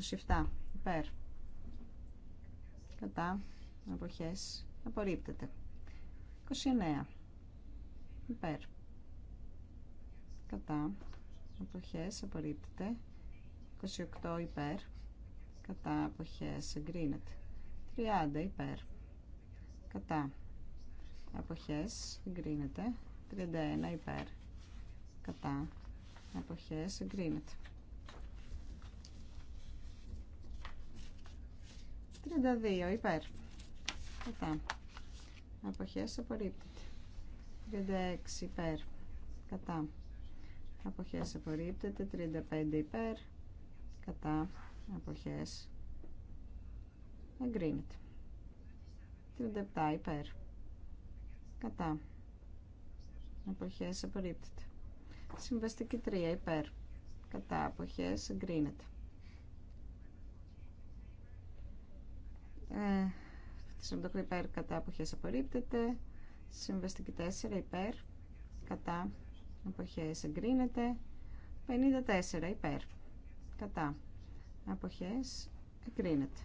27 υπέρ κατά αποχές απορρίπτεται 29 υπέρ κατά αποχές απορρίπτεται 28 υπέρ κατά αποχές εγκρίνεται 30 υπέρ κατά αποχές εγκρίνεται 31 υπέρ κατά αποχές εγκρίνεται 32 υπέρ. Κατά. Αποχές απορρίπτεται. 36 υπέρ. Κατά. Αποχές απορρίπτεται. 35 υπέρ. Κατά. Αποχές. Εγκρίνεται. 37 υπέρ. Κατά. Αποχές απορρίπτεται. Συμβαστική 3 υπέρ. Κατά. Αποχές εγκρίνεται. Ε, υπέρ κατά αποχές απορρίπτεται. Συμβαστική 4 υπέρ κατά αποχές εγκρίνεται. 54 υπέρ κατά αποχές εγκρίνεται.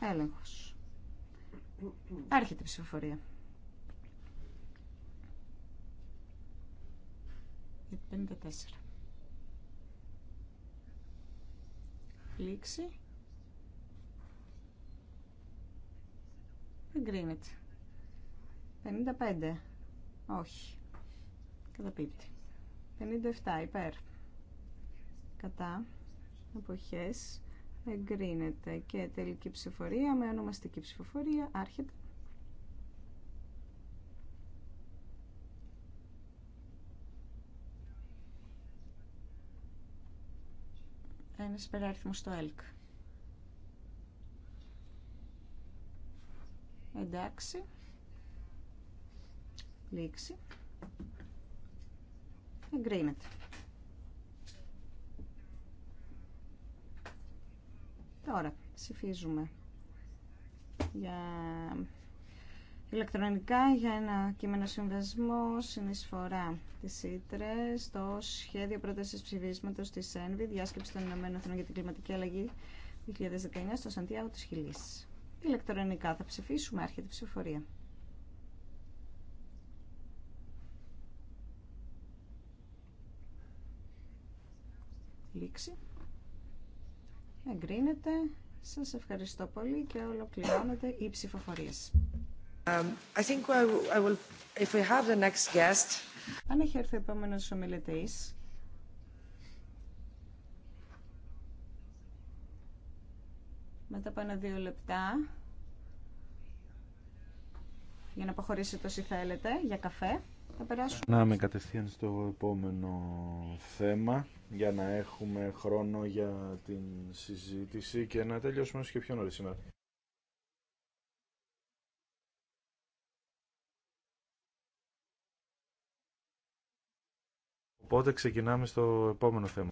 Έλεγχος. Άρχεται η ψηφοφορία. 54. Λήξη. Εγκρίνεται. 55. Όχι. Καταπίπτει. 57. Υπέρ. Κατά. Εποχές. Εγκρίνεται. Και τελική ψηφοφορία με ονομαστική ψηφοφορία. Άρχεται. Ένας υπεράριθμος στο ΕΛΚ. Εντάξει. Λήξη. Εγκρίνεται. Τώρα ψηφίζουμε για ηλεκτρονικά για ένα κείμενο συμβασμό συνεισφορά τη ΣΥΤΡΕ στο σχέδιο πρόταση ψηφίσματο τη ΕΝΒΗ, διάσκεψη των Ηνωμένων για την Κλιματική Αλλαγή 2019 στο Σαντιάγο τη Χιλή. Ηλεκτρονικά θα ψηφίσουμε, έρχεται η ψηφοφορία. Λήξη. Εγκρίνεται. Σας ευχαριστώ πολύ και ολοκληρώνεται η ψηφοφορία. Um, I think I will, if we have the next guest... Αν έχει έρθει ο επόμενος ομιλητής, μετά από ένα δύο λεπτά για να αποχωρήσετε όσοι θέλετε για καφέ. Θα περάσουμε. Να με κατευθείαν στο επόμενο θέμα για να έχουμε χρόνο για την συζήτηση και να τελειώσουμε όσο και πιο νωρίς σήμερα. Οπότε ξεκινάμε στο επόμενο θέμα.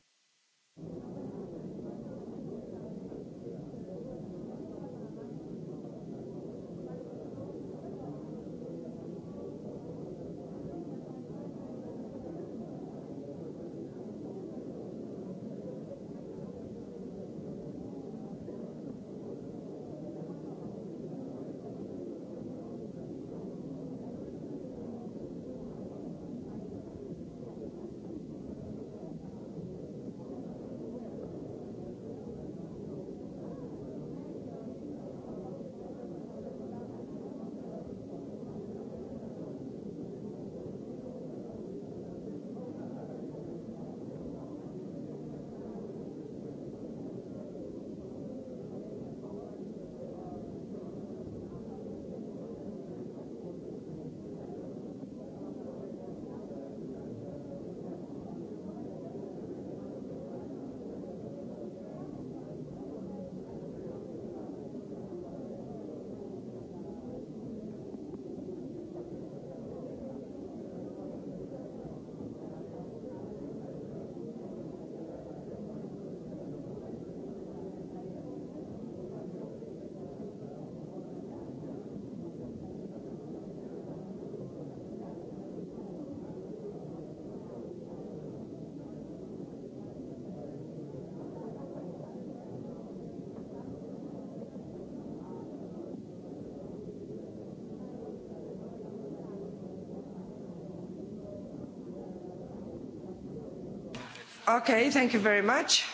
Okay, thank you very much,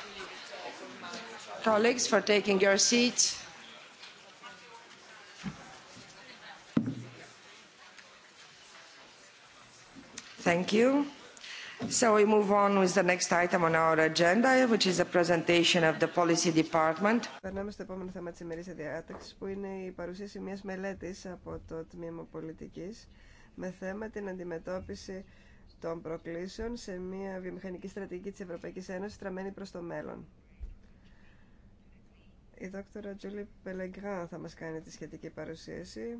colleagues, for taking your seats. Thank you. So we move on with the next item on our agenda, which is a presentation of the Policy Department. Περνάμε στο επόμενο θέμα της ημερής διάταξης, που είναι η παρουσίαση μιας μελέτης από το Τμήμα Πολιτικής με θέμα την αντιμετώπιση των προκλήσεων σε μια βιομηχανική στρατηγική της Ευρωπαϊκής Ένωσης στραμμένη προς το μέλλον. Η δόκτωρα Τζούλη Πελεγκράν θα μας κάνει τη σχετική παρουσίαση.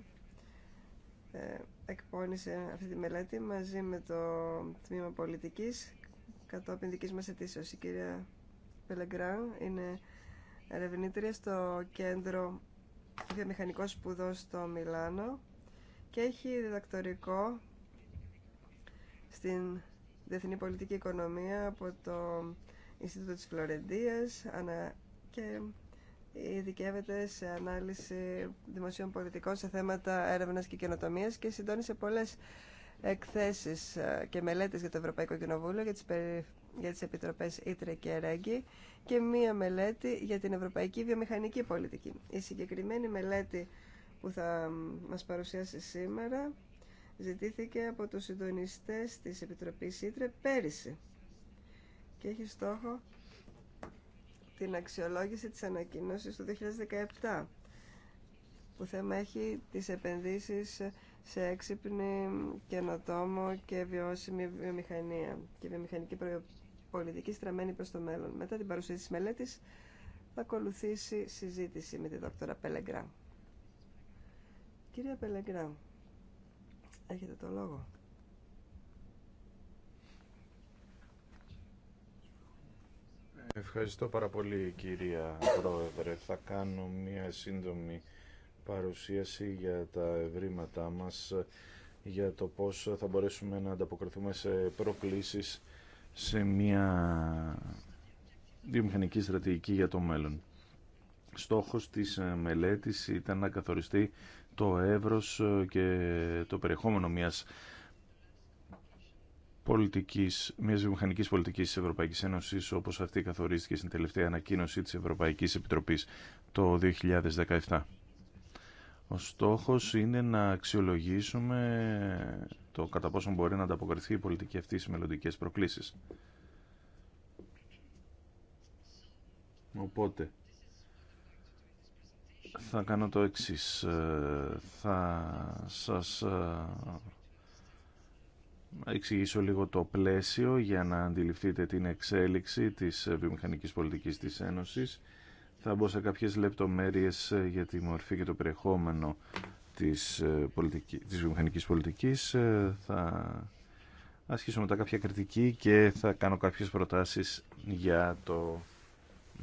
Ε, εκπώνησε αυτή τη μελέτη μαζί με το Τμήμα Πολιτικής κατόπιν δικής μας αιτήσεως. Η κυρία Πελεγκράν είναι ερευνήτρια στο κέντρο βιομηχανικών σπουδών στο Μιλάνο και έχει διδακτορικό στην Διεθνή Πολιτική Οικονομία από το Ινστιτούτο της Φλωρεντίας και ειδικεύεται σε ανάλυση δημοσίων πολιτικών σε θέματα έρευνας και καινοτομίας και συντώνησε πολλές εκθέσεις ε, και μελέτες για το Ευρωπαϊκό Κοινοβούλιο για τις, επιτροπές Ήτρε και Ρέγγι και μία μελέτη για την Ευρωπαϊκή Βιομηχανική Πολιτική. Η συγκεκριμένη μελέτη που θα μας παρουσιάσει σήμερα ζητήθηκε από τους συντονιστές της Επιτροπής Ήτρε πέρυσι και έχει στόχο την αξιολόγηση της ανακοίνωσης του 2017 που θέμα έχει τις επενδύσεις σε έξυπνη, καινοτόμο και βιώσιμη βιομηχανία και βιομηχανική πολιτική στραμμένη προς το μέλλον. Μετά την παρουσία της μελέτης θα ακολουθήσει συζήτηση με τη δόκτωρα Πελεγκρά. Κυρία Πελεγκρά, Έχετε το λόγο. Ευχαριστώ πάρα πολύ κυρία Πρόεδρε. Θα κάνω μια σύντομη παρουσίαση για τα ευρήματά μας για το πώς θα μπορέσουμε να ανταποκριθούμε σε προκλήσεις σε μια βιομηχανική στρατηγική για το μέλλον στόχος της ε, μελέτης ήταν να καθοριστεί το εύρος ε, και το περιεχόμενο μιας πολιτικής, μιας βιομηχανικής πολιτικής της Ευρωπαϊκής Ένωσης όπως αυτή καθορίστηκε στην τελευταία ανακοίνωση της Ευρωπαϊκής Επιτροπής το 2017. Ο στόχος είναι να αξιολογήσουμε το κατά πόσο μπορεί να ανταποκριθεί η πολιτική αυτή στις μελλοντικές προκλήσεις. Οπότε, θα κάνω το εξής. Ε, θα σας ε, εξηγήσω λίγο το πλαίσιο για να αντιληφθείτε την εξέλιξη της βιομηχανικής πολιτικής της Ένωσης. Θα μπω σε κάποιες λεπτομέρειες ε, για τη μορφή και το περιεχόμενο της, πολιτική, της βιομηχανικής πολιτικής. Θα ασχίσω μετά κάποια κριτική και θα κάνω κάποιες προτάσεις για το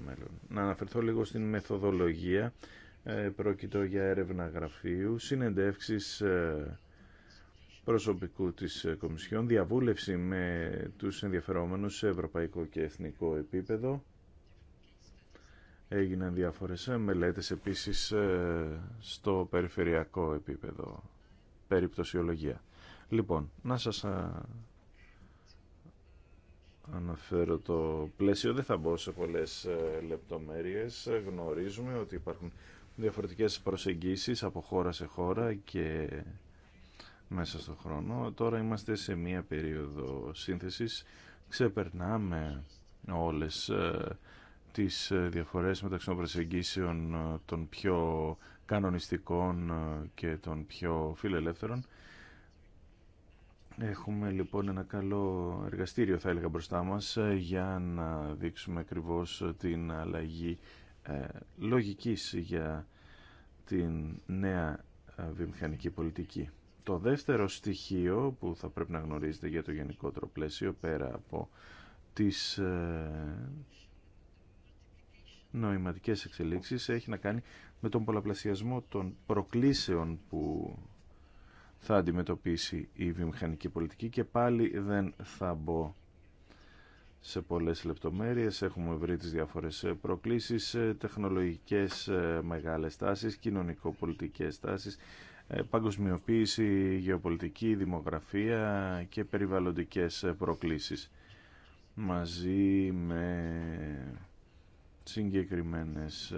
μέλλον. Να αναφερθώ λίγο στην μεθοδολογία ε, πρόκειτο για έρευνα γραφείου, συνεντεύξεις ε, προσωπικού της ε, Κομισιόν, διαβούλευση με τους ενδιαφερόμενους σε ευρωπαϊκό και εθνικό επίπεδο. Έγιναν διάφορες μελέτες επίσης στο περιφερειακό επίπεδο, περιπτωσιολογία. Λοιπόν, να σας αναφέρω το πλαίσιο, δεν θα μπω σε πολλές λεπτομέρειες. Γνωρίζουμε ότι υπάρχουν διαφορετικές προσεγγίσεις από χώρα σε χώρα και μέσα στον χρόνο. Τώρα είμαστε σε μία περίοδο σύνθεσης. Ξεπερνάμε όλες ε, τις ε, διαφορές μεταξύ των προσεγγίσεων ε, των πιο κανονιστικών και των πιο φιλελεύθερων. Έχουμε λοιπόν ένα καλό εργαστήριο θα έλεγα μπροστά μας για να δείξουμε ακριβώς την αλλαγή ε, λογικής για την νέα ε, βιομηχανική πολιτική. Το δεύτερο στοιχείο που θα πρέπει να γνωρίζετε για το γενικότερο πλαίσιο πέρα από τις ε, νοηματικές εξελίξεις έχει να κάνει με τον πολλαπλασιασμό των προκλήσεων που θα αντιμετωπίσει η βιομηχανική πολιτική και πάλι δεν θα μπω σε πολλές λεπτομέρειες. Έχουμε βρει τις διάφορες ε, προκλήσεις, ε, τεχνολογικές ε, μεγάλες τάσεις, κοινωνικοπολιτικές τάσεις, παγκοσμιοποίηση, γεωπολιτική, δημογραφία και περιβαλλοντικές προκλήσεις. Μαζί με συγκεκριμένες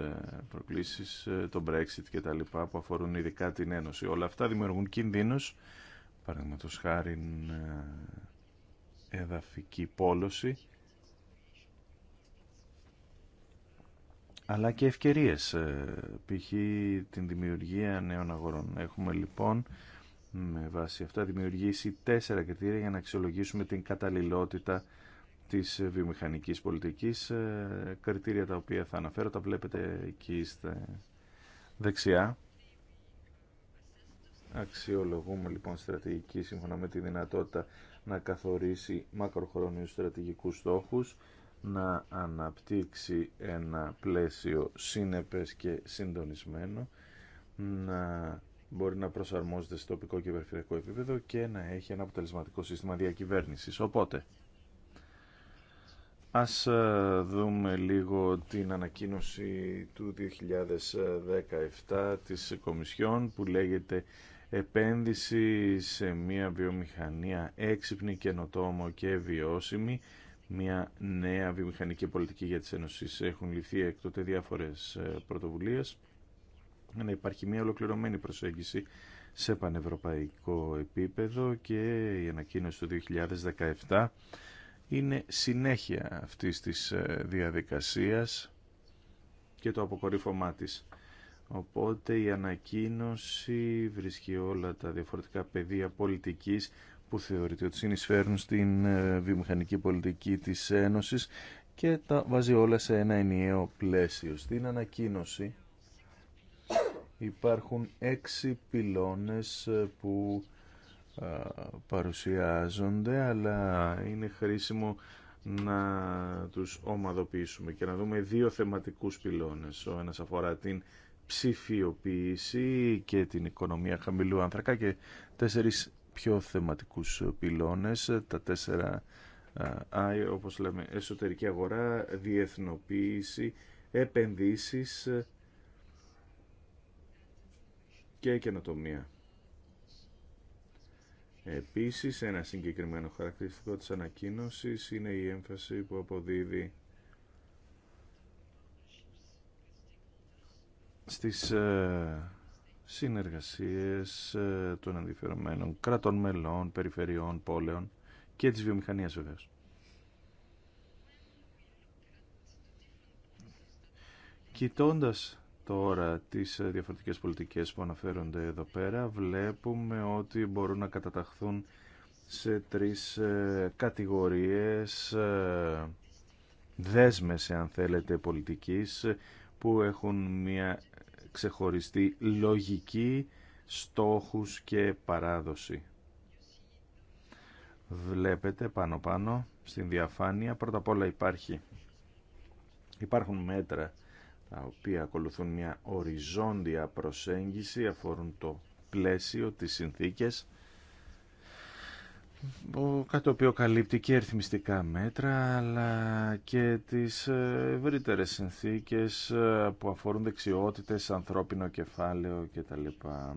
προκλήσεις, το Brexit και τα λοιπά που αφορούν ειδικά την Ένωση. Όλα αυτά δημιουργούν κινδύνους, παραδείγματος χάρη εδαφική πόλωση αλλά και ευκαιρίες, ε, π.χ. την δημιουργία νέων αγορών. Έχουμε λοιπόν με βάση αυτά δημιουργήσει τέσσερα κριτήρια για να αξιολογήσουμε την καταλληλότητα της βιομηχανικής πολιτικής, ε, κριτήρια τα οποία θα αναφέρω, τα βλέπετε εκεί στα δεξιά. Αξιολογούμε λοιπόν στρατηγική σύμφωνα με τη δυνατότητα να καθορίσει μακροχρόνιους στρατηγικούς στόχους να αναπτύξει ένα πλαίσιο σύνεπες και συντονισμένο, να μπορεί να προσαρμόζεται στο τοπικό και περιφερειακό επίπεδο και να έχει ένα αποτελεσματικό σύστημα διακυβέρνησης. Οπότε, ας ε, δούμε λίγο την ανακοίνωση του 2017 της Κομισιόν που λέγεται «Επένδυση σε μια βιομηχανία έξυπνη, καινοτόμο και βιώσιμη» μια νέα βιομηχανική πολιτική για τις Ένωσεις. Έχουν ληφθεί εκ τότε διάφορες ε, πρωτοβουλίες να υπάρχει μια ολοκληρωμένη προσέγγιση σε πανευρωπαϊκό επίπεδο και η ανακοίνωση του 2017 είναι συνέχεια αυτής της ε, διαδικασίας και το αποκορύφωμά της. Οπότε η ανακοίνωση βρίσκει όλα τα διαφορετικά πεδία πολιτικής που θεωρείται ότι συνεισφέρουν στην ε, βιομηχανική πολιτική της Ένωσης και τα βάζει όλα σε ένα ενιαίο πλαίσιο. Στην ανακοίνωση υπάρχουν έξι πυλώνες ε, που ε, παρουσιάζονται αλλά είναι χρήσιμο να τους ομαδοποιήσουμε και να δούμε δύο θεματικούς πυλώνες. Ο ένας αφορά την ψηφιοποίηση και την οικονομία χαμηλού άνθρακα και τέσσερις πιο θεματικούς πυλώνες, τα τέσσερα Ά, όπως λέμε, εσωτερική αγορά, διεθνοποίηση, επενδύσεις και καινοτομία. Επίσης, ένα συγκεκριμένο χαρακτηριστικό της ανακοίνωσης είναι η έμφαση που αποδίδει στις ε, συνεργασίες ε, των ενδιαφερομένων κρατών μελών, περιφερειών, πόλεων και της βιομηχανίας βεβαίως. Κοιτώντας τώρα τις ε, διαφορετικές πολιτικές που αναφέρονται εδώ πέρα, βλέπουμε ότι μπορούν να καταταχθούν σε τρεις ε, κατηγορίες δέσμες, αν θέλετε, πολιτικής, που έχουν μια ξεχωριστή λογική, στόχους και παράδοση. Βλέπετε πάνω πάνω στην διαφάνεια πρώτα απ' όλα υπάρχει. Υπάρχουν μέτρα τα οποία ακολουθούν μια οριζόντια προσέγγιση, αφορούν το πλαίσιο, τις συνθήκες κάτι το οποίο καλύπτει και ρυθμιστικά μέτρα αλλά και τις ε, ευρύτερε συνθήκες ε, που αφορούν δεξιότητες, ανθρώπινο κεφάλαιο κτλ.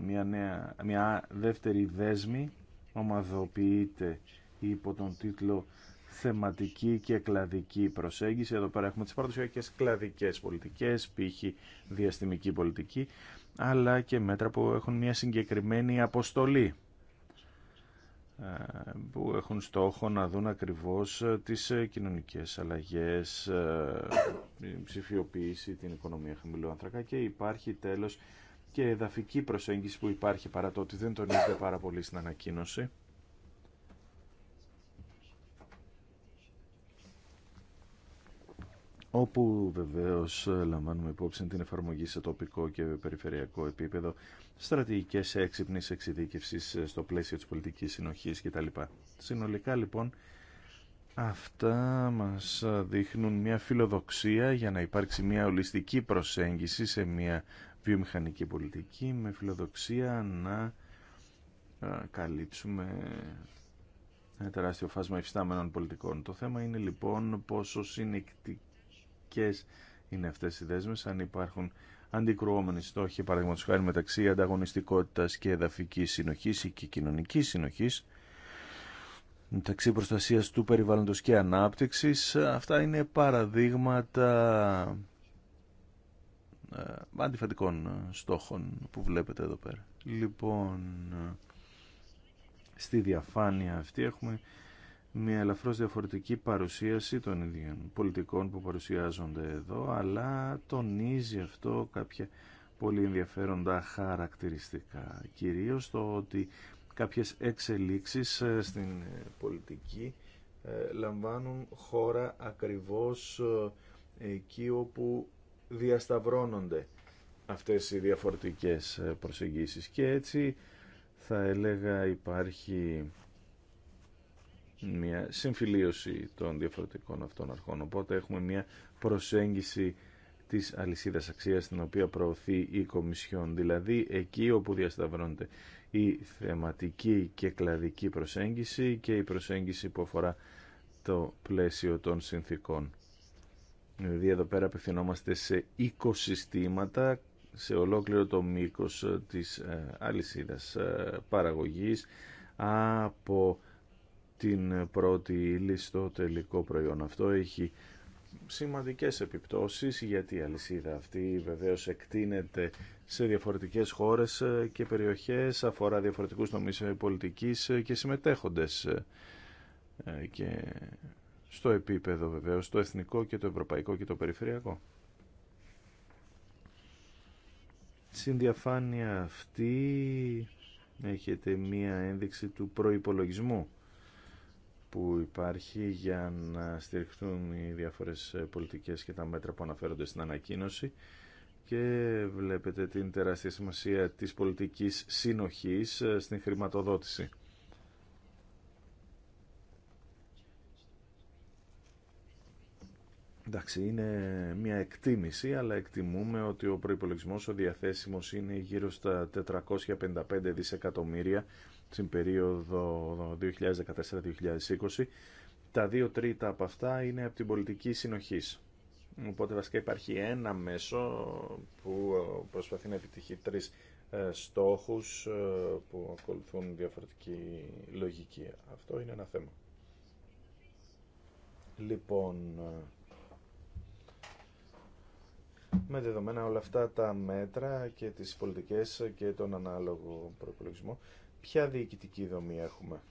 Μια, νέα, μια δεύτερη δέσμη ομαδοποιείται υπό τον τίτλο θεματική και κλαδική προσέγγιση. Εδώ πέρα έχουμε τις παραδοσιακές κλαδικές πολιτικές, π.χ. διαστημική πολιτική, αλλά και μέτρα που έχουν μια συγκεκριμένη αποστολή που έχουν στόχο να δουν ακριβώς ε, τις ε, κοινωνικές αλλαγές, ε, ψηφιοποίηση, την οικονομία χαμηλού ανθρακά και υπάρχει τέλος και εδαφική προσέγγιση που υπάρχει παρά το ότι δεν τονίζεται πάρα πολύ στην ανακοίνωση όπου βεβαίως ε, λαμβάνουμε υπόψη την εφαρμογή σε τοπικό και περιφερειακό επίπεδο, στρατηγικές έξυπνης εξειδίκευσης ε, στο πλαίσιο της πολιτικής συνοχής κτλ. Συνολικά λοιπόν αυτά μας ε, δείχνουν μια φιλοδοξία για να υπάρξει μια ολιστική προσέγγιση σε μια βιομηχανική πολιτική με φιλοδοξία να καλύψουμε ένα τεράστιο φάσμα υφιστάμενων πολιτικών. Το θέμα είναι λοιπόν πόσο συνεκτική και είναι αυτές οι δέσμες, αν υπάρχουν αντικρουόμενοι στόχοι, παραδείγματος χάρη μεταξύ ανταγωνιστικότητας και εδαφικής συνοχής ή και κοινωνικής συνοχής, μεταξύ προστασίας του περιβάλλοντος και ανάπτυξης. Αυτά είναι παραδείγματα ε, αντιφατικών στόχων που βλέπετε εδώ πέρα. Λοιπόν, ε, στη διαφάνεια αυτή έχουμε μια ελαφρώς διαφορετική παρουσίαση των ίδιων πολιτικών που παρουσιάζονται εδώ, αλλά τονίζει αυτό κάποια πολύ ενδιαφέροντα χαρακτηριστικά. Κυρίως το ότι κάποιες εξελίξεις ε, στην ε, πολιτική ε, λαμβάνουν χώρα ακριβώς εκεί όπου διασταυρώνονται αυτές οι διαφορετικές προσεγγίσεις. Και έτσι θα έλεγα υπάρχει μια συμφιλίωση των διαφορετικών αυτών αρχών. Οπότε έχουμε μια προσέγγιση της αλυσίδας αξίας την οποία προωθεί η Κομισιόν, δηλαδή εκεί όπου διασταυρώνεται η θεματική και κλαδική προσέγγιση και η προσέγγιση που αφορά το πλαίσιο των συνθήκων. Δηλαδή εδώ πέρα απευθυνόμαστε σε οικοσυστήματα, σε ολόκληρο το μήκος της ε, αλυσίδας ε, παραγωγής από την πρώτη ύλη στο τελικό προϊόν. Αυτό έχει σημαντικές επιπτώσεις γιατί η αλυσίδα αυτή βεβαίως εκτείνεται σε διαφορετικές χώρες και περιοχές, αφορά διαφορετικούς τομείς πολιτικής και συμμετέχοντες ε, και στο επίπεδο βεβαίως, το εθνικό και το ευρωπαϊκό και το περιφερειακό. Στην διαφάνεια αυτή έχετε μία ένδειξη του προϋπολογισμού που υπάρχει για να στηριχτούν οι διάφορες πολιτικές και τα μέτρα που αναφέρονται στην ανακοίνωση και βλέπετε την τεράστια σημασία της πολιτικής συνοχής ε, στην χρηματοδότηση. Εντάξει, είναι μια εκτίμηση, αλλά εκτιμούμε ότι ο προϋπολογισμός ο διαθέσιμος είναι γύρω στα 455 δισεκατομμύρια στην περίοδο 2014-2020, τα δύο τρίτα από αυτά είναι από την πολιτική συνοχή. Οπότε βασικά υπάρχει ένα μέσο που ε, προσπαθεί να επιτυχεί τρεις ε, στόχους ε, που ακολουθούν διαφορετική λογική. Αυτό είναι ένα θέμα. Λοιπόν, με δεδομένα όλα αυτά τα μέτρα και τις πολιτικές και τον ανάλογο προπολογισμό, Ποια διοικητική δομή έχουμε.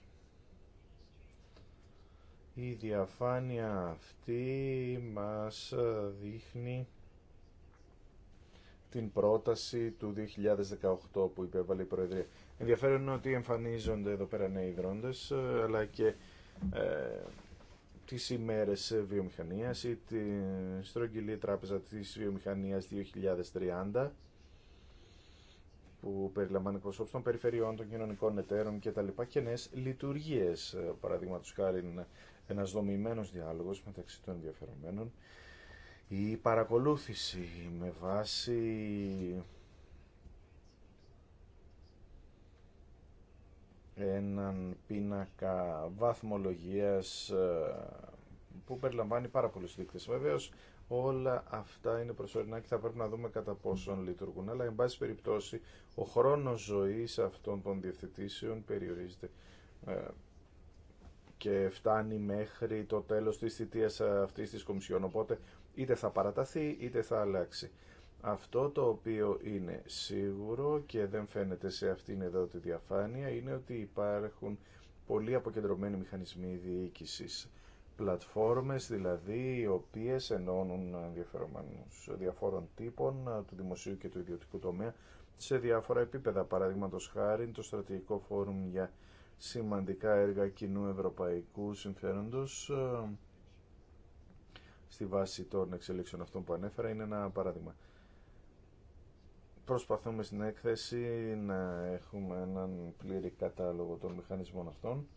Η διαφάνεια αυτή μας ε, δείχνει την πρόταση του 2018 που υπέβαλε η Προεδρία. Ενδιαφέρον είναι ότι εμφανίζονται εδώ πέρα νέοι δρόντες, ε, αλλά και ε, τις ημέρες βιομηχανίας ή τη στρογγυλή τράπεζα της βιομηχανίας 2030 που περιλαμβάνει εκπροσώπηση των περιφερειών, των κοινωνικών εταίρων κτλ. και νέε λειτουργίε. Παραδείγματο χάρη, ένα δομημένο διάλογο μεταξύ των ενδιαφερομένων, η παρακολούθηση με βάση έναν πίνακα βαθμολογίας ε, που περιλαμβάνει πάρα πολλούς δείκτες όλα αυτά είναι προσωρινά και θα πρέπει να δούμε κατά πόσον λειτουργούν. Αλλά, εν πάση περιπτώσει, ο χρόνος ζωής αυτών των διευθετήσεων περιορίζεται ε, και φτάνει μέχρι το τέλος της θητείας αυτής της Κομισιόν. Οπότε, είτε θα παραταθεί, είτε θα αλλάξει. Αυτό το οποίο είναι σίγουρο και δεν φαίνεται σε αυτήν εδώ τη διαφάνεια είναι ότι υπάρχουν πολύ αποκεντρωμένοι μηχανισμοί διοίκησης πλατφόρμες δηλαδή οι οποίες ενώνουν ενδιαφερομένους διαφόρων τύπων ε, του δημοσίου και του ιδιωτικού τομέα σε διάφορα επίπεδα. Παραδείγματο χάρη το στρατηγικό φόρουμ για σημαντικά έργα κοινού ευρωπαϊκού συμφέροντος ε, στη βάση των εξελίξεων αυτών που ανέφερα είναι ένα παράδειγμα. Προσπαθούμε στην έκθεση να έχουμε έναν πλήρη κατάλογο των μηχανισμών αυτών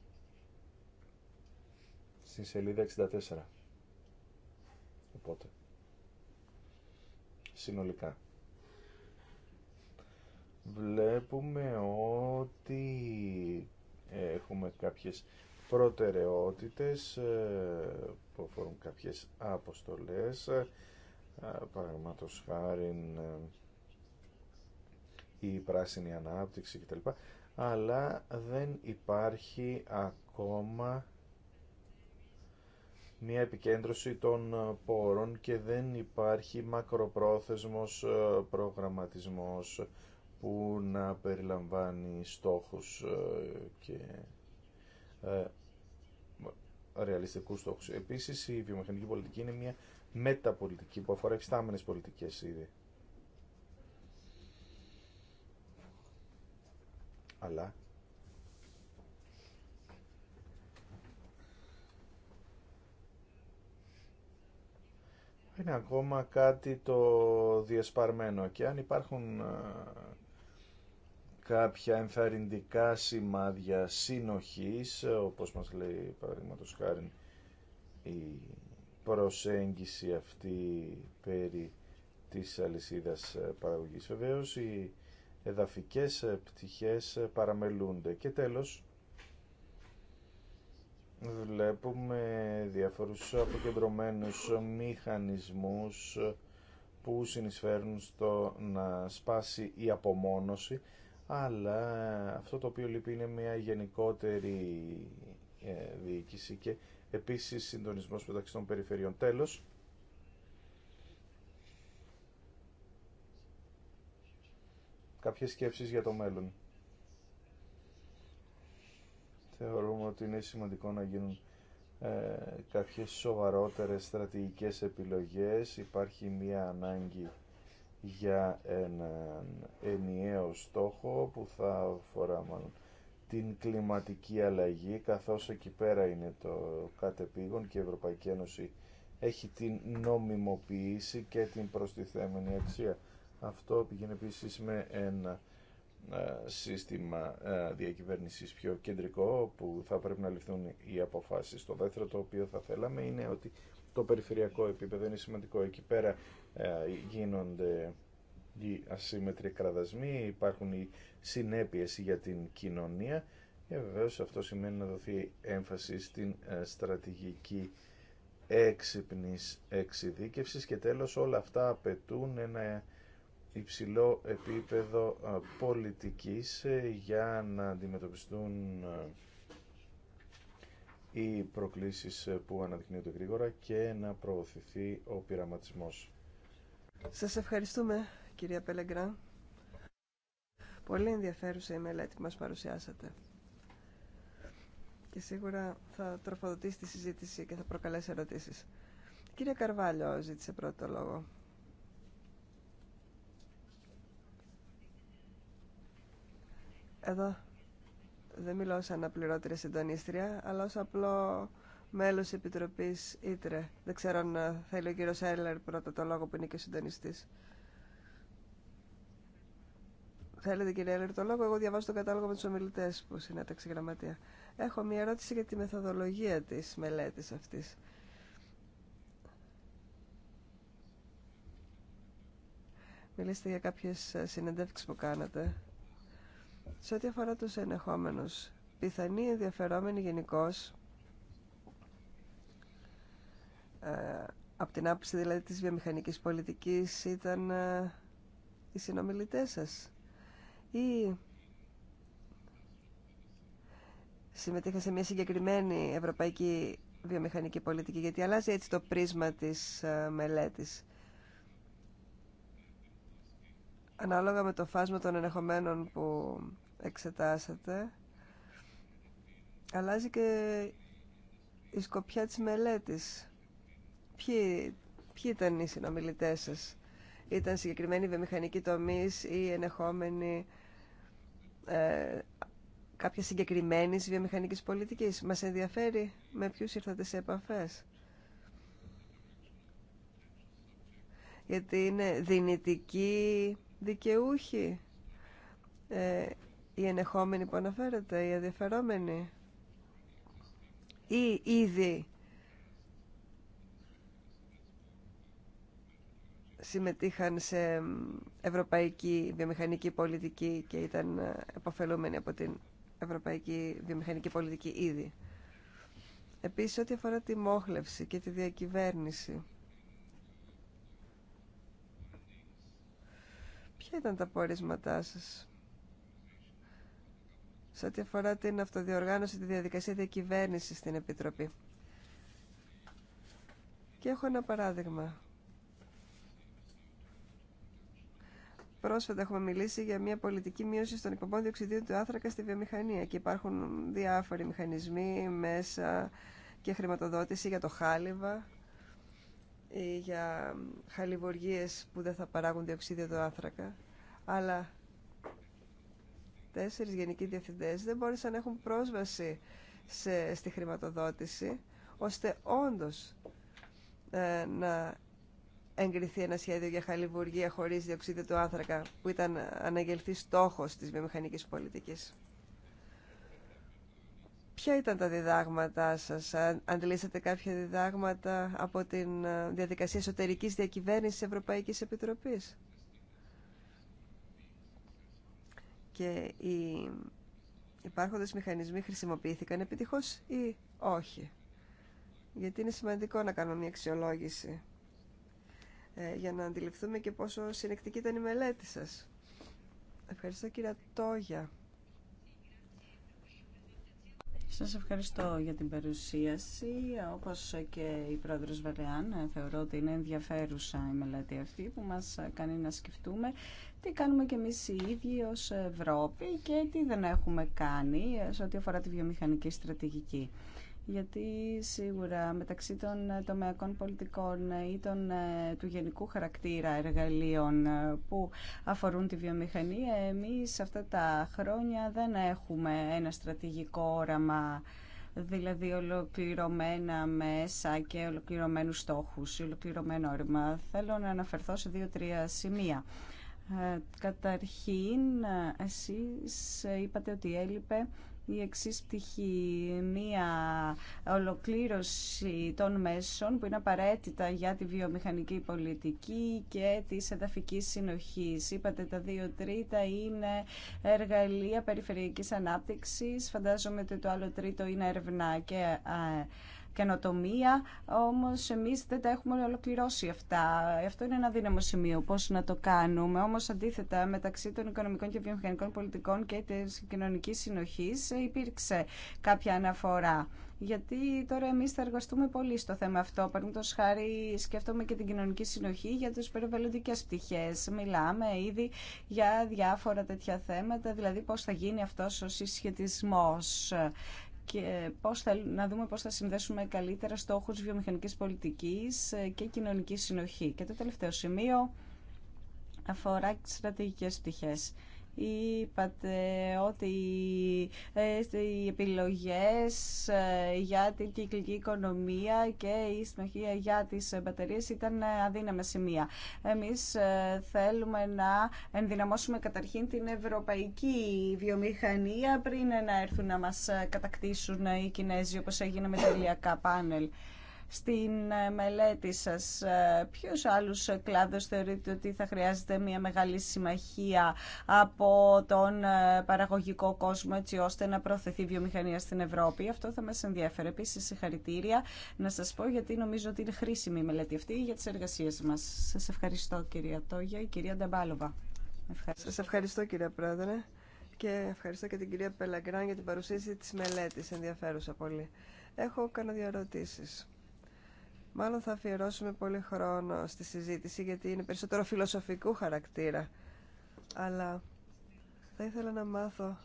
στη σελίδα 64. Οπότε. Συνολικά. Βλέπουμε ότι έχουμε κάποιες προτεραιότητες ε, που αφορούν κάποιες αποστολές ε, παραγματος χάρη ε, η πράσινη ανάπτυξη κτλ αλλά δεν υπάρχει ακόμα μια επικέντρωση των ε, πόρων και δεν υπάρχει μακροπρόθεσμος ε, προγραμματισμός που να περιλαμβάνει στόχους ε, και ρεαλιστικούς στόχους. Επίσης η βιομηχανική πολιτική είναι μια μεταπολιτική που αφορά εξτάμενες πολιτικές ήδη. Αλλά είναι ακόμα κάτι το διασπαρμένο και αν υπάρχουν κάποια ενθαρρυντικά σημάδια συνοχής, όπως μας λέει παραδείγματος χάρη η προσέγγιση αυτή περί της αλυσίδας ε, παραγωγής. Βεβαίως οι εδαφικές ε, πτυχές ε, παραμελούνται. Και τέλος, Βλέπουμε διάφορους αποκεντρωμένους μηχανισμούς που συνεισφέρουν στο να σπάσει η απομόνωση, αλλά αυτό το οποίο λείπει είναι μια γενικότερη ε, διοίκηση και επίσης συντονισμός μεταξύ των περιφερειών. Τέλος, κάποιες σκέψεις για το μέλλον θεωρούμε ότι είναι σημαντικό να γίνουν ε, κάποιες σοβαρότερες στρατηγικές επιλογές. Υπάρχει μία ανάγκη για έναν ενιαίο στόχο που θα αφορά την κλιματική αλλαγή, καθώς εκεί πέρα είναι το κατεπήγον και η Ευρωπαϊκή Ένωση έχει την νομιμοποίηση και την προστιθέμενη αξία. Αυτό πηγαίνει επίσης με ένα ε, σύστημα ε, διακυβέρνησης πιο κεντρικό που θα πρέπει να ληφθούν οι αποφάσεις. Το δεύτερο το οποίο θα θέλαμε είναι ότι το περιφερειακό επίπεδο είναι σημαντικό. Εκεί πέρα ε, γίνονται οι ασύμμετροι κραδασμοί, υπάρχουν οι συνέπειες για την κοινωνία και βεβαίω αυτό σημαίνει να δοθεί έμφαση στην στρατηγική έξυπνης εξειδίκευσης και τέλος όλα αυτά απαιτούν ένα υψηλό επίπεδο ε, πολιτικής ε, για να αντιμετωπιστούν ε, οι προκλήσεις που αναδεικνύονται γρήγορα και να προωθηθεί ο πειραματισμός. Σας ευχαριστούμε κυρία Πελεγκρά. Πολύ ενδιαφέρουσα η μελέτη που μας παρουσιάσατε. Και σίγουρα θα τροφοδοτήσει τη συζήτηση και θα προκαλέσει ερωτήσεις. Κύριε Καρβάλιο ζήτησε πρώτο λόγο. Εδώ δεν μιλώ ως αναπληρώτρια συντονίστρια, αλλά ως απλό μέλος Επιτροπής Ήτρε. Δεν ξέρω αν ε, θέλει ο κύριος Έλλερ πρώτα το λόγο που είναι και συντονιστής. Θέλετε κύριε Έλλερ το λόγο, εγώ διαβάζω το κατάλογο με τους ομιλητές που συνέταξε η γραμματεία. Έχω μια ερώτηση για τη μεθοδολογία της μελέτης αυτής. Μιλήστε για κάποιες ε, συνεντεύξεις που κάνατε σε ό,τι αφορά τους ενεχόμενους, πιθανοί ενδιαφερόμενοι γενικώ ε, από την άποψη δηλαδή της βιομηχανικής πολιτικής ήταν ε, οι συνομιλητές σας ή συμμετείχα σε μια συγκεκριμένη ευρωπαϊκή βιομηχανική πολιτική γιατί αλλάζει έτσι το πρίσμα της ε, μελέτης ανάλογα με το φάσμα των ενεχομένων που εξετάσατε, αλλάζει και η σκοπιά της μελέτης. Ποιοι, ποιοι ήταν οι συνομιλητές σας. Ήταν συγκεκριμένοι βιομηχανικοί τομείς ή ενεχόμενοι ε, κάποια συγκεκριμένη βιομηχανικής πολιτικής. Μας ενδιαφέρει με ποιους ήρθατε σε επαφές. Γιατί είναι δυνητική δικαιούχοι ε, οι ενεχόμενοι που αναφέρεται, οι ενδιαφερόμενοι ή ήδη συμμετείχαν σε ευρωπαϊκή βιομηχανική πολιτική και ήταν ε, επωφελούμενοι από την ευρωπαϊκή βιομηχανική πολιτική ήδη. Επίσης, ό,τι αφορά τη μόχλευση και τη διακυβέρνηση, Ποια ήταν τα πόρισματά σας σε ό,τι αφορά την αυτοδιοργάνωση, τη διαδικασία διακυβέρνηση στην Επιτροπή. Και έχω ένα παράδειγμα. Πρόσφατα έχουμε μιλήσει για μια πολιτική μείωση των εκπομπών διοξιδίου του άνθρακα στη βιομηχανία και υπάρχουν διάφοροι μηχανισμοί, μέσα και χρηματοδότηση για το χάλιβα. Ε, για χαλιβοργίες που δεν θα παράγουν διοξίδιο του άνθρακα, αλλά τέσσερις γενικοί διευθυντές δεν μπόρεσαν να έχουν πρόσβαση σε, στη χρηματοδότηση, ώστε όντως ε, να εγκριθεί ένα σχέδιο για χαλιβουργία χωρίς διοξίδιο του άνθρακα, που ήταν αναγγελθεί στόχος της βιομηχανικής πολιτικής. Ποια ήταν τα διδάγματά σας, αντιλήσατε κάποια διδάγματα από την ε, διαδικασία εσωτερικής διακυβέρνησης της Ευρωπαϊκής Επιτροπής. Και οι υπάρχοντες μηχανισμοί χρησιμοποιήθηκαν επιτυχώς ή όχι. Γιατί είναι σημαντικό να κάνουμε μια αξιολόγηση ε, για να αντιληφθούμε και πόσο συνεκτική ήταν η μελέτη σας. Ευχαριστώ κύριε Τόγια. Σας ευχαριστώ για την παρουσίαση. Όπως και η πρόεδρος Βαλεάν, θεωρώ ότι είναι ενδιαφέρουσα η μελέτη αυτή που μας κάνει να σκεφτούμε τι κάνουμε και εμείς οι ίδιοι ως Ευρώπη και τι δεν έχουμε κάνει σε ό,τι αφορά τη βιομηχανική στρατηγική γιατί σίγουρα μεταξύ των ε, τομεακών πολιτικών ε, ή των, ε, του γενικού χαρακτήρα εργαλείων που αφορούν τη βιομηχανία, εμείς αυτά τα χρόνια δεν έχουμε ένα στρατηγικό όραμα δηλαδή ολοκληρωμένα μέσα και ολοκληρωμένους στόχους, ολοκληρωμένο όρημα. Θέλω να αναφερθώ σε δύο-τρία σημεία. καταρχήν, εσείς είπατε ότι έλειπε η εξή πτυχή, μία ολοκλήρωση των μέσων που είναι απαραίτητα για τη βιομηχανική πολιτική και τη εδαφική συνοχή. Είπατε τα δύο τρίτα είναι εργαλεία περιφερειακής ανάπτυξης, φαντάζομαι ότι το άλλο τρίτο είναι έρευνα και καινοτομία, όμως εμείς δεν τα έχουμε ολοκληρώσει αυτά. Αυτό είναι ένα δύναμο σημείο, πώς να το κάνουμε. Όμως αντίθετα μεταξύ των οικονομικών και βιομηχανικών πολιτικών και της κοινωνικής συνοχής υπήρξε κάποια αναφορά. Γιατί τώρα εμεί θα εργαστούμε πολύ στο θέμα αυτό. Παραδείγματο χάρη, σκέφτομαι και την κοινωνική συνοχή για τι περιβαλλοντικέ πτυχέ. Μιλάμε ήδη για διάφορα τέτοια θέματα, δηλαδή πώ θα γίνει αυτό ο συσχετισμό και πώς θα, να δούμε πώς θα συνδέσουμε καλύτερα στόχους βιομηχανικής πολιτικής ε, και κοινωνικής συνοχή. Και το τελευταίο σημείο αφορά τις στρατηγικές πτυχές. Είπατε ότι ε, οι επιλογές ε, για την κυκλική οικονομία και η συμμαχία για τις μπαταρίες ήταν αδύναμα σημεία. Εμείς ε, θέλουμε να ενδυναμώσουμε καταρχήν την ευρωπαϊκή βιομηχανία πριν να έρθουν να μας κατακτήσουν οι Κινέζοι όπως έγινε με τα ηλιακά πάνελ στην ε, μελέτη σας ε, ποιους άλλους κλάδους θεωρείτε ότι θα χρειάζεται μια μεγάλη συμμαχία από τον ε, παραγωγικό κόσμο έτσι ώστε να προωθεθεί η βιομηχανία στην Ευρώπη. Αυτό θα μας ενδιαφέρει. Επίσης συγχαρητήρια να σας πω γιατί νομίζω ότι είναι χρήσιμη η μελέτη αυτή για τις εργασίες μας. Σας ευχαριστώ κυρία Τόγια και κυρία Νταμπάλοβα. Ευχαριστώ. Σας ευχαριστώ κυρία Πρόεδρε και ευχαριστώ και την κυρία Πελαγκράν για την παρουσίαση της μελέτης ενδιαφέρουσα πολύ. Έχω κάνα δύο ερωτήσεις. Μάλλον θα αφιερώσουμε πολύ χρόνο στη συζήτηση γιατί είναι περισσότερο φιλοσοφικού χαρακτήρα. Αλλά θα ήθελα να μάθω.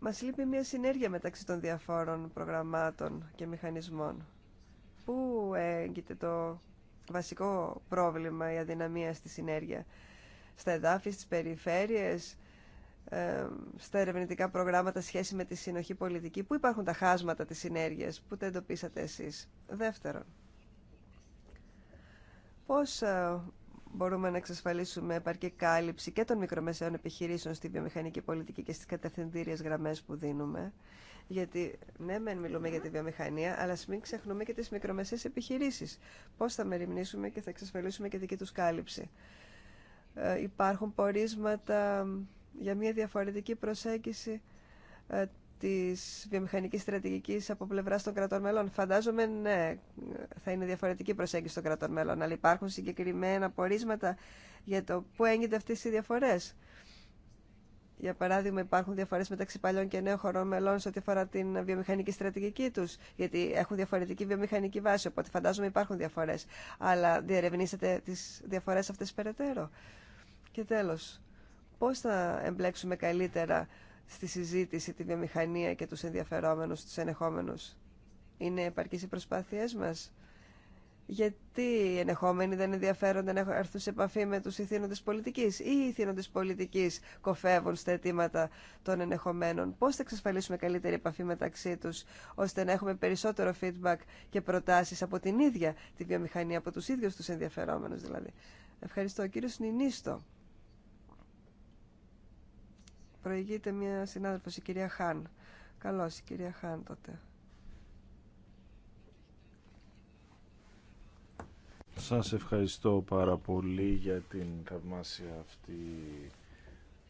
Μας λείπει μια συνέργεια μεταξύ των διαφόρων προγραμμάτων και μηχανισμών. Πού έγκυται το βασικό πρόβλημα, η αδυναμία στη συνέργεια. Στα εδάφη, στις περιφέρειες, ε, στα ερευνητικά προγράμματα σχέση με τη συνοχή πολιτική. Πού υπάρχουν τα χάσματα της συνέργειας, πού τα εντοπίσατε εσείς. Δεύτερον, πώς ε, μπορούμε να εξασφαλίσουμε επαρκή κάλυψη και των μικρομεσαίων επιχειρήσεων στη βιομηχανική πολιτική και στις κατευθυντήριες γραμμές που δίνουμε. Γιατί, ναι, μεν μιλούμε για τη βιομηχανία, αλλά μην ξεχνούμε και τις μικρομεσαίες επιχειρήσεις. Πώς θα μεριμνήσουμε και θα εξασφαλίσουμε και δική τους κάλυψη. Ε, υπάρχουν πορίσματα για μια διαφορετική προσέγγιση ε, της βιομηχανικής στρατηγικής από πλευρά των κρατών μελών. Φαντάζομαι, ναι, θα είναι διαφορετική προσέγγιση των κρατών μελών, αλλά υπάρχουν συγκεκριμένα πορίσματα για το πού έγινε αυτές οι διαφορές. Για παράδειγμα, υπάρχουν διαφορέ μεταξύ παλιών και νέων χωρών μελών σε ό,τι αφορά την βιομηχανική στρατηγική του, γιατί έχουν διαφορετική βιομηχανική βάση, οπότε φαντάζομαι υπάρχουν διαφορέ. Αλλά διερευνήσατε τι διαφορέ αυτέ περαιτέρω. Και τέλο, πώς θα εμπλέξουμε καλύτερα στη συζήτηση τη βιομηχανία και τους ενδιαφερόμενους, τους ενεχόμενους. Είναι επαρκής οι προσπάθειές μας. Γιατί οι ενεχόμενοι δεν ενδιαφέρονται να έρθουν σε επαφή με τους ηθήνοντες πολιτικής ή οι ηθήνοντες πολιτικής κοφεύουν στα αιτήματα των ενεχομένων. Πώς θα εξασφαλίσουμε καλύτερη επαφή μεταξύ τους, ώστε να έχουμε περισσότερο feedback και προτάσεις από την ίδια τη βιομηχανία, από τους ίδιους τους ενδιαφερόμενους δηλαδή. Ευχαριστώ. Κύριο Νινίστο προηγείται μια συνάδελφος, η κυρία Χάν. Καλώς, η κυρία Χάν τότε. Σας ευχαριστώ πάρα πολύ για την θαυμάσια αυτή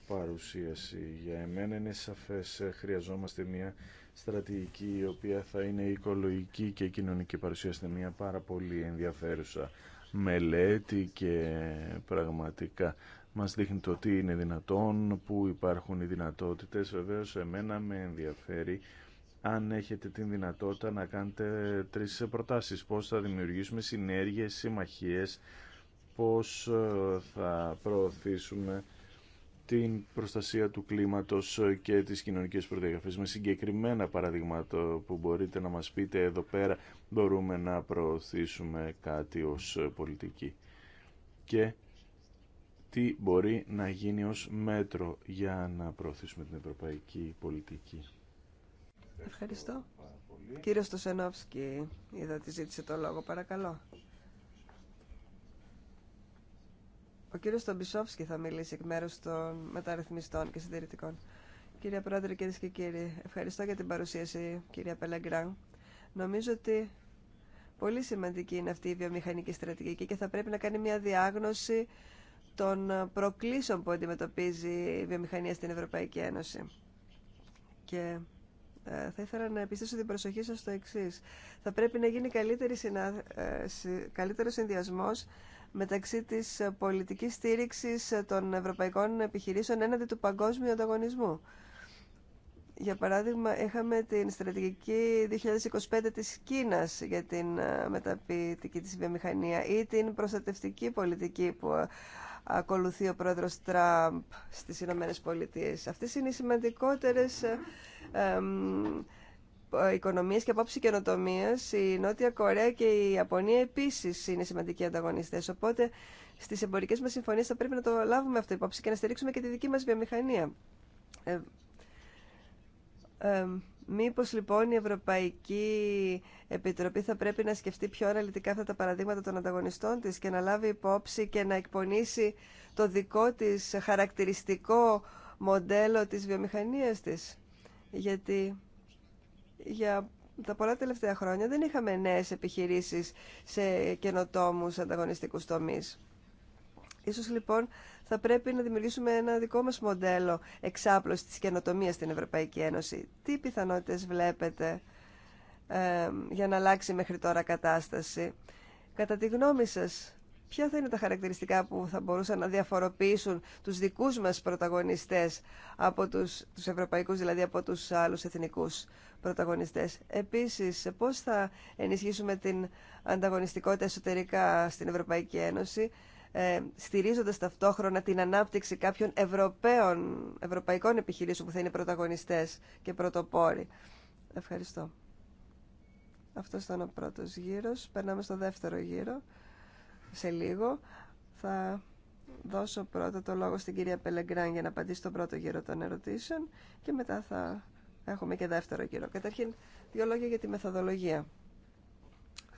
παρουσίαση. Για εμένα είναι σαφές, ε, χρειαζόμαστε μια στρατηγική η οποία θα είναι οικολογική και κοινωνική παρουσίαση μια πάρα πολύ ενδιαφέρουσα μελέτη και πραγματικά μας δείχνει το τι είναι δυνατόν, πού υπάρχουν οι δυνατότητες. Βεβαίως εμένα με ενδιαφέρει αν έχετε την δυνατότητα να κάνετε τρεις προτάσεις. Πώς θα δημιουργήσουμε συνέργειες, συμμαχίες, πώς ε, θα προωθήσουμε την προστασία του κλίματος και τι κοινωνικής προδιαγραφέ. Με συγκεκριμένα παραδείγματα που μπορείτε να μας πείτε εδώ πέρα μπορούμε να προωθήσουμε κάτι ως πολιτική. Και τι μπορεί να γίνει ως μέτρο για να προωθήσουμε την ευρωπαϊκή πολιτική. Ευχαριστώ. κύριο Στοσενόφσκι, είδα ότι ζήτησε το λόγο, παρακαλώ. Ο κύριος Στομπισόφσκι θα μιλήσει εκ μέρους των μεταρρυθμιστών και συντηρητικών. Κύριε Πρόεδρε, κυρίε και κύριοι, ευχαριστώ για την παρουσίαση, κυρία Πελεγκράν. Νομίζω ότι πολύ σημαντική είναι αυτή η βιομηχανική στρατηγική και θα πρέπει να κάνει μια διάγνωση των ε, προκλήσεων που αντιμετωπίζει η βιομηχανία στην Ευρωπαϊκή Ένωση. Και ε, θα ήθελα να επιστήσω την προσοχή σας στο εξή. Θα πρέπει να γίνει καλύτερη συνα... Ε, καλύτερος συνδυασμός μεταξύ της πολιτικής στήριξης των ευρωπαϊκών επιχειρήσεων έναντι του παγκόσμιου ανταγωνισμού. Για παράδειγμα, είχαμε την στρατηγική 2025 της Κίνας για την μεταποιητική της βιομηχανία ή την προστατευτική πολιτική που ακολουθεί ο πρόεδρος Τραμπ στις Ηνωμένε Πολιτείε. Αυτές είναι οι σημαντικότερες ε, ε, οικονομίες και απόψη καινοτομία. Η Νότια Κορέα και η Ιαπωνία επίσης είναι σημαντικοί ανταγωνιστές. Οπότε στις εμπορικές μας συμφωνίες θα πρέπει να το λάβουμε αυτό υπόψη και να στηρίξουμε και τη δική μας βιομηχανία. Ε, Μήπως λοιπόν η Ευρωπαϊκή Επιτροπή θα πρέπει να σκεφτεί πιο αναλυτικά αυτά τα παραδείγματα των ανταγωνιστών της και να λάβει υπόψη και να εκπονήσει το δικό της χαρακτηριστικό μοντέλο της βιομηχανίας της. Γιατί για τα πολλά τελευταία χρόνια δεν είχαμε νέες επιχειρήσεις σε καινοτόμους ανταγωνιστικούς τομείς. Ίσως λοιπόν θα πρέπει να δημιουργήσουμε ένα δικό μας μοντέλο εξάπλωσης της καινοτομίας στην Ευρωπαϊκή Ένωση. Τι πιθανότητες βλέπετε για να αλλάξει μέχρι τώρα κατάσταση. Κατά τη γνώμη σας, ποια θα είναι τα χαρακτηριστικά που θα μπορούσαν να διαφοροποιήσουν τους δικούς μας πρωταγωνιστές από τους, τους ευρωπαϊκούς, δηλαδή από τους άλλους εθνικούς πρωταγωνιστές. Επίσης, πώς θα ενισχύσουμε την ανταγωνιστικότητα εσωτερικά στην Ευρωπαϊκή Ένωση ε, στηρίζοντας ταυτόχρονα την ανάπτυξη κάποιων ευρωπαϊκών επιχειρήσεων που θα είναι πρωταγωνιστές και πρωτοπόροι. Ευχαριστώ. Αυτό ήταν ο πρώτος γύρος. Περνάμε στο δεύτερο γύρο. Σε λίγο θα δώσω πρώτα το λόγο στην κυρία Πελεγκράν για να απαντήσει στον πρώτο γύρο των ερωτήσεων και μετά θα έχουμε και δεύτερο γύρο. Καταρχήν, δύο λόγια για τη μεθοδολογία.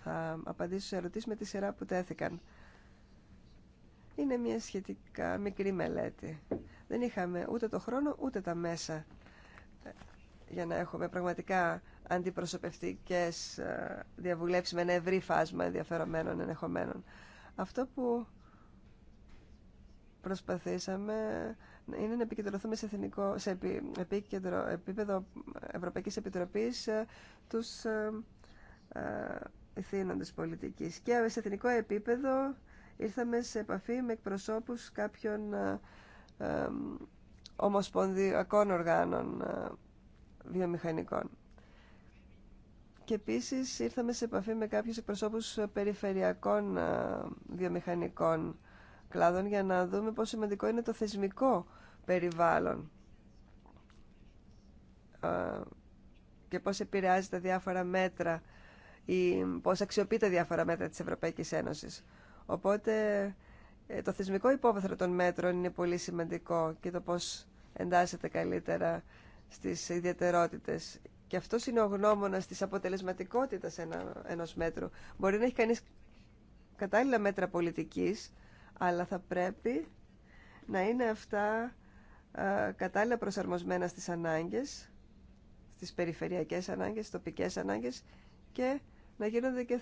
Θα απαντήσω σε ερωτήσεις με τη σειρά που τέθηκαν. Είναι μια σχετικά μικρή μελέτη. Δεν είχαμε ούτε το χρόνο ούτε τα μέσα ε, για να έχουμε πραγματικά αντιπροσωπευτικές ε, διαβουλεύσεις με ένα ευρύ φάσμα ενδιαφερομένων ενεχομένων. Αυτό που προσπαθήσαμε είναι να επικεντρωθούμε σε, εθνικό, σε επίπεδο Ευρωπαϊκής Επιτροπής ε, τους ε, ε, και σε εθνικό επίπεδο ήρθαμε σε επαφή με εκπροσώπους κάποιων ε, ε, ομοσπονδιακών οργάνων ε, βιομηχανικών. Και επίσης ήρθαμε σε επαφή με κάποιους εκπροσώπους περιφερειακών βιομηχανικών κλάδων για να δούμε πόσο σημαντικό είναι το θεσμικό περιβάλλον και πώς επηρεάζει τα διάφορα μέτρα ή πώς αξιοποιεί τα διάφορα μέτρα της Ευρωπαϊκής Ένωσης. Οπότε ε, το θεσμικό υπόβαθρο των μέτρων είναι πολύ σημαντικό και το πώς εντάσσεται καλύτερα στις ιδιαιτερότητες. Και αυτό είναι ο γνώμονα τη αποτελεσματικότητα ενός μέτρου. Μπορεί να έχει κανείς κατάλληλα μέτρα πολιτικής, αλλά θα πρέπει να είναι αυτά κατάλληλα προσαρμοσμένα στις ανάγκες, στις περιφερειακές ανάγκες, στις τοπικές ανάγκες και να γίνονται και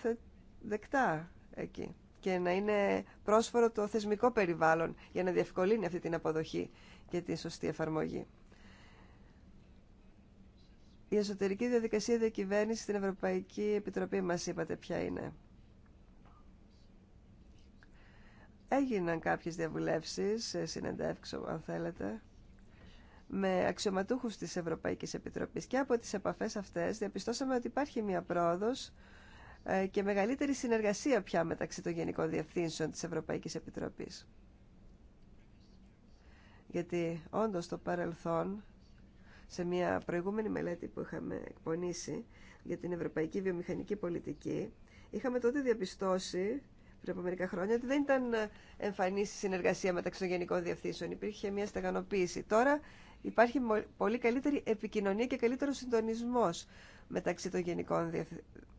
δεκτά εκεί και να είναι πρόσφορο το θεσμικό περιβάλλον για να διευκολύνει αυτή την αποδοχή και τη σωστή εφαρμογή. Η εσωτερική διαδικασία διακυβέρνηση στην Ευρωπαϊκή Επιτροπή μας είπατε ποια είναι. Έγιναν κάποιες διαβουλεύσεις, ε, συνεντεύξω αν θέλετε, με αξιωματούχους της Ευρωπαϊκής Επιτροπής και από τις επαφές αυτές διαπιστώσαμε ότι υπάρχει μια πρόοδος ε, και μεγαλύτερη συνεργασία πια μεταξύ των Γενικών Διευθύνσεων της Ευρωπαϊκής Επιτροπής. Γιατί όντως το παρελθόν, σε μια προηγούμενη μελέτη που είχαμε εκπονήσει για την Ευρωπαϊκή Βιομηχανική Πολιτική, είχαμε τότε διαπιστώσει πριν από μερικά χρόνια ότι δεν ήταν εμφανή η συνεργασία μεταξύ των Γενικών Διευθύνσεων. Υπήρχε μια στεγανοποίηση. Τώρα υπάρχει πολύ καλύτερη επικοινωνία και καλύτερο συντονισμός μεταξύ των γενικών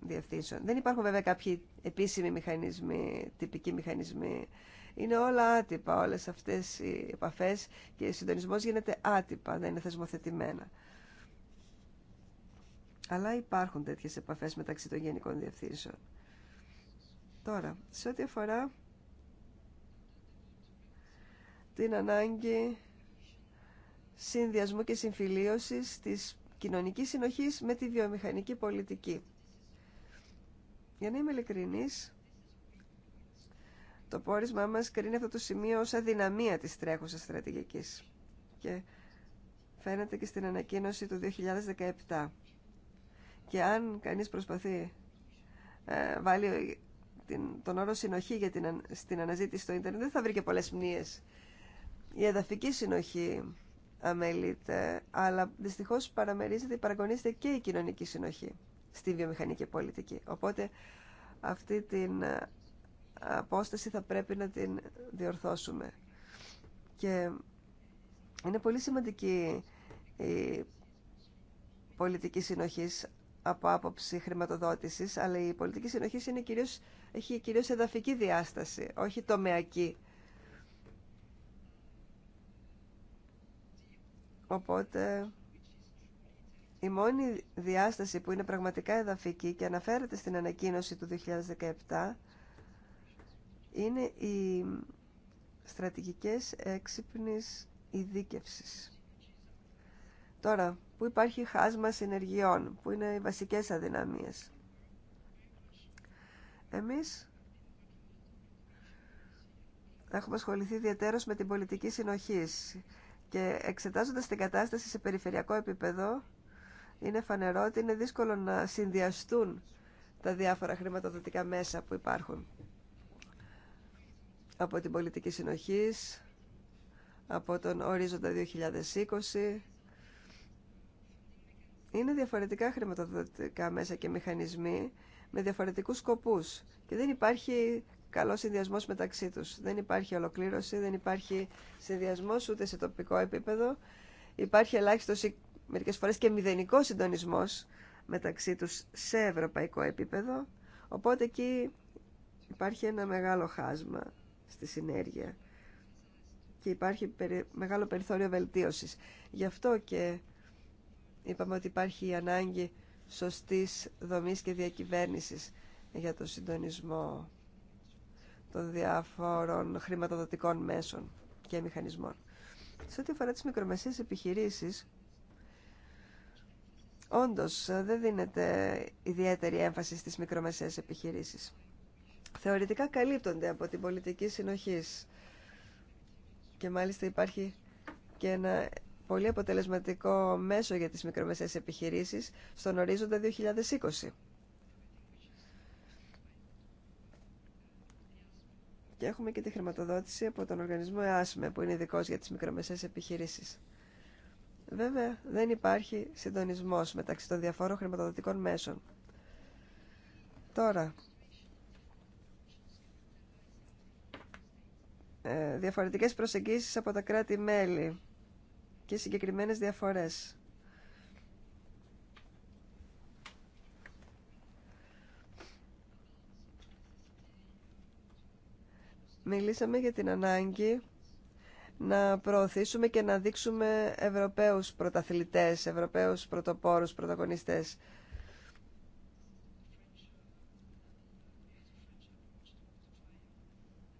διευθύνσεων. Δεν υπάρχουν βέβαια κάποιοι επίσημοι μηχανισμοί, τυπικοί μηχανισμοί. Είναι όλα άτυπα όλες αυτές οι επαφές και ο συντονισμός γίνεται άτυπα, δεν είναι θεσμοθετημένα. Αλλά υπάρχουν τέτοιε επαφέ μεταξύ των γενικών διευθύνσεων. Τώρα, σε ό,τι αφορά την ανάγκη συνδυασμού και συμφιλίωσης της κοινωνικής συνοχής με τη βιομηχανική πολιτική. Για να είμαι ειλικρινής, το πόρισμά μας κρίνει αυτό το σημείο ως αδυναμία της τρέχουσας στρατηγικής και φαίνεται και στην ανακοίνωση του 2017. Και αν κανείς προσπαθεί ε, βάλει την, τον όρο συνοχή για την, στην αναζήτηση στο ίντερνετ, δεν θα βρει και πολλές μνήες. Η εδαφική συνοχή, αμελείται, αλλά δυστυχώς παραμερίζεται, παραγωνίζεται και η κοινωνική συνοχή στη βιομηχανική πολιτική. Οπότε αυτή την ε, απόσταση θα πρέπει να την διορθώσουμε. Και είναι πολύ σημαντική η πολιτική συνοχής από άποψη χρηματοδότησης, αλλά η πολιτική συνοχή είναι κυρίως, έχει κυρίως εδαφική διάσταση, όχι τομεακή Οπότε η μόνη διάσταση που είναι πραγματικά εδαφική και αναφέρεται στην ανακοίνωση του 2017 είναι οι στρατηγικές έξυπνης ειδίκευση. Τώρα, που υπάρχει χάσμα συνεργειών, που είναι οι βασικές αδυναμίες. Εμείς έχουμε ασχοληθεί ιδιαίτερως με την πολιτική συνοχής και εξετάζοντας την κατάσταση σε περιφερειακό επίπεδο, είναι φανερό ότι είναι δύσκολο να συνδυαστούν τα διάφορα χρηματοδοτικά μέσα που υπάρχουν. Από την πολιτική συνοχής, από τον ορίζοντα 2020. Είναι διαφορετικά χρηματοδοτικά μέσα και μηχανισμοί με διαφορετικούς σκοπούς και δεν υπάρχει καλό συνδυασμό μεταξύ του. Δεν υπάρχει ολοκλήρωση, δεν υπάρχει συνδυασμό ούτε σε τοπικό επίπεδο. Υπάρχει ελάχιστο ή μερικές φορές και μηδενικό συντονισμό μεταξύ τους σε ευρωπαϊκό επίπεδο. Οπότε εκεί υπάρχει ένα μεγάλο χάσμα στη συνέργεια και υπάρχει μεγάλο περιθώριο βελτίωσης. Γι' αυτό και είπαμε ότι υπάρχει η ανάγκη σωστής δομής και διακυβέρνησης για το συντονισμό των διάφορων χρηματοδοτικών μέσων και μηχανισμών. Σε ό,τι αφορά τις μικρομεσαίες επιχειρήσεις, όντως ε, δεν δίνεται ιδιαίτερη έμφαση στις μικρομεσαίες επιχειρήσεις. Θεωρητικά καλύπτονται από την πολιτική συνοχής και μάλιστα υπάρχει και ένα πολύ αποτελεσματικό μέσο για τις μικρομεσαίες επιχειρήσεις στον ορίζοντα 2020. Και έχουμε και τη χρηματοδότηση από τον οργανισμό ΕΑΣΜΕ, που είναι ειδικό για τις μικρομεσαίες επιχειρήσεις. Βέβαια, δεν υπάρχει συντονισμός μεταξύ των διαφόρων χρηματοδοτικών μέσων. Τώρα, ε, διαφορετικές προσεγγίσεις από τα κράτη-μέλη και συγκεκριμένες διαφορές. Μιλήσαμε για την ανάγκη να προωθήσουμε και να δείξουμε Ευρωπαίους πρωταθλητές, Ευρωπαίους πρωτοπόρους, πρωταγωνιστές.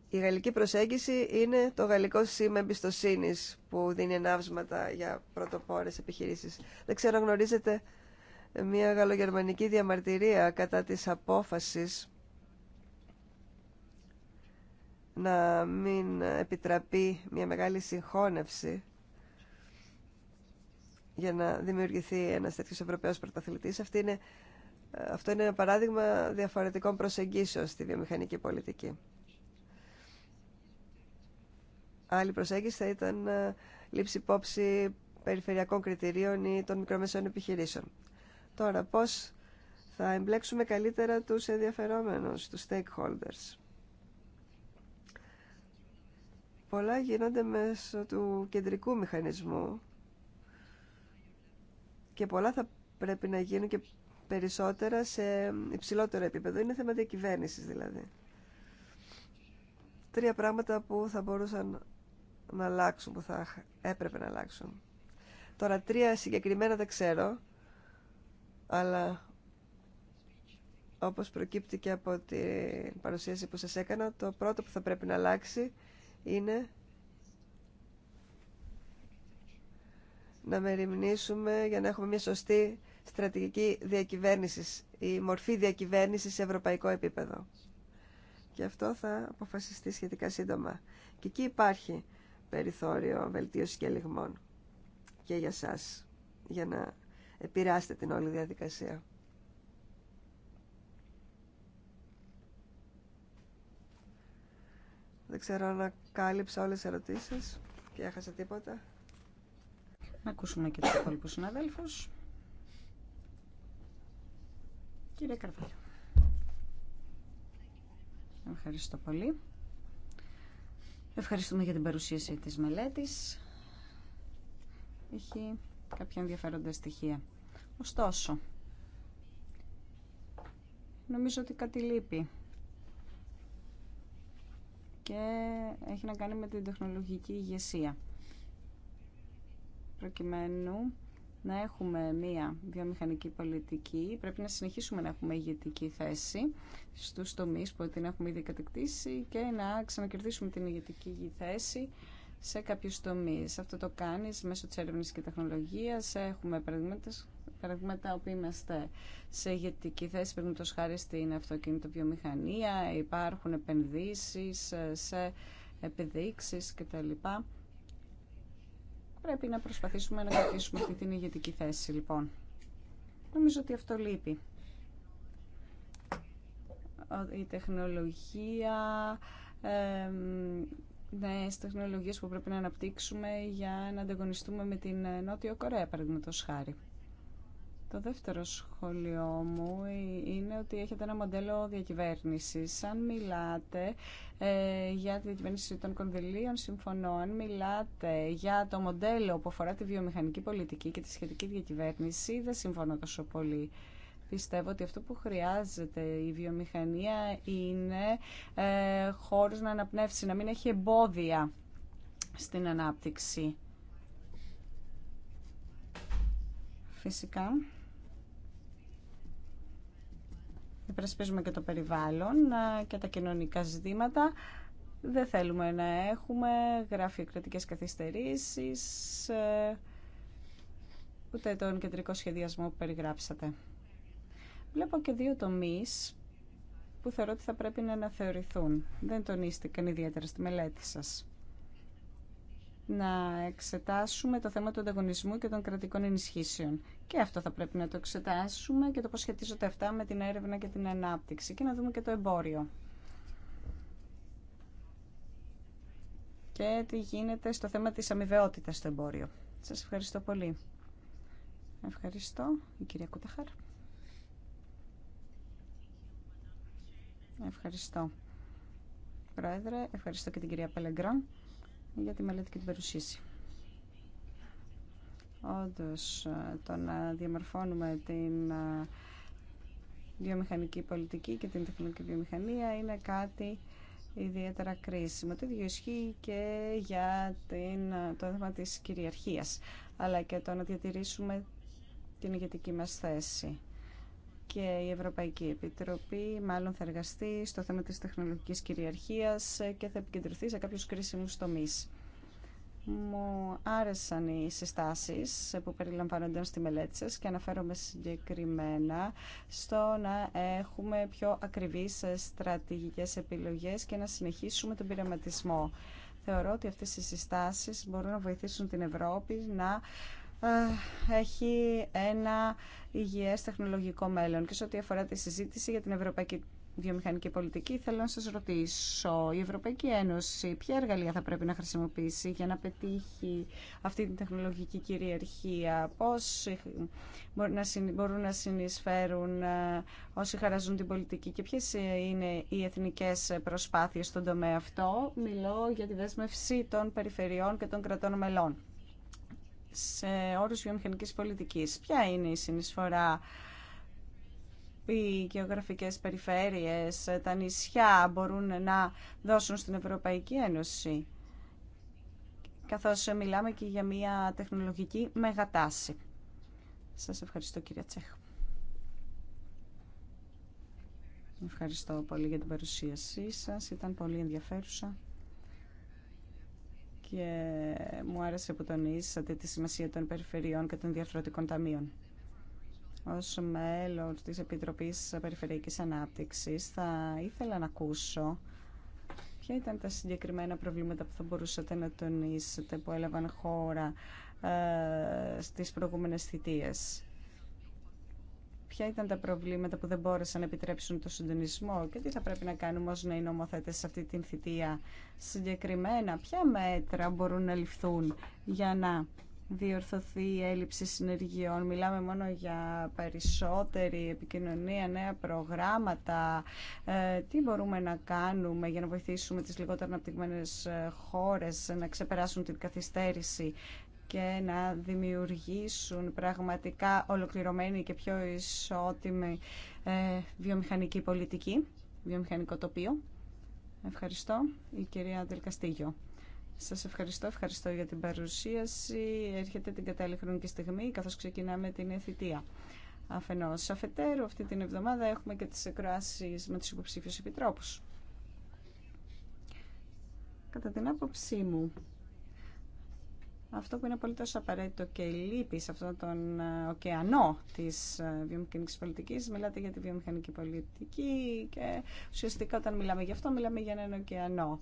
Η γαλλική προσέγγιση είναι το γαλλικό σήμα εμπιστοσύνη που δίνει ενάυσματα για πρωτοπόρες επιχειρήσεις. Δεν ξέρω γνωρίζετε μια γαλλογερμανική διαμαρτυρία κατά της απόφασης να μην επιτραπεί μια μεγάλη συγχώνευση για να δημιουργηθεί ένας τέτοιος Ευρωπαίος πρωταθλητής. αυτό είναι ένα παράδειγμα διαφορετικών προσεγγίσεων στη βιομηχανική πολιτική. Άλλη προσέγγιση θα ήταν ε, λήψη υπόψη περιφερειακών κριτηρίων ή των μικρομεσαίων επιχειρήσεων. Τώρα, πώς θα εμπλέξουμε καλύτερα τους ενδιαφερόμενους, τους stakeholders. πολλά γίνονται μέσω του κεντρικού μηχανισμού και πολλά θα πρέπει να γίνουν και περισσότερα σε υψηλότερο επίπεδο. Είναι θέμα διακυβέρνησης δηλαδή. Τρία πράγματα που θα μπορούσαν να αλλάξουν, που θα έπρεπε να αλλάξουν. Τώρα τρία συγκεκριμένα δεν ξέρω, αλλά όπως προκύπτει και από την παρουσίαση που σας έκανα, το πρώτο που θα πρέπει να αλλάξει είναι να μεριμνήσουμε για να έχουμε μια σωστή στρατηγική διακυβέρνηση, η μορφή διακυβέρνηση σε ευρωπαϊκό επίπεδο. Και αυτό θα αποφασιστεί σχετικά σύντομα. Και εκεί υπάρχει περιθώριο βελτίωση και λιγμών και για σας για να επηρεάσετε την όλη διαδικασία. Δεν ξέρω αν κάλυψα όλες τις ερωτήσεις και έχασα τίποτα. Να ακούσουμε και του υπόλοιπου συναδέλφου. Κύριε Καρβάλιο. Ευχαριστώ πολύ. Ευχαριστούμε για την παρουσίαση της μελέτης. Έχει κάποια ενδιαφέροντα στοιχεία. Ωστόσο, νομίζω ότι κάτι λείπει και έχει να κάνει με την τεχνολογική ηγεσία. Προκειμένου να έχουμε μία βιομηχανική πολιτική, πρέπει να συνεχίσουμε να έχουμε ηγετική θέση στους τομείς που την έχουμε ήδη κατεκτήσει και να ξανακερδίσουμε την ηγετική θέση σε κάποιους τομείς. Αυτό το κάνεις μέσω της έρευνας και τεχνολογίας. Έχουμε παραδείγματα παραδείγματα που είμαστε σε ηγετική θέση, πρέπει το χάρη στην αυτοκίνητο βιομηχανία, υπάρχουν επενδύσεις ε, σε επιδείξεις κτλ. Πρέπει να προσπαθήσουμε να κρατήσουμε αυτή την ηγετική θέση λοιπόν. Νομίζω ότι αυτό λείπει. Η τεχνολογία, ε, νέες τεχνολογίες που πρέπει να αναπτύξουμε για να ανταγωνιστούμε με την ε, Νότιο Κορέα, το χάρη. Το δεύτερο σχόλιο μου είναι ότι έχετε ένα μοντέλο διακυβέρνησης. Αν μιλάτε ε, για τη διακυβέρνηση των κονδυλίων, συμφωνώ. Αν μιλάτε για το μοντέλο που αφορά τη βιομηχανική πολιτική και τη σχετική διακυβέρνηση, δεν συμφωνώ τόσο πολύ. Πιστεύω ότι αυτό που χρειάζεται η βιομηχανία είναι ε, χώρος να αναπνεύσει, να μην έχει εμπόδια στην ανάπτυξη. Φυσικά υπερασπίζουμε και το περιβάλλον ε, και τα κοινωνικά ζητήματα. Δεν θέλουμε να έχουμε γραφειοκρατικές καθυστερήσεις, ε, ούτε τον κεντρικό σχεδιασμό που περιγράψατε. Βλέπω και δύο τομείς που θεωρώ ότι θα πρέπει να αναθεωρηθούν. Δεν τονίστηκαν ιδιαίτερα στη μελέτη σας να εξετάσουμε το θέμα του ανταγωνισμού και των κρατικών ενισχύσεων. Και αυτό θα πρέπει να το εξετάσουμε και το πώς σχετίζονται αυτά με την έρευνα και την ανάπτυξη και να δούμε και το εμπόριο. Και τι γίνεται στο θέμα της αμοιβαιότητας στο εμπόριο. Σας ευχαριστώ πολύ. Ευχαριστώ. Η κυρία Κουταχάρ. Ευχαριστώ. Πρόεδρε, ευχαριστώ και την κυρία Πελεγκρόν για τη μελέτη και την παρουσίαση. Όντω ε, το να διαμορφώνουμε την ε, βιομηχανική πολιτική και την τεχνολογική βιομηχανία είναι κάτι ιδιαίτερα κρίσιμο. Το ίδιο ισχύει και για την, ε, το θέμα της κυριαρχίας, αλλά και το να διατηρήσουμε την ηγετική μας θέση και η Ευρωπαϊκή Επιτροπή μάλλον θα εργαστεί στο θέμα της τεχνολογικής κυριαρχίας και θα επικεντρωθεί σε κάποιους κρίσιμους τομείς. Μου άρεσαν οι συστάσεις που περιλαμβάνονταν στη μελέτη σας και αναφέρομαι συγκεκριμένα στο να έχουμε πιο ακριβείς στρατηγικές επιλογές και να συνεχίσουμε τον πειραματισμό. Θεωρώ ότι αυτές οι συστάσεις μπορούν να βοηθήσουν την Ευρώπη να έχει ένα υγιές τεχνολογικό μέλλον. Και σε ό,τι αφορά τη συζήτηση για την Ευρωπαϊκή Βιομηχανική Πολιτική, θέλω να σας ρωτήσω, η Ευρωπαϊκή Ένωση ποια εργαλεία θα πρέπει να χρησιμοποιήσει για να πετύχει αυτή την τεχνολογική κυριαρχία, πώς μπορούν να συνεισφέρουν ε, όσοι χαραζούν την πολιτική και ποιες ε, είναι οι εθνικές προσπάθειες στον τομέα αυτό. Μιλώ για τη δέσμευση των περιφερειών και των κρατών μελών σε όρους βιομηχανικής πολιτικής. Ποια είναι η συνεισφορά οι γεωγραφικές περιφέρειες, τα νησιά μπορούν να δώσουν στην Ευρωπαϊκή Ένωση. Καθώς μιλάμε και για μια τεχνολογική μεγατάση. Σας ευχαριστώ κυρία Τσέχ. Ευχαριστώ πολύ για την παρουσίασή σας. Ήταν πολύ ενδιαφέρουσα και μου άρεσε που τονίσατε τη σημασία των περιφερειών και των διαρθρωτικών ταμείων. Ως μέλος της Επιτροπής Περιφερειακής Ανάπτυξης θα ήθελα να ακούσω ποια ήταν τα συγκεκριμένα προβλήματα που θα μπορούσατε να τονίσετε που έλαβαν χώρα ε, στις προηγούμενες θητείες ποια ήταν τα προβλήματα που δεν μπόρεσαν να επιτρέψουν το συντονισμό και τι θα πρέπει να κάνουμε ως νέοι νομοθέτες σε αυτή την θητεία. Συγκεκριμένα, ποια μέτρα μπορούν να ληφθούν για να διορθωθεί η έλλειψη συνεργειών. Μιλάμε μόνο για περισσότερη επικοινωνία, νέα προγράμματα. Ε, τι μπορούμε να κάνουμε για να βοηθήσουμε τις λιγότερο αναπτυγμένες ε, χώρες να ξεπεράσουν την καθυστέρηση και να δημιουργήσουν πραγματικά ολοκληρωμένη και πιο ισότιμη ε, βιομηχανική πολιτική, βιομηχανικό τοπίο. Ευχαριστώ. Η κυρία Τελκαστήγιο. Σας ευχαριστώ, ευχαριστώ για την παρουσίαση. Έρχεται την κατάλληλη χρονική στιγμή, καθώς ξεκινάμε την εθιτεία. Αφενός αφετέρου, αυτή την εβδομάδα έχουμε και τις εκροάσεις με τους υποψήφιους επιτρόπους. Κατά την άποψή μου, αυτό που είναι πολύ τόσο απαραίτητο και λείπει σε αυτόν τον ε, ωκεανό τη ε, βιομηχανική πολιτική. Μιλάτε για τη βιομηχανική πολιτική και ουσιαστικά όταν μιλάμε γι' αυτό, μιλάμε για έναν ωκεανό.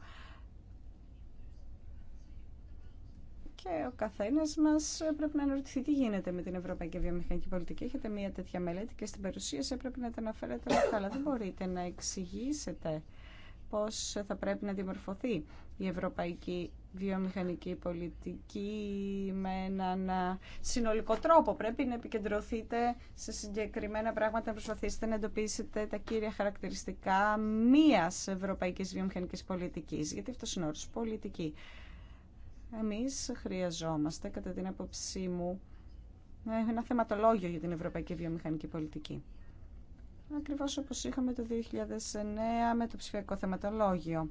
Και ο καθένα μα πρέπει να αναρωτηθεί τι γίνεται με την ευρωπαϊκή βιομηχανική πολιτική. Έχετε μία τέτοια μελέτη και στην παρουσίαση έπρεπε να τα αναφέρετε αλλά δεν μπορείτε να εξηγήσετε πώς θα πρέπει να διαμορφωθεί η ευρωπαϊκή βιομηχανική πολιτική με έναν συνολικό τρόπο. Πρέπει να επικεντρωθείτε σε συγκεκριμένα πράγματα, να προσπαθήσετε να εντοπίσετε τα κύρια χαρακτηριστικά μίας ευρωπαϊκής βιομηχανικής πολιτικής, γιατί αυτό είναι όρος πολιτική. Εμείς χρειαζόμαστε, κατά την άποψή μου, ένα θεματολόγιο για την ευρωπαϊκή βιομηχανική πολιτική ακριβώς όπως είχαμε το 2009 με το ψηφιακό θεματολόγιο.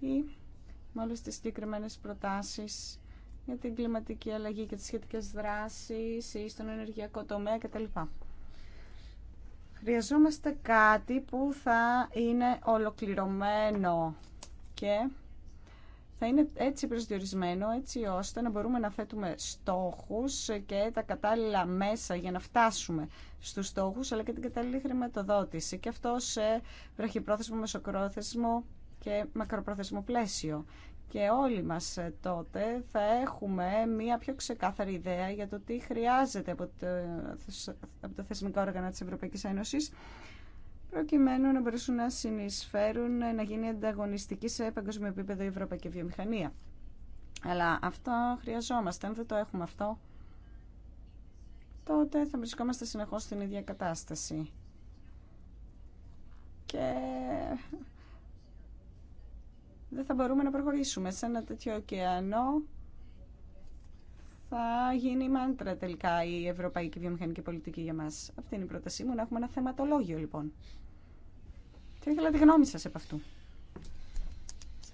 Ή με όλες τις συγκεκριμένε προτάσεις για την κλιματική αλλαγή και τις σχετικές δράσεις ή στον ενεργειακό τομέα κτλ. Χρειαζόμαστε κάτι που θα είναι ολοκληρωμένο και θα είναι έτσι προσδιορισμένο έτσι ώστε να μπορούμε να θέτουμε στόχους και τα κατάλληλα μέσα για να φτάσουμε στους στόχους αλλά και την κατάλληλη χρηματοδότηση και αυτό σε βραχυπρόθεσμο, μεσοκρόθεσμο και μακροπρόθεσμο πλαίσιο. Και όλοι μας τότε θα έχουμε μία πιο ξεκάθαρη ιδέα για το τι χρειάζεται από το, από θεσμικό όργανα της Ευρωπαϊκής Ένωσης προκειμένου να μπορέσουν να συνεισφέρουν να γίνει ανταγωνιστική σε παγκόσμιο επίπεδο η Ευρωπαϊκή Βιομηχανία. Αλλά αυτό χρειαζόμαστε. Αν δεν το έχουμε αυτό, τότε θα βρισκόμαστε συνεχώς στην ίδια κατάσταση. Και δεν θα μπορούμε να προχωρήσουμε σε ένα τέτοιο ωκεανό. Θα γίνει μάντρα τελικά η ευρωπαϊκή βιομηχανική πολιτική για μας. Αυτή είναι η πρότασή μου, να έχουμε ένα θεματολόγιο λοιπόν. Θα ήθελα τη γνώμη σας επ' αυτού.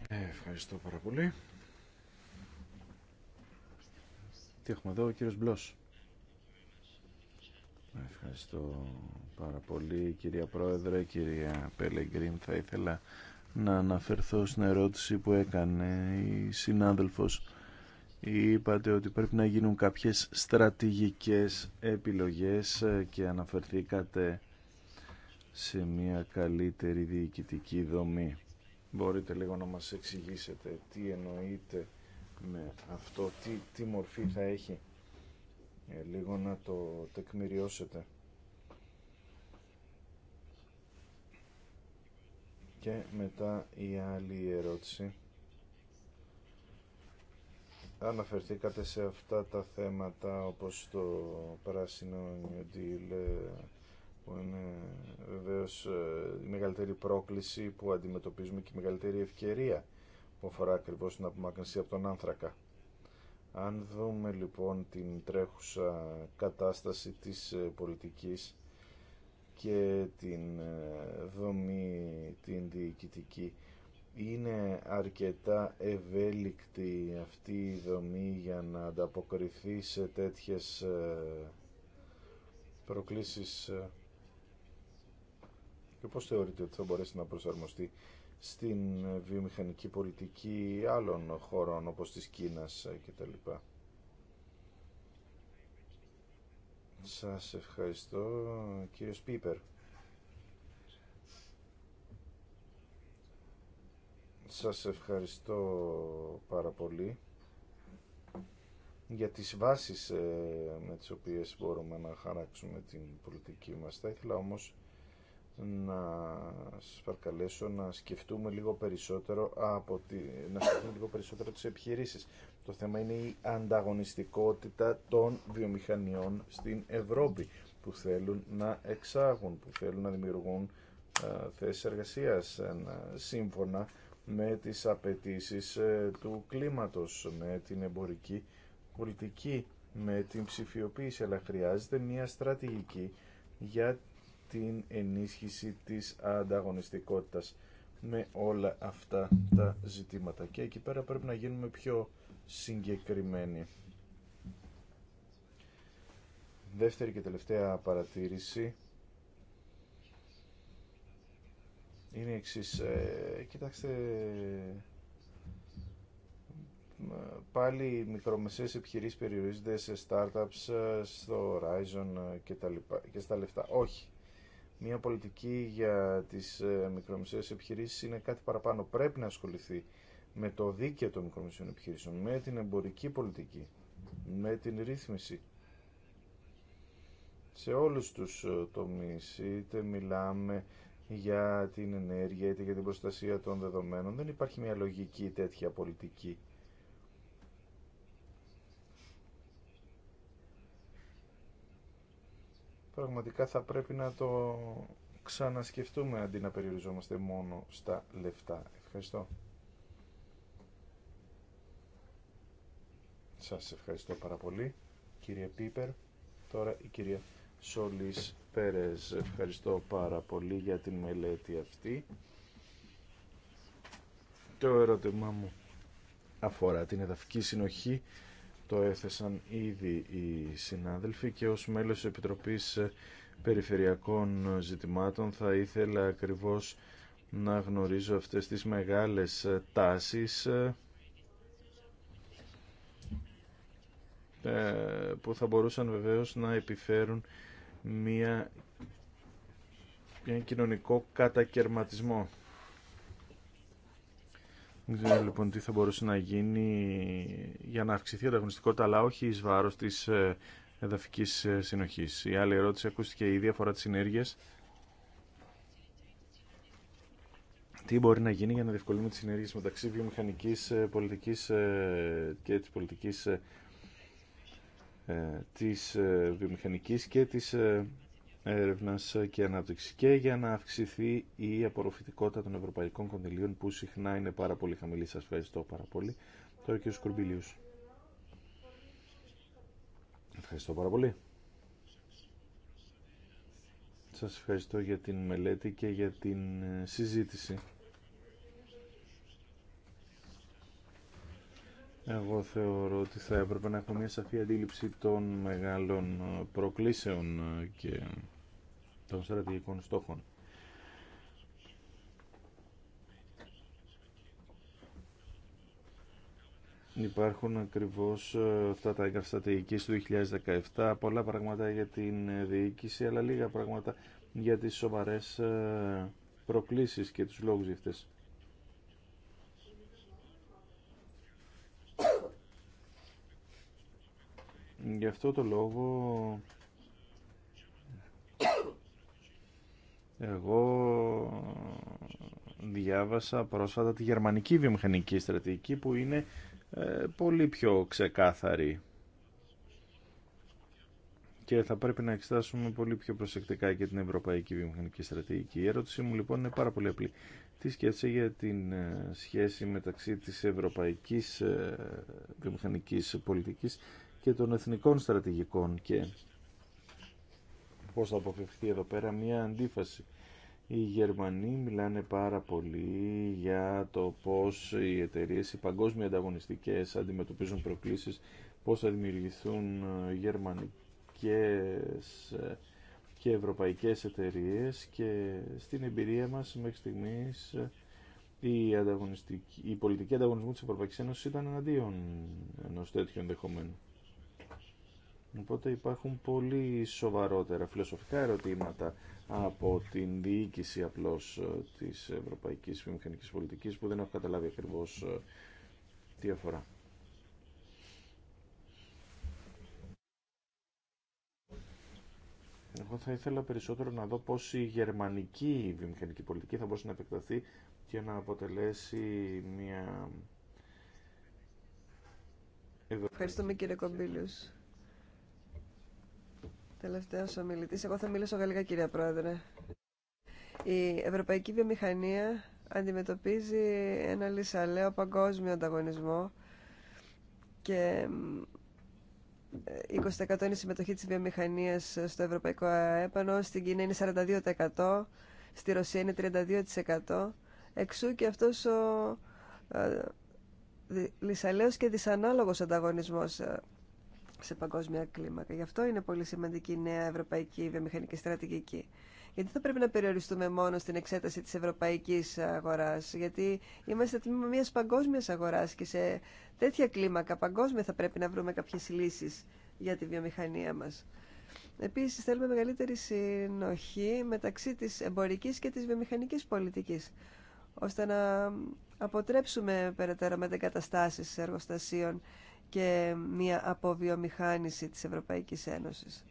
Ε, ευχαριστώ πάρα πολύ. Τι έχουμε εδώ, ο κύριος Μπλος. Ευχαριστώ πάρα πολύ κυρία Πρόεδρε, κυρία Πελεγκρίν. Θα ήθελα να αναφερθώ στην ερώτηση που έκανε η συνάδελφος. Είπατε ότι πρέπει να γίνουν κάποιες στρατηγικές επιλογές ε, και αναφερθήκατε σε μια καλύτερη διοικητική δομή. Μπορείτε λίγο να μας εξηγήσετε τι εννοείτε με αυτό, τι, μορφή θα έχει. Ε, λίγο να το τεκμηριώσετε. Και μετά η άλλη ερώτηση. Αναφερθήκατε σε αυτά τα θέματα όπως το πράσινο New Deal, ε, που είναι βεβαίως ε, η μεγαλύτερη πρόκληση που αντιμετωπίζουμε και η μεγαλύτερη ευκαιρία που αφορά ακριβώς την απομάκρυνση από τον άνθρακα. Αν δούμε λοιπόν την τρέχουσα κατάσταση της ε, πολιτικής και την ε, δομή, την διοικητική, είναι αρκετά ευέλικτη αυτή η δομή για να ανταποκριθεί σε τέτοιες προκλήσεις και πώς θεωρείτε ότι θα μπορέσει να προσαρμοστεί στην βιομηχανική πολιτική άλλων χωρών όπως της Κίνας και λοιπά. Σας ευχαριστώ κύριο Πίπερ. Σας ευχαριστώ πάρα πολύ για τις βάσεις ε, με τις οποίες μπορούμε να χαράξουμε την πολιτική μας. Θα ήθελα όμως να σας παρακαλέσω να σκεφτούμε λίγο περισσότερο από τη, να σκεφτούμε λίγο περισσότερο τις επιχειρήσεις. Το θέμα είναι η ανταγωνιστικότητα των βιομηχανιών στην Ευρώπη που θέλουν να εξάγουν, που θέλουν να δημιουργούν α, ε, θέσεις εργασίας ε, σύμφωνα με τις απαιτήσεις ε, του κλίματος, με την εμπορική πολιτική, με την ψηφιοποίηση, αλλά χρειάζεται μια στρατηγική για την ενίσχυση της ανταγωνιστικότητας με όλα αυτά τα ζητήματα. Και εκεί πέρα πρέπει να γίνουμε πιο συγκεκριμένοι. Δεύτερη και τελευταία παρατήρηση είναι εξής. Ε, κοιτάξτε, πάλι οι μικρομεσαίες επιχειρήσεις περιορίζονται σε startups, ε, στο Horizon ε, και, τα και στα λεφτά. Όχι. Μια πολιτική για τις ε, μικρομεσαίες επιχειρήσεις είναι κάτι παραπάνω. Πρέπει να ασχοληθεί με το δίκαιο των μικρομεσαίων επιχειρήσεων, με την εμπορική πολιτική, με την ρύθμιση. Σε όλους τους ε, τομείς, είτε μιλάμε για την ενέργεια, είτε για την προστασία των δεδομένων, δεν υπάρχει μια λογική τέτοια πολιτική πραγματικά θα πρέπει να το ξανασκεφτούμε αντί να περιοριζόμαστε μόνο στα λεφτά. Ευχαριστώ. Σας ευχαριστώ πάρα πολύ, κύριε Πίπερ. Τώρα η κυρία Σόλις Πέρες. Ευχαριστώ πάρα πολύ για την μελέτη αυτή. Το ερώτημά μου αφορά την εδαφική συνοχή το έθεσαν ήδη οι συνάδελφοι και ως μέλος της Επιτροπής Περιφερειακών Ζητημάτων θα ήθελα ακριβώς να γνωρίζω αυτές τις μεγάλες τάσεις ε, που θα μπορούσαν βεβαίως να επιφέρουν μια, κοινωνικό κατακαιρματισμό. Δεν ξέρω λοιπόν τι θα μπορούσε να γίνει για να αυξηθεί η ανταγωνιστικότητα, αλλά όχι ει βάρο της ε, εδαφικής ε, συνοχής. Η άλλη ερώτηση ακούστηκε ήδη αφορά τις συνέργειες. Τι μπορεί να γίνει για να διευκολύνουμε τι συνέργειες μεταξύ βιομηχανική ε, πολιτικής και της πολιτικής της βιομηχανικής και της έρευνα και ανάπτυξη και για να αυξηθεί η απορροφητικότητα των ευρωπαϊκών κονδυλίων που συχνά είναι πάρα πολύ χαμηλή. Σα ευχαριστώ πάρα πολύ. Τώρα και ο Σκουρμπιλίους. Ευχαριστώ πάρα πολύ. Σα ευχαριστώ για την μελέτη και για την ε, συζήτηση. Εγώ θεωρώ ότι θα έπρεπε να έχουμε μια σαφή αντίληψη των μεγάλων ε, προκλήσεων ε, και των στρατηγικών στόχων. Υπάρχουν ακριβώς ε, αυτά τα έγγραφα στρατηγικής του 2017, πολλά πράγματα για την ε, διοίκηση, αλλά λίγα πράγματα για τις σοβαρές ε, προκλήσεις και τους λόγους αυτές. Γι' αυτό το λόγο Εγώ διάβασα πρόσφατα τη γερμανική βιομηχανική στρατηγική που είναι ε, πολύ πιο ξεκάθαρη και θα πρέπει να εξετάσουμε πολύ πιο προσεκτικά και την ευρωπαϊκή βιομηχανική στρατηγική. Η ερώτησή μου λοιπόν είναι πάρα πολύ απλή. Τι σκέφτεσαι για την ε, σχέση μεταξύ της ευρωπαϊκής ε, βιομηχανικής πολιτικής και των εθνικών στρατηγικών και πώς θα αποφευχθεί εδώ πέρα μια αντίφαση. Οι Γερμανοί μιλάνε πάρα πολύ για το πώς οι εταιρείε, οι παγκόσμιοι ανταγωνιστικές αντιμετωπίζουν προκλήσεις, πώς θα δημιουργηθούν ε, γερμανικές ε, και ευρωπαϊκές εταιρείε και στην εμπειρία μας μέχρι στιγμής ε, η, η πολιτική ανταγωνισμού της Ευρωπαϊκής Ένωσης ήταν εναντίον ενός τέτοιου ενδεχομένου. Οπότε υπάρχουν πολύ σοβαρότερα φιλοσοφικά ερωτήματα από την διοίκηση απλώς ε, της ευρωπαϊκής βιομηχανικής πολιτικής που δεν έχω καταλάβει ακριβώς ε, τι αφορά. Εγώ θα ήθελα περισσότερο να δω πώς η γερμανική βιομηχανική πολιτική θα μπορούσε να επεκταθεί και να αποτελέσει μια... Ευχαριστούμε κύριε Κομπίλους. Τελευταίο ομιλητής. Εγώ θα μιλήσω γαλλικά, κυρία Πρόεδρε. Η ευρωπαϊκή βιομηχανία αντιμετωπίζει ένα λυσαλαίο παγκόσμιο ανταγωνισμό και 20% ε, είναι η συμμετοχή της βιομηχανίας στο ευρωπαϊκό έπανο, στην Κίνα είναι 42%, στη Ρωσία είναι 32%. Εξού και αυτός ο ε, λυσαλαίος και δυσανάλογος ανταγωνισμός ε, σε παγκόσμια κλίμακα. Γι' αυτό είναι πολύ σημαντική η νέα ευρωπαϊκή βιομηχανική στρατηγική. Γιατί θα πρέπει να περιοριστούμε μόνο στην εξέταση τη ευρωπαϊκή αγορά, γιατί είμαστε τμήμα μια παγκόσμια αγοράς και σε τέτοια κλίμακα παγκόσμια θα πρέπει να βρούμε κάποιε λύσει για τη βιομηχανία μα. Επίση θέλουμε μεγαλύτερη συνοχή μεταξύ τη εμπορική και τη βιομηχανική πολιτική, ώστε να αποτρέψουμε περαιτέρω μετεγκαταστάσει εργοστασίων και μια αποβιομηχάνηση της Ευρωπαϊκής Ένωσης.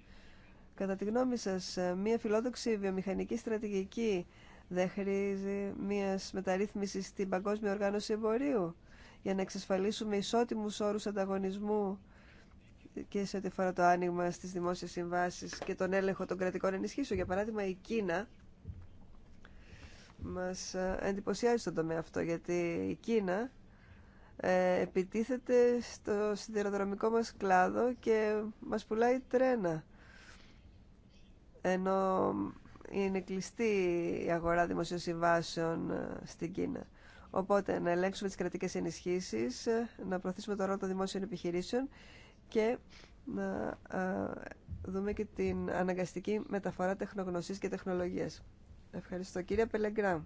Κατά τη γνώμη σας, μια φιλόδοξη βιομηχανική στρατηγική δεν χρήζει μιας μεταρρύθμισης στην Παγκόσμια Οργάνωση Εμπορίου για να εξασφαλίσουμε ισότιμους όρους ανταγωνισμού και σε ό,τι αφορά το άνοιγμα στις δημόσιες συμβάσεις και τον έλεγχο των κρατικών ενισχύσεων. Για παράδειγμα, η Κίνα μας εντυπωσιάζει στον τομέα αυτό, γιατί η Κίνα ε, επιτίθεται στο σιδηροδρομικό μας κλάδο και μας πουλάει τρένα. Ενώ είναι κλειστή η αγορά δημοσιοσυμβάσεων ε, στην Κίνα. Οπότε να ελέγξουμε τις κρατικές ενισχύσεις, ε, να προωθήσουμε το ρόλο των δημόσιων επιχειρήσεων και να δούμε και την αναγκαστική μεταφορά τεχνογνωσίας και τεχνολογίας. Ευχαριστώ. Κύριε Πελεγκράμ.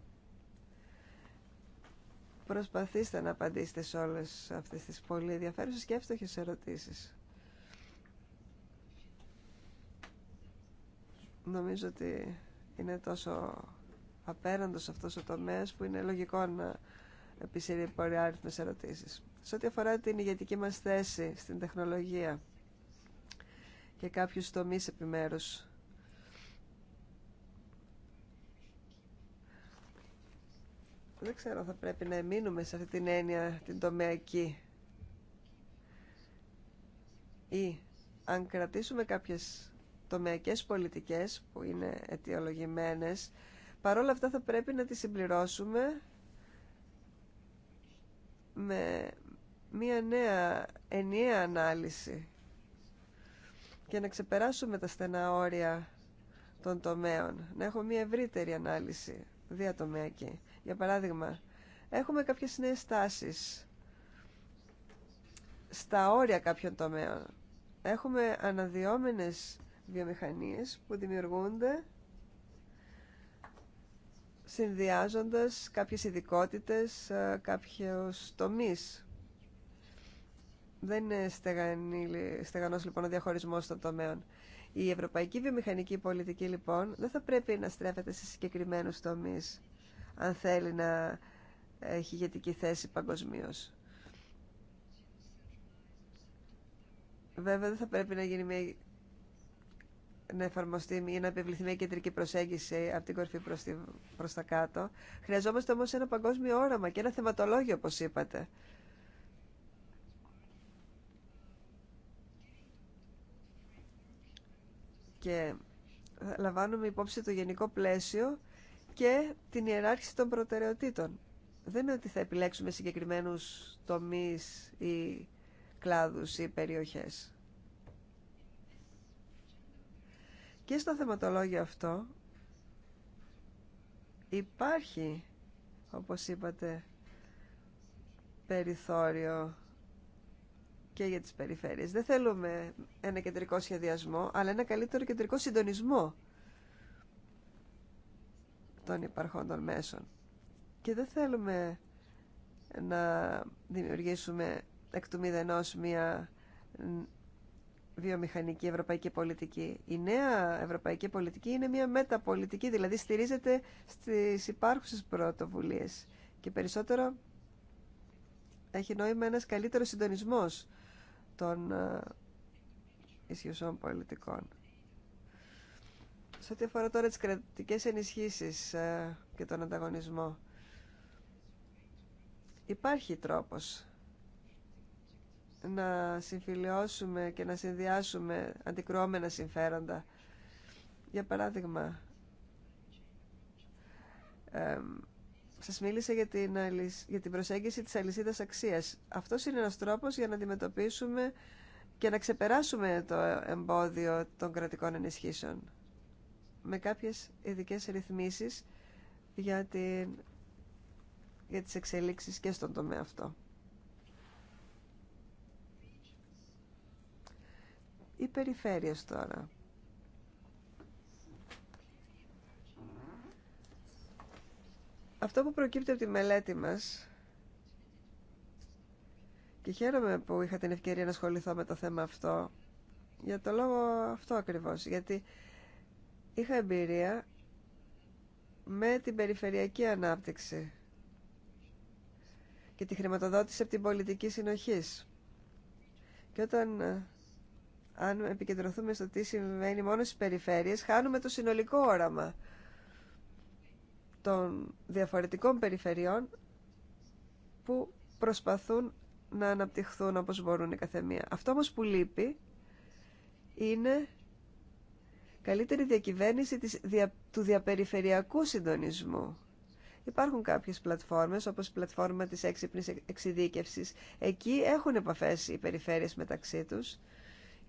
Προσπαθήστε να απαντήσετε σε όλες αυτές τις πολύ ενδιαφέρουσες και εύστοχες ερωτήσεις. Νομίζω ότι είναι τόσο απέραντος αυτός ο τομέας που είναι λογικό να επισύρει πολύ άριθμες ερωτήσεις. Σε ό,τι αφορά την ηγετική μας θέση στην τεχνολογία και κάποιους τομείς επιμέρους Δεν ξέρω θα πρέπει να εμείνουμε σε αυτή την έννοια την τομεακή ή αν κρατήσουμε κάποιες τομεακές πολιτικές που είναι αιτιολογημένες, παρόλα αυτά θα πρέπει να τις συμπληρώσουμε με μία νέα ενιαία ανάλυση και να ξεπεράσουμε τα στενά όρια των τομέων, να έχω μία ευρύτερη ανάλυση διατομεακή. Για παράδειγμα, έχουμε κάποιες νέες τάσεις στα όρια κάποιων τομέων. Έχουμε αναδυόμενες βιομηχανίες που δημιουργούνται συνδυάζοντας κάποιες ειδικότητε, ε, κάποιους τομείς. Δεν είναι στεγανός λοιπόν ο διαχωρισμός των τομέων. Η ευρωπαϊκή βιομηχανική πολιτική λοιπόν δεν θα πρέπει να στρέφεται σε συγκεκριμένους τομείς αν θέλει να έχει ηγετική θέση παγκοσμίω. Βέβαια δεν θα πρέπει να γίνει μια να εφαρμοστεί ή να επιβληθεί μια κεντρική προσέγγιση από την κορφή προς, προς τα κάτω. Χρειαζόμαστε όμως ένα παγκόσμιο όραμα και ένα θεματολόγιο, όπως είπατε. Και λαμβάνουμε υπόψη το γενικό πλαίσιο και την ιεράρχηση των προτεραιοτήτων. Δεν είναι ότι θα επιλέξουμε συγκεκριμένους τομείς ή κλάδους ή περιοχές. Και στο θεματολόγιο αυτό υπάρχει, όπως είπατε, περιθώριο και για τις περιφέρειες. Δεν θέλουμε ένα κεντρικό σχεδιασμό, αλλά ένα καλύτερο κεντρικό συντονισμό των των μέσων. Και δεν θέλουμε να δημιουργήσουμε εκ του μηδενός μια βιομηχανική ευρωπαϊκή πολιτική. Η νέα ευρωπαϊκή πολιτική είναι μια μεταπολιτική, δηλαδή στηρίζεται στις υπάρχουσες πρωτοβουλίες και περισσότερο έχει νόημα ένας καλύτερος συντονισμός των ε, ισχυωσών πολιτικών. Σε ό,τι αφορά τώρα τις κρατικές ενισχύσεις ε, και τον ανταγωνισμό, υπάρχει τρόπος να συμφιλιώσουμε και να συνδυάσουμε αντικρουόμενα συμφέροντα. Για παράδειγμα, ε, σας μίλησα για την, για την προσέγγιση της αλυσίδας αξίας. Αυτό είναι ένας τρόπος για να αντιμετωπίσουμε και να ξεπεράσουμε το εμπόδιο των κρατικών ενισχύσεων με κάποιες ειδικέ ρυθμίσεις για, την, για τις εξελίξεις και στον τομέα αυτό. Οι περιφέρειες τώρα. Αυτό που προκύπτει από τη μελέτη μας και χαίρομαι που είχα την ευκαιρία να ασχοληθώ με το θέμα αυτό για το λόγο αυτό ακριβώς γιατί είχα εμπειρία με την περιφερειακή ανάπτυξη και τη χρηματοδότηση από την πολιτική συνοχής. Και όταν ε, αν επικεντρωθούμε στο τι συμβαίνει μόνο στις περιφέρειες, χάνουμε το συνολικό όραμα των διαφορετικών περιφερειών που προσπαθούν να αναπτυχθούν όπως μπορούν η καθεμία. Αυτό όμως που λείπει είναι καλύτερη διακυβέρνηση του διαπεριφερειακού συντονισμού. Υπάρχουν κάποιες πλατφόρμες, όπως η πλατφόρμα της έξυπνης εξειδίκευσης. Εκεί έχουν επαφές οι περιφέρειες μεταξύ τους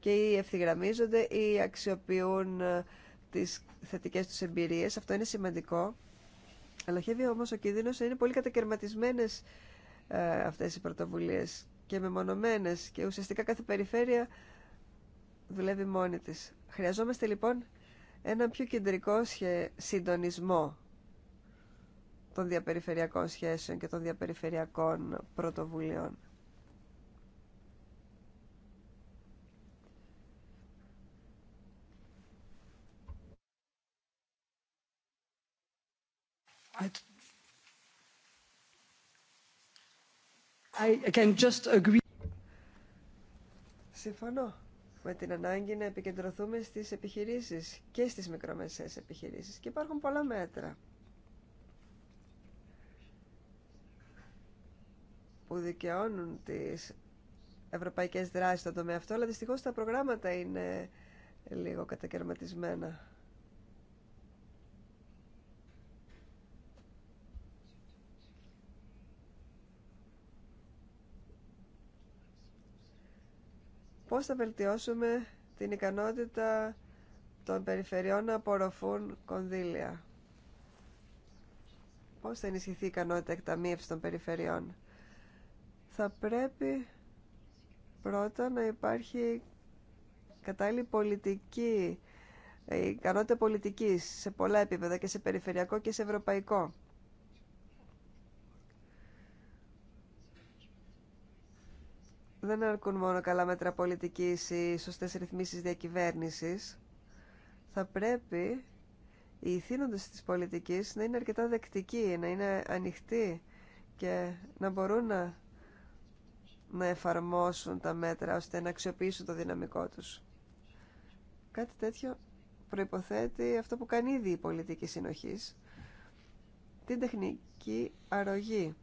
και ή ευθυγραμμίζονται ή αξιοποιούν ε, τις θετικές τους εμπειρίες. Αυτό είναι σημαντικό. Αλοχεύει όμως ο κίνδυνος είναι πολύ κατακαιρματισμένες ε, αυτές οι πρωτοβουλίες και μεμονωμένες και ουσιαστικά κάθε περιφέρεια δουλεύει δηλαδή μόνη της. Χρειαζόμαστε λοιπόν έναν πιο κεντρικό συντονισμό των διαπεριφερειακών σχέσεων και των διαπεριφερειακών πρωτοβουλειών. I can just agree. Συμφωνώ με την ανάγκη να επικεντρωθούμε στις επιχειρήσεις και στις μικρομεσαίες επιχειρήσεις. Και υπάρχουν πολλά μέτρα που δικαιώνουν τις ευρωπαϊκές δράσεις στον τομέα αυτό, αλλά δυστυχώς τα προγράμματα είναι λίγο κατακαιρματισμένα. πώς θα βελτιώσουμε την ικανότητα των περιφερειών να απορροφούν κονδύλια. Πώς θα ενισχυθεί η ικανότητα εκταμείευσης των περιφερειών. Θα πρέπει πρώτα να υπάρχει κατάλληλη πολιτική, ε, ικανότητα πολιτικής σε πολλά επίπεδα και σε περιφερειακό και σε ευρωπαϊκό. δεν αρκούν μόνο καλά μέτρα πολιτικής ή σωστέ ρυθμίσεις διακυβέρνησης. Θα πρέπει οι ηθήνοντε της πολιτικής να είναι αρκετά δεκτική, να είναι ανοιχτοί και να μπορούν να, να εφαρμόσουν τα μέτρα ώστε να αξιοποιήσουν το δυναμικό τους. Κάτι τέτοιο προϋποθέτει αυτό που κάνει ήδη η πολιτική συνοχής, την τεχνική αρρωγή.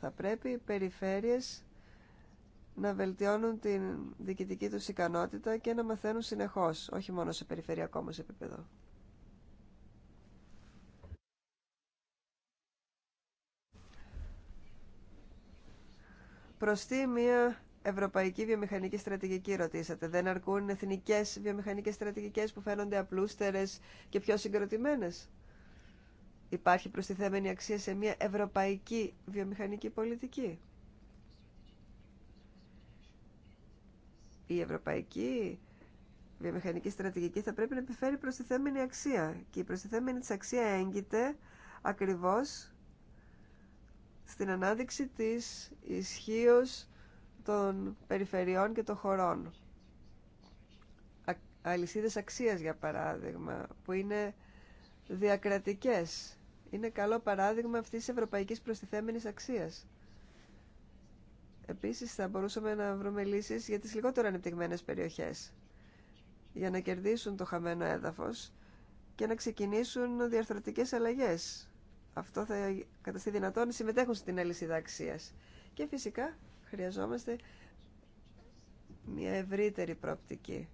Θα πρέπει οι περιφέρειες να βελτιώνουν την διοικητική τους ικανότητα και να μαθαίνουν συνεχώς, όχι μόνο σε περιφερειακό μας επίπεδο. τι μια ευρωπαϊκή βιομηχανική στρατηγική, ρωτήσατε. Δεν αρκούν εθνικές βιομηχανικές στρατηγικές που φαίνονται απλούστερες και πιο συγκροτημένες. Υπάρχει προστιθέμενη αξία σε μια ευρωπαϊκή βιομηχανική πολιτική. η ευρωπαϊκή βιομηχανική στρατηγική θα πρέπει να επιφέρει προστιθέμενη αξία και η προστιθέμενη της αξία έγκυται ακριβώς στην ανάδειξη της ισχύω των περιφερειών και των χωρών. Αλυσίδες αξίας, για παράδειγμα, που είναι διακρατικές. Είναι καλό παράδειγμα αυτής της ευρωπαϊκής προστιθέμενης αξίας. Επίσης θα μπορούσαμε να βρούμε λύσεις για τις λιγότερο ανεπτυγμένες περιοχές για να κερδίσουν το χαμένο έδαφος και να ξεκινήσουν διαρθρωτικές αλλαγές. Αυτό θα καταστεί δυνατόν να συμμετέχουν στην έλυση αξία. Και φυσικά χρειαζόμαστε μια ευρύτερη πρόπτικη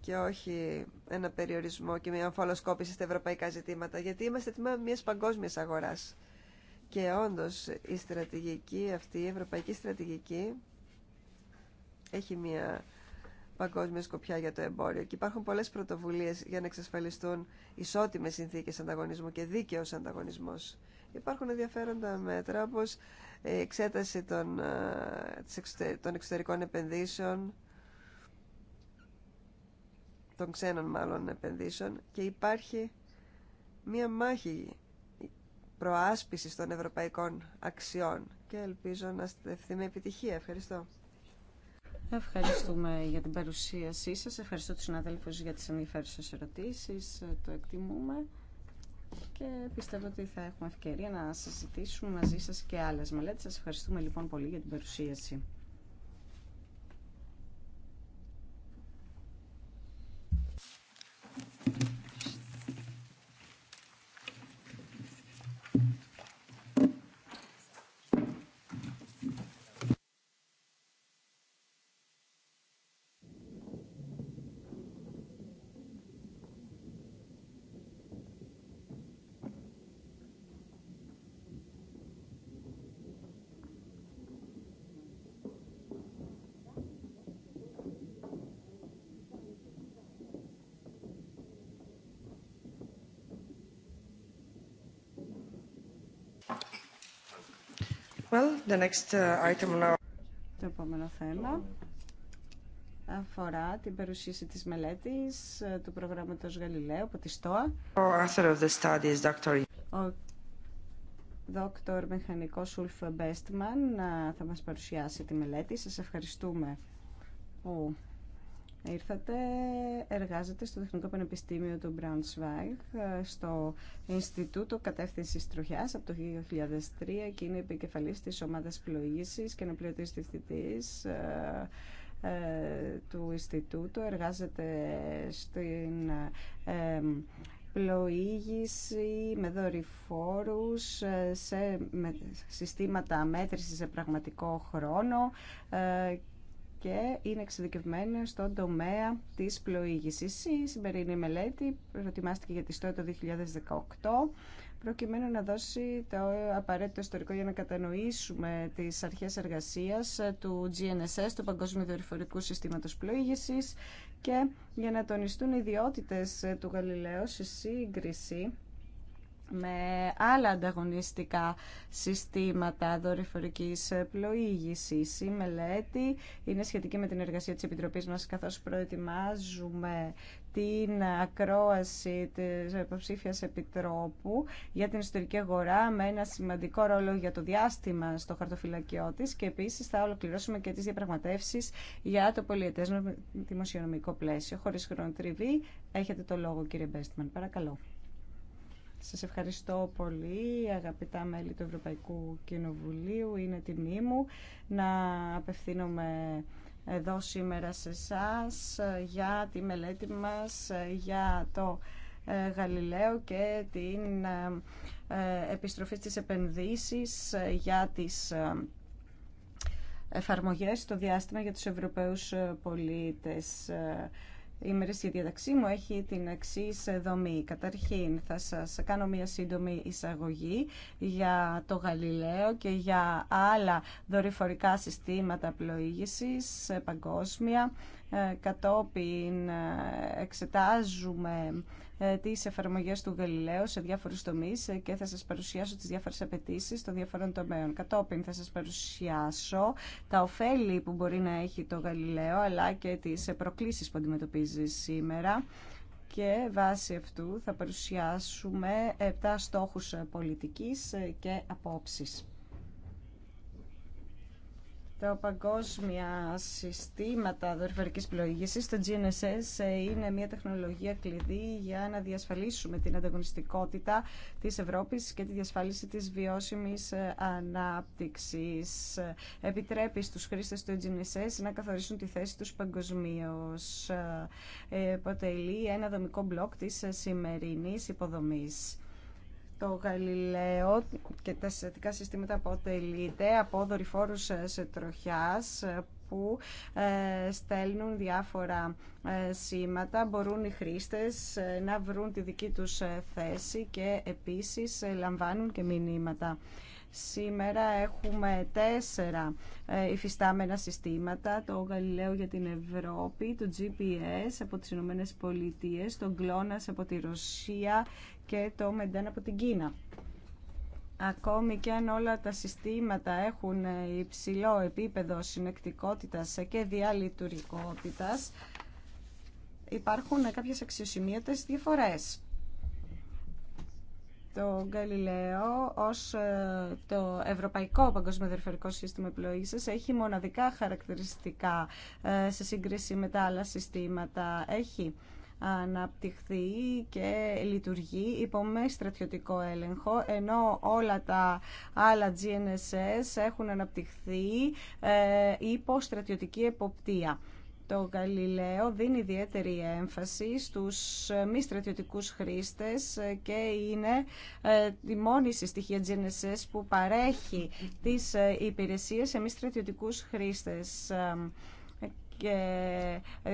και όχι ένα περιορισμό και μια αμφαλοσκόπηση στα ευρωπαϊκά ζητήματα, γιατί είμαστε τμήμα μιας παγκόσμιας αγοράς. Και όντως η στρατηγική αυτή, η ευρωπαϊκή στρατηγική έχει μια παγκόσμια σκοπιά για το εμπόριο και υπάρχουν πολλές πρωτοβουλίες για να εξασφαλιστούν ισότιμες συνθήκες ανταγωνισμού και δίκαιος ανταγωνισμός. Υπάρχουν ενδιαφέροντα μέτρα όπως η εξέταση των, ε, των εξωτερικών επενδύσεων, των ξένων μάλλον επενδύσεων και υπάρχει μία μάχη προάσπισης των ευρωπαϊκών αξιών και ελπίζω να στεφθεί με επιτυχία. Ευχαριστώ. Ευχαριστούμε για την παρουσίασή σας. Ευχαριστώ τους συναδέλφους για τις ενδιαφέρουσες ερωτήσεις. Το εκτιμούμε και πιστεύω ότι θα έχουμε ευκαιρία να συζητήσουμε μαζί σας και άλλες μελέτες. Σας ευχαριστούμε λοιπόν πολύ για την παρουσίαση. Well, the uh, Το επόμενο θέμα αφορά την παρουσίαση της μελέτης ε, του προγράμματος Γαλιλαίου από τη ΣΤΟΑ. Ο of the Ο δόκτωρ μηχανικός Ουλφ Μπέστμαν ε, θα μας παρουσιάσει τη μελέτη. Σας ευχαριστούμε που Ήρθατε, εργάζεται στο Τεχνικό Πανεπιστήμιο του Braunschweig, ε, στο Ινστιτούτο Κατεύθυνση Τροχιά από το 2003 και είναι επικεφαλή τη ομάδα πλοήγηση και αναπληρωτή διευθυντή ε, ε, του Ινστιτούτου. Εργάζεται στην πλοήγηση με δορυφόρους σε συστήματα μέτρησης σε πραγματικό χρόνο και είναι εξειδικευμένο στον τομέα της πλοήγησης. Η σημερινή μελέτη προετοιμάστηκε για τη ΣΤΟΕ το 2018 προκειμένου να δώσει το απαραίτητο ιστορικό για να κατανοήσουμε τις αρχές εργασίας του GNSS, του Παγκόσμιου Δορυφορικού Συστήματος Πλοήγησης και για να τονιστούν οι ιδιότητες του Γαλιλαίου σε σύγκριση με άλλα ανταγωνιστικά συστήματα δορυφορικής πλοήγησης. Η μελέτη είναι σχετική με την εργασία της Επιτροπής μας καθώς προετοιμάζουμε την ακρόαση της υποψήφια επιτρόπου για την ιστορική αγορά με ένα σημαντικό ρόλο για το διάστημα στο χαρτοφυλακιό τη και επίσης θα ολοκληρώσουμε και τις διαπραγματεύσεις για το πολιετές δημοσιονομικό πλαίσιο. Χωρίς χρονοτριβή, έχετε το λόγο κύριε Μπέστημαν. Παρακαλώ. Σας ευχαριστώ πολύ αγαπητά μέλη του Ευρωπαϊκού Κοινοβουλίου. Είναι τιμή μου να απευθύνομαι εδώ σήμερα σε εσά για τη μελέτη μας για το ε, Γαλιλαίο και την ε, ε, επιστροφή της επενδύσεις για τις εφαρμογές στο διάστημα για τους Ευρωπαίους πολίτες. Η ημερήσια διαταξή μου έχει την εξή δομή. Καταρχήν θα σα κάνω μια σύντομη εισαγωγή για το Γαλιλαίο και για άλλα δορυφορικά συστήματα πλοήγησης παγκόσμια ε, κατόπιν ε, εξετάζουμε ε, τις εφαρμογές του Γαλιλαίου σε διάφορους τομείς και θα σας παρουσιάσω τις διάφορες απαιτήσει των διαφορών τομέων. Κατόπιν θα σας παρουσιάσω τα ωφέλη που μπορεί να έχει το Γαλιλαίο αλλά και τις προκλήσεις που αντιμετωπίζει σήμερα και βάσει αυτού θα παρουσιάσουμε 7 στόχους πολιτικής και απόψεις τα παγκόσμια συστήματα δορυφορικής πλοήγησης, το GNSS, είναι μια τεχνολογία κλειδί για να διασφαλίσουμε την ανταγωνιστικότητα της Ευρώπης και τη διασφάλιση της βιώσιμης ε, ανάπτυξης. Επιτρέπει στους χρήστες του GNSS να καθορίσουν τη θέση τους παγκοσμίω. Ε, αποτελεί ένα δομικό μπλοκ της σημερινής υποδομής το Γαλιλαίο και τα συστατικά συστήματα αποτελείται από δορυφόρους ε, σε τροχιάς ε, που ε, στέλνουν διάφορα σήματα. Μπορούν οι χρήστες να βρουν τη δική τους θέση και επίσης λαμβάνουν και μηνύματα. Σήμερα έχουμε τέσσερα ε, υφιστάμενα συστήματα, το Γαλιλαίο για την Ευρώπη, το GPS από τις Ηνωμένε Πολιτείε, το GLONASS από τη Ρωσία και το Μεντέν από την Κίνα. Ακόμη και αν όλα τα συστήματα έχουν ε, υψηλό επίπεδο συνεκτικότητας και διαλειτουργικότητας, υπάρχουν κάποιες αξιοσημείωτες διαφορές το Γκαλιλαίο ως ε, το Ευρωπαϊκό Παγκόσμιο Δορυφορικό Σύστημα Επιλογής έχει μοναδικά χαρακτηριστικά ε, σε σύγκριση με τα άλλα συστήματα. Έχει αναπτυχθεί και λειτουργεί υπό με στρατιωτικό έλεγχο, ενώ όλα τα άλλα GNSS έχουν αναπτυχθεί ε, υπό στρατιωτική εποπτεία. Το Γαλιλαίο δίνει ιδιαίτερη έμφαση στους ε, μη στρατιωτικούς χρήστες ε, και είναι ε, η μόνη συστοιχεία GNSS που παρέχει τις υπηρεσίες σε μη στρατιωτικούς χρήστες και ε,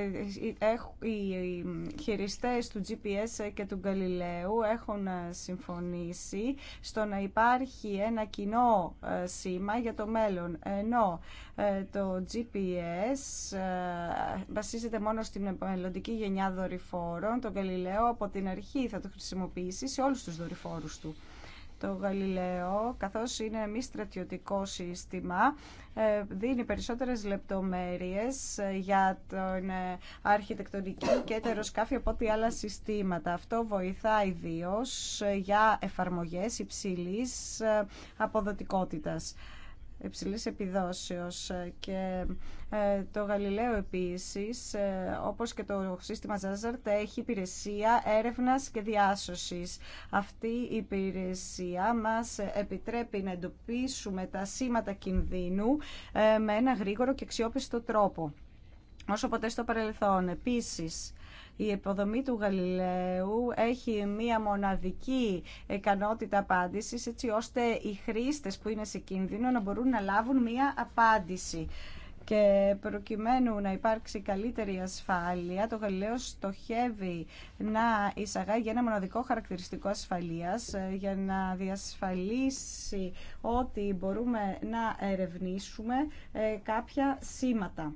ε, οι χειριστές του GPS και του Galileo έχουν ε, συμφωνήσει στο να υπάρχει ένα κοινό σήμα για το μέλλον. Ενώ το GPS βασίζεται μόνο στην μελλοντική γενιά δορυφόρων, το Galileo από την αρχή θα το χρησιμοποιήσει σε όλους τους δορυφόρους του. Το Γαλιλαίο, καθώς είναι μη στρατιωτικό σύστημα, ε, δίνει περισσότερες λεπτομέρειες ε, για την ε, αρχιτεκτονική και τα από ό,τι άλλα συστήματα. Αυτό βοηθά ιδίω για εφαρμογές υψηλής αποδοτικότητας υψηλής επιδόσεως ε, και ε, το Γαλιλαίο επίσης ε, όπως και το σύστημα Ζάζαρτ έχει υπηρεσία έρευνας και διάσωσης. Αυτή η υπηρεσία μας επιτρέπει να εντοπίσουμε τα σήματα κινδύνου με ένα γρήγορο και αξιόπιστο τρόπο. Όσο ποτέ στο παρελθόν. Επίσης, η υποδομή του Γαλιλαίου έχει μία μοναδική ικανότητα απάντηση έτσι ώστε οι χρήστε που είναι σε κίνδυνο να μπορούν να λάβουν μία απάντηση. Και προκειμένου να υπάρξει καλύτερη ασφάλεια, το το στοχεύει να εισαγάγει ένα μοναδικό χαρακτηριστικό ασφαλείας ε, για να διασφαλίσει ότι μπορούμε να ερευνήσουμε ε, κάποια σήματα.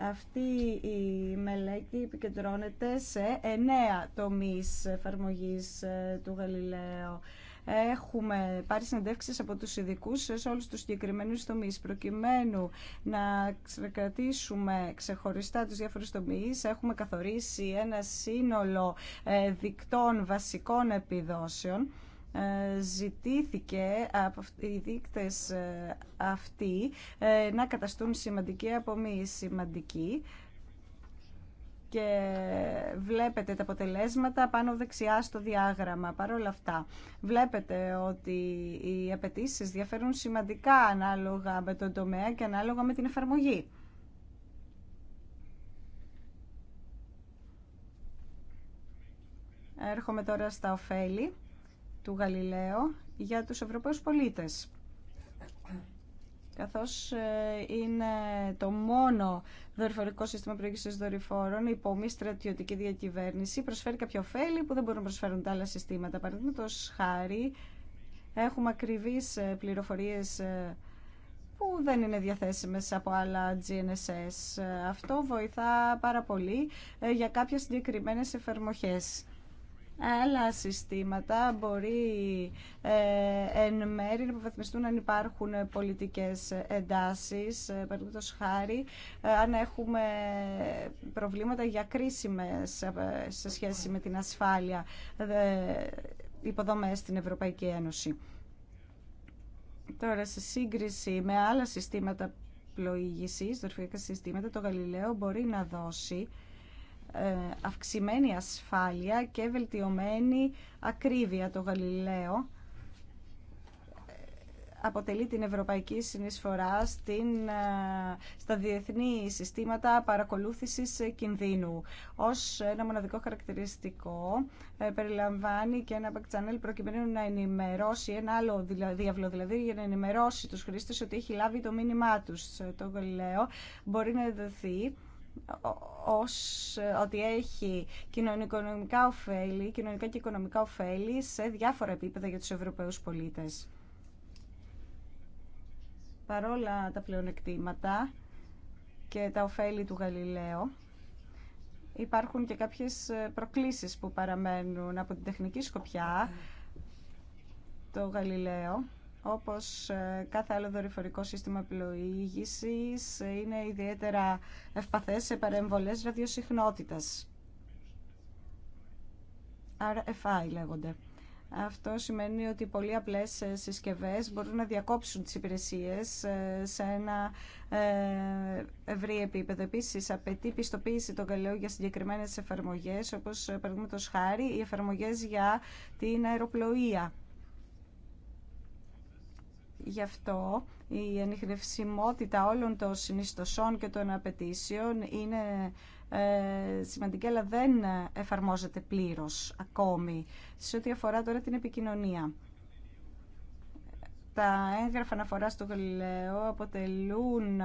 Αυτή η μελέτη επικεντρώνεται σε εννέα τομείς εφαρμογής ε, του Γαλιλαίου. Έχουμε πάρει συνεντεύξεις από τους ειδικούς σε όλους τους συγκεκριμένους τομείς. Προκειμένου να κρατήσουμε ξεχωριστά τους διάφορους τομείς, έχουμε καθορίσει ένα σύνολο ε, δικτών βασικών επιδόσεων ε, ζητήθηκε από οι δείκτες ε, αυτοί ε, να καταστούν σημαντική από μη σημαντική και βλέπετε τα αποτελέσματα πάνω δεξιά στο διάγραμμα. Παρ' όλα αυτά, βλέπετε ότι οι απαιτήσει διαφέρουν σημαντικά ανάλογα με τον τομέα και ανάλογα με την εφαρμογή. Έρχομαι τώρα στα ωφέλη του Γαλιλαίου για τους Ευρωπαίους πολίτες καθώς ε, είναι το μόνο δορυφορικό σύστημα προήγησης δορυφόρων υπό μη στρατιωτική διακυβέρνηση, προσφέρει κάποια ωφέλη που δεν μπορούν να προσφέρουν τα άλλα συστήματα. Παραδείγματο χάρη, έχουμε ακριβείς ε, πληροφορίες ε, που δεν είναι διαθέσιμες από άλλα GNSS. Αυτό βοηθά πάρα πολύ για κάποιες συγκεκριμένε εφαρμογές άλλα συστήματα μπορεί ε, εν μέρη να υποβαθμιστούν αν υπάρχουν πολιτικές εντάσεις, ε, παραδείγματος χάρη, ε, αν έχουμε προβλήματα για κρίσιμες ε, σε σχέση με την ασφάλεια ε, υποδομές στην Ευρωπαϊκή Ένωση. Τώρα, σε σύγκριση με άλλα συστήματα πλοήγησης, δορυφορικά συστήματα, το Γαλιλαίο μπορεί να δώσει ε, αυξημένη ασφάλεια και βελτιωμένη ακρίβεια το Γαλιλαίο ε, αποτελεί την ευρωπαϊκή συνεισφορά στην, ε, στα διεθνή συστήματα παρακολούθησης κινδύνου. Ως ένα μοναδικό χαρακτηριστικό περιλαμβάνει και ένα back channel προκειμένου να ενημερώσει ένα άλλο διάβλο, δηλαδή για να ενημερώσει τους χρήστες ότι έχει λάβει το μήνυμά τους. Το λέω μπορεί να δοθεί ως ότι έχει κοινωνικονομικά ωφέλη, κοινωνικά και οικονομικά ωφέλη σε διάφορα επίπεδα για τους Ευρωπαίους πολίτες. Παρόλα τα πλεονεκτήματα και τα ωφέλη του Γαλιλαίου, υπάρχουν και κάποιες ε, προκλήσεις που παραμένουν από την τεχνική σκοπιά. Το Γαλιλαίο όπως ε, κάθε άλλο δορυφορικό σύστημα πλοήγησης, είναι ιδιαίτερα ευπαθές σε παρεμβολές ραδιοσυχνότητας. RFI λέγονται. Αυτό σημαίνει ότι πολύ απλές ε, συσκευές μπορούν να διακόψουν τις υπηρεσίες ε, σε ένα ευρύ επίπεδο. Επίσης, απαιτεί πιστοποίηση των καλλιών για συγκεκριμένες εφαρμογές, όπως παραδείγματος χάρη οι εφαρμογές για την αεροπλοεία Γι' αυτό η ενηχνευσιμότητα όλων των συνιστοσών και των απαιτήσεων είναι ε, σημαντική, αλλά δεν εφαρμόζεται πλήρως ακόμη. Σε ό,τι αφορά τώρα την επικοινωνία. Τα έγγραφα αναφορά στο Γαλιλαίο αποτελούν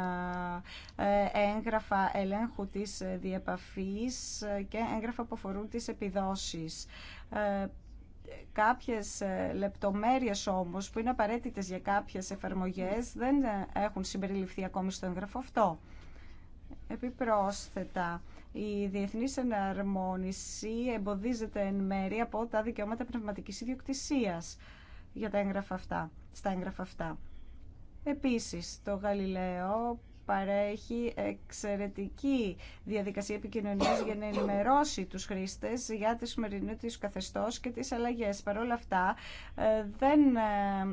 ε, έγγραφα ελέγχου της διαπαφής και έγγραφα που αφορούν τις επιδόσεις. Ε, Κάποιες ε, λεπτομέρειες όμως που είναι απαραίτητες για κάποιες εφαρμογές δεν ε, έχουν συμπεριληφθεί ακόμη στο έγγραφο αυτό. Επιπρόσθετα, η διεθνής εναρμόνιση εμποδίζεται εν μέρη από τα δικαιώματα πνευματικής ιδιοκτησίας για τα έγγραφα αυτά, στα έγγραφα αυτά. Επίσης, το Γαλιλαίο παρέχει εξαιρετική διαδικασία επικοινωνίας για να ενημερώσει τους χρήστες για τη σημερινή τους καθεστώς και τις αλλαγές. Παρ' όλα αυτά ε, δεν ε,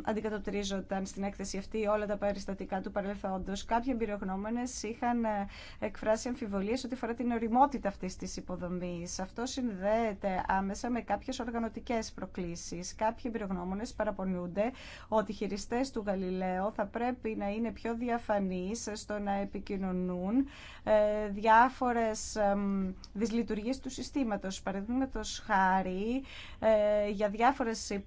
αντικατοπτρίζονταν στην έκθεση αυτή όλα τα περιστατικά του παρελθόντος. Κάποιοι εμπειρογνώμονες είχαν ε, εκφράσει αμφιβολίες ότι φορά την οριμότητα αυτής της υποδομής. Αυτό συνδέεται άμεσα με κάποιες οργανωτικές προκλήσεις. Κάποιοι εμπειρογνώμονες παραπονούνται ότι οι χειριστές του Γαλιλαίου θα πρέπει να είναι πιο διαφανείς στο να επικοινωνούν ε, διάφορες δυσλειτουργίες του συστήματος. Παραδείγματο χάρη ε, για διάφορες ε,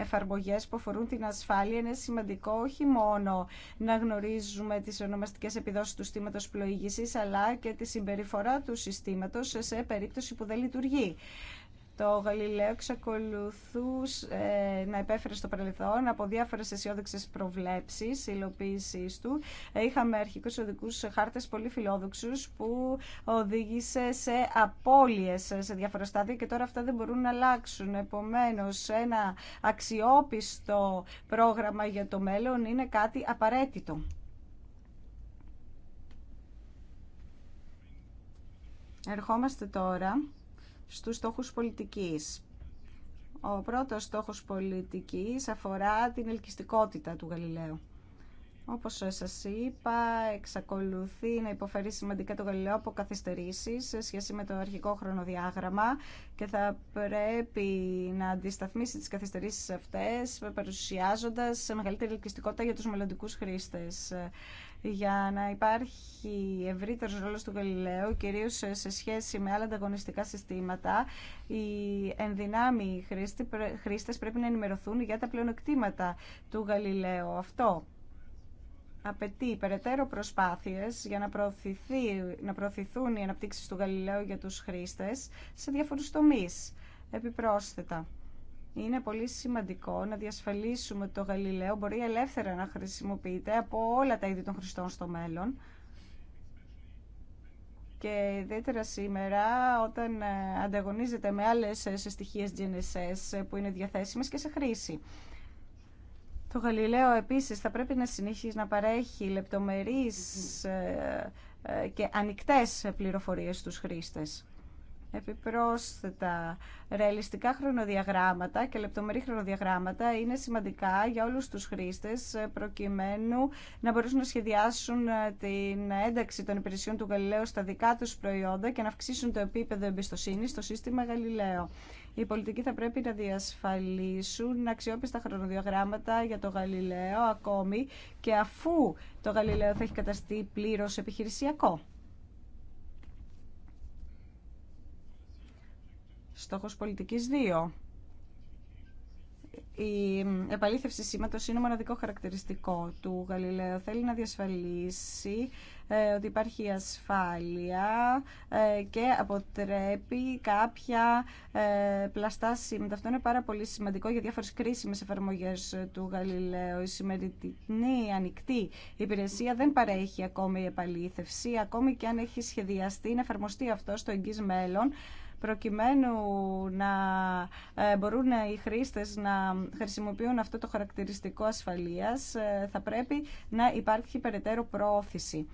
εφαρμογές που αφορούν την ασφάλεια είναι σημαντικό όχι μόνο να γνωρίζουμε τις ονομαστικές επιδόσεις του συστήματος πλοήγησης αλλά και τη συμπεριφορά του συστήματος σε περίπτωση που δεν λειτουργεί. Το Γαλιλαίο εξακολουθούσε να επέφερε στο παρελθόν από διάφορε αισιόδοξε προβλέψει υλοποίησή του. Ε, είχαμε αρχικού οδικού χάρτε πολύ φιλόδοξου που οδήγησε σε απώλειε σε διάφορα στάδια και τώρα αυτά δεν μπορούν να αλλάξουν. Επομένω, ένα αξιόπιστο πρόγραμμα για το μέλλον είναι κάτι απαραίτητο. Ερχόμαστε τώρα στους στόχους πολιτικής. Ο πρώτος στόχος πολιτικής αφορά την ελκυστικότητα του Γαλιλαίου. Όπως σας είπα, εξακολουθεί να υποφέρει σημαντικά το Γαλιλαίο από καθυστερήσεις σε σχέση με το αρχικό χρονοδιάγραμμα και θα πρέπει να αντισταθμίσει τις καθυστερήσεις αυτές παρουσιάζοντας μεγαλύτερη ελκυστικότητα για τους μελλοντικού χρήστες για να υπάρχει ευρύτερο ρόλο του Γαλιλαίου, κυρίως σε σχέση με άλλα ανταγωνιστικά συστήματα. Οι ενδυνάμοι χρήστε πρέπει να ενημερωθούν για τα πλεονεκτήματα του Γαλιλαίου. Αυτό απαιτεί περαιτέρω προσπάθειες για να, να προωθηθούν οι αναπτύξεις του Γαλιλαίου για τους χρήστες σε διαφορούς τομείς επιπρόσθετα είναι πολύ σημαντικό να διασφαλίσουμε ότι το Γαλιλαίο μπορεί ελεύθερα να χρησιμοποιείται από όλα τα είδη των χρηστών στο μέλλον. Και ιδιαίτερα σήμερα όταν ε, ανταγωνίζεται με άλλες ε, συστοιχίε GNSS ε, που είναι διαθέσιμες και σε χρήση. Το Γαλιλαίο επίσης θα πρέπει να συνεχίσει να παρέχει λεπτομερεί και ανοιχτέ πληροφορίε στους χρήστε επιπρόσθετα ρεαλιστικά χρονοδιαγράμματα και λεπτομερή χρονοδιαγράμματα είναι σημαντικά για όλους τους χρήστες ε, προκειμένου να μπορούν να σχεδιάσουν ε, την ένταξη των υπηρεσιών του Γαλιλαίου στα δικά τους προϊόντα και να αυξήσουν το επίπεδο εμπιστοσύνης στο σύστημα Γαλιλαίο. Οι πολιτικοί θα πρέπει να διασφαλίσουν αξιόπιστα χρονοδιαγράμματα για το Γαλιλαίο ακόμη και αφού το Γαλιλαίο θα έχει καταστεί πλήρως επιχειρησιακό. Στόχος πολιτικής 2. Η επαλήθευση σήματος είναι μοναδικό χαρακτηριστικό του Γαλιλαίου. Θέλει να διασφαλίσει ε, ότι υπάρχει ασφάλεια ε, και αποτρέπει κάποια ε, πλαστά σήματα. Αυτό είναι πάρα πολύ σημαντικό για διάφορες κρίσιμες εφαρμογές του Γαλιλαίου. Η σημερινή ανοιχτή υπηρεσία δεν παρέχει ακόμη επαλήθευση, ακόμη και αν έχει σχεδιαστεί να εφαρμοστεί αυτό στο εγγύς μέλλον προκειμένου να ε, μπορούν οι χρήστες να χρησιμοποιούν αυτό το χαρακτηριστικό ασφαλείας ε, θα πρέπει να υπάρχει περαιτέρω πρόωθηση.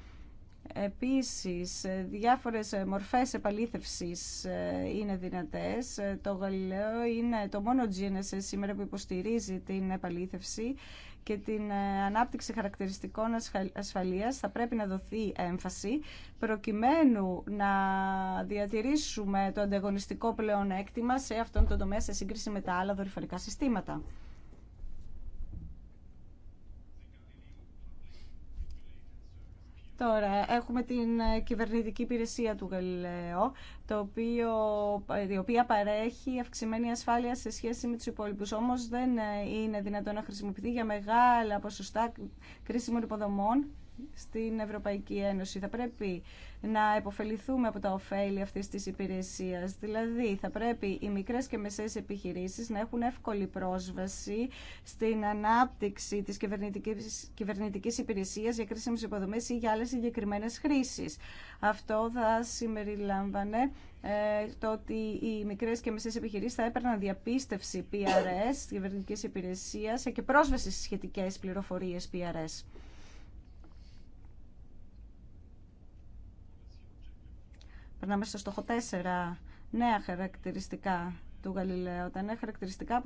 Επίσης, διάφορες μορφές επαλήθευσης ε, είναι δυνατές. Ε, το Γαλιλαίο είναι το μόνο GNS σήμερα που υποστηρίζει την επαλήθευση και την ε, ανάπτυξη χαρακτηριστικών ασφαλείας θα πρέπει να δοθεί έμφαση προκειμένου να διατηρήσουμε το ανταγωνιστικό πλεονέκτημα σε αυτόν τον τομέα σε σύγκριση με τα άλλα δορυφορικά συστήματα. Τώρα έχουμε την ε, κυβερνητική υπηρεσία του Γαλιλαίου, το οποίο, ε, η οποία παρέχει αυξημένη ασφάλεια σε σχέση με τους υπόλοιπους. Όμως δεν ε, είναι δυνατόν να χρησιμοποιηθεί για μεγάλα ποσοστά κρίσιμων υποδομών στην Ευρωπαϊκή Ένωση. Θα πρέπει να επωφεληθούμε από τα ωφέλη αυτή τη υπηρεσία. Δηλαδή, θα πρέπει οι μικρέ και μεσαίε επιχειρήσει να έχουν εύκολη πρόσβαση στην ανάπτυξη τη κυβερνητική υπηρεσία για κρίσιμε υποδομέ ή για άλλε συγκεκριμένε χρήσει. Αυτό θα συμπεριλάμβανε ε, το ότι οι μικρές και μεσαίες επιχειρήσεις θα έπαιρναν διαπίστευση PRS, κυβερνητικής υπηρεσίας και πρόσβαση στι σχετικέ πληροφορίες PRS. Περνάμε στο στόχο 4. Νέα χαρακτηριστικά του Γαλιλαίου. Τα νέα χαρακτηριστικά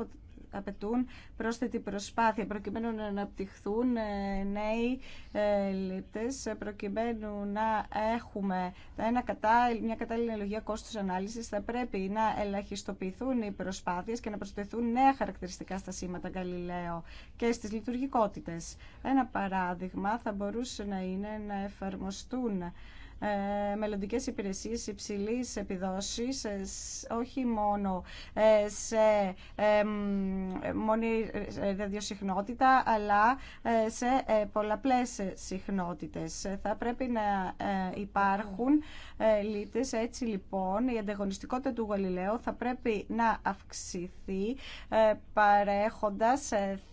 απαιτούν πρόσθετη προσπάθεια προκειμένου να αναπτυχθούν ε, νέοι ε, λήπτες, ε, προκειμένου να έχουμε ένα μια κατάλληλη λογία κόστους ανάλυσης. Θα πρέπει να ελαχιστοποιηθούν οι προσπάθειες και να προσθεθούν νέα χαρακτηριστικά στα σήματα Γαλιλαίου και στις λειτουργικότητες. Ένα παράδειγμα θα μπορούσε να είναι να εφαρμοστούν ε, μελλοντικές υπηρεσίες υψηλής επιδόσης ε, όχι μόνο ε, σε μόνη ραδιοσυχνότητα αλλά σε πολλαπλές συχνότητες. Θα πρέπει να υπάρχουν λύτες. Έτσι λοιπόν η ανταγωνιστικότητα του Γαλιλαίου θα πρέπει να αυξηθεί παρέχοντας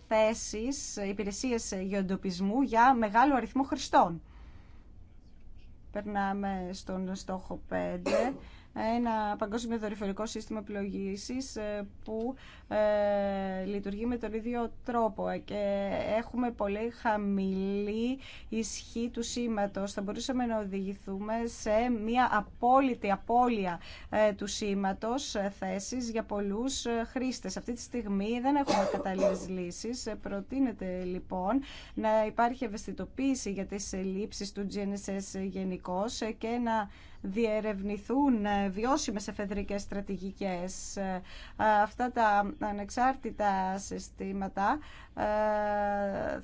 θέσεις, υπηρεσίες γεωντοπισμού για μεγάλο αριθμό χρηστών. Περνάμε στον στόχο 5 ένα παγκόσμιο δορυφορικό σύστημα επιλογήσης ε, που ε, λειτουργεί με τον ίδιο τρόπο ε, και έχουμε πολύ χαμηλή ισχύ του σήματος. Θα μπορούσαμε να οδηγηθούμε σε μια απόλυτη απώλεια του σήματος θέσης για πολλούς χρήστες. Αυτή τη στιγμή δεν έχουμε κατάλληλες λύσεις. Προτείνεται λοιπόν να υπάρχει ευαισθητοποίηση για τις λήψεις του GNSS γενικώ και να διερευνηθούν ε, βιώσιμες εφεδρικές στρατηγικές. Ε, ε, αυτά τα ανεξάρτητα συστήματα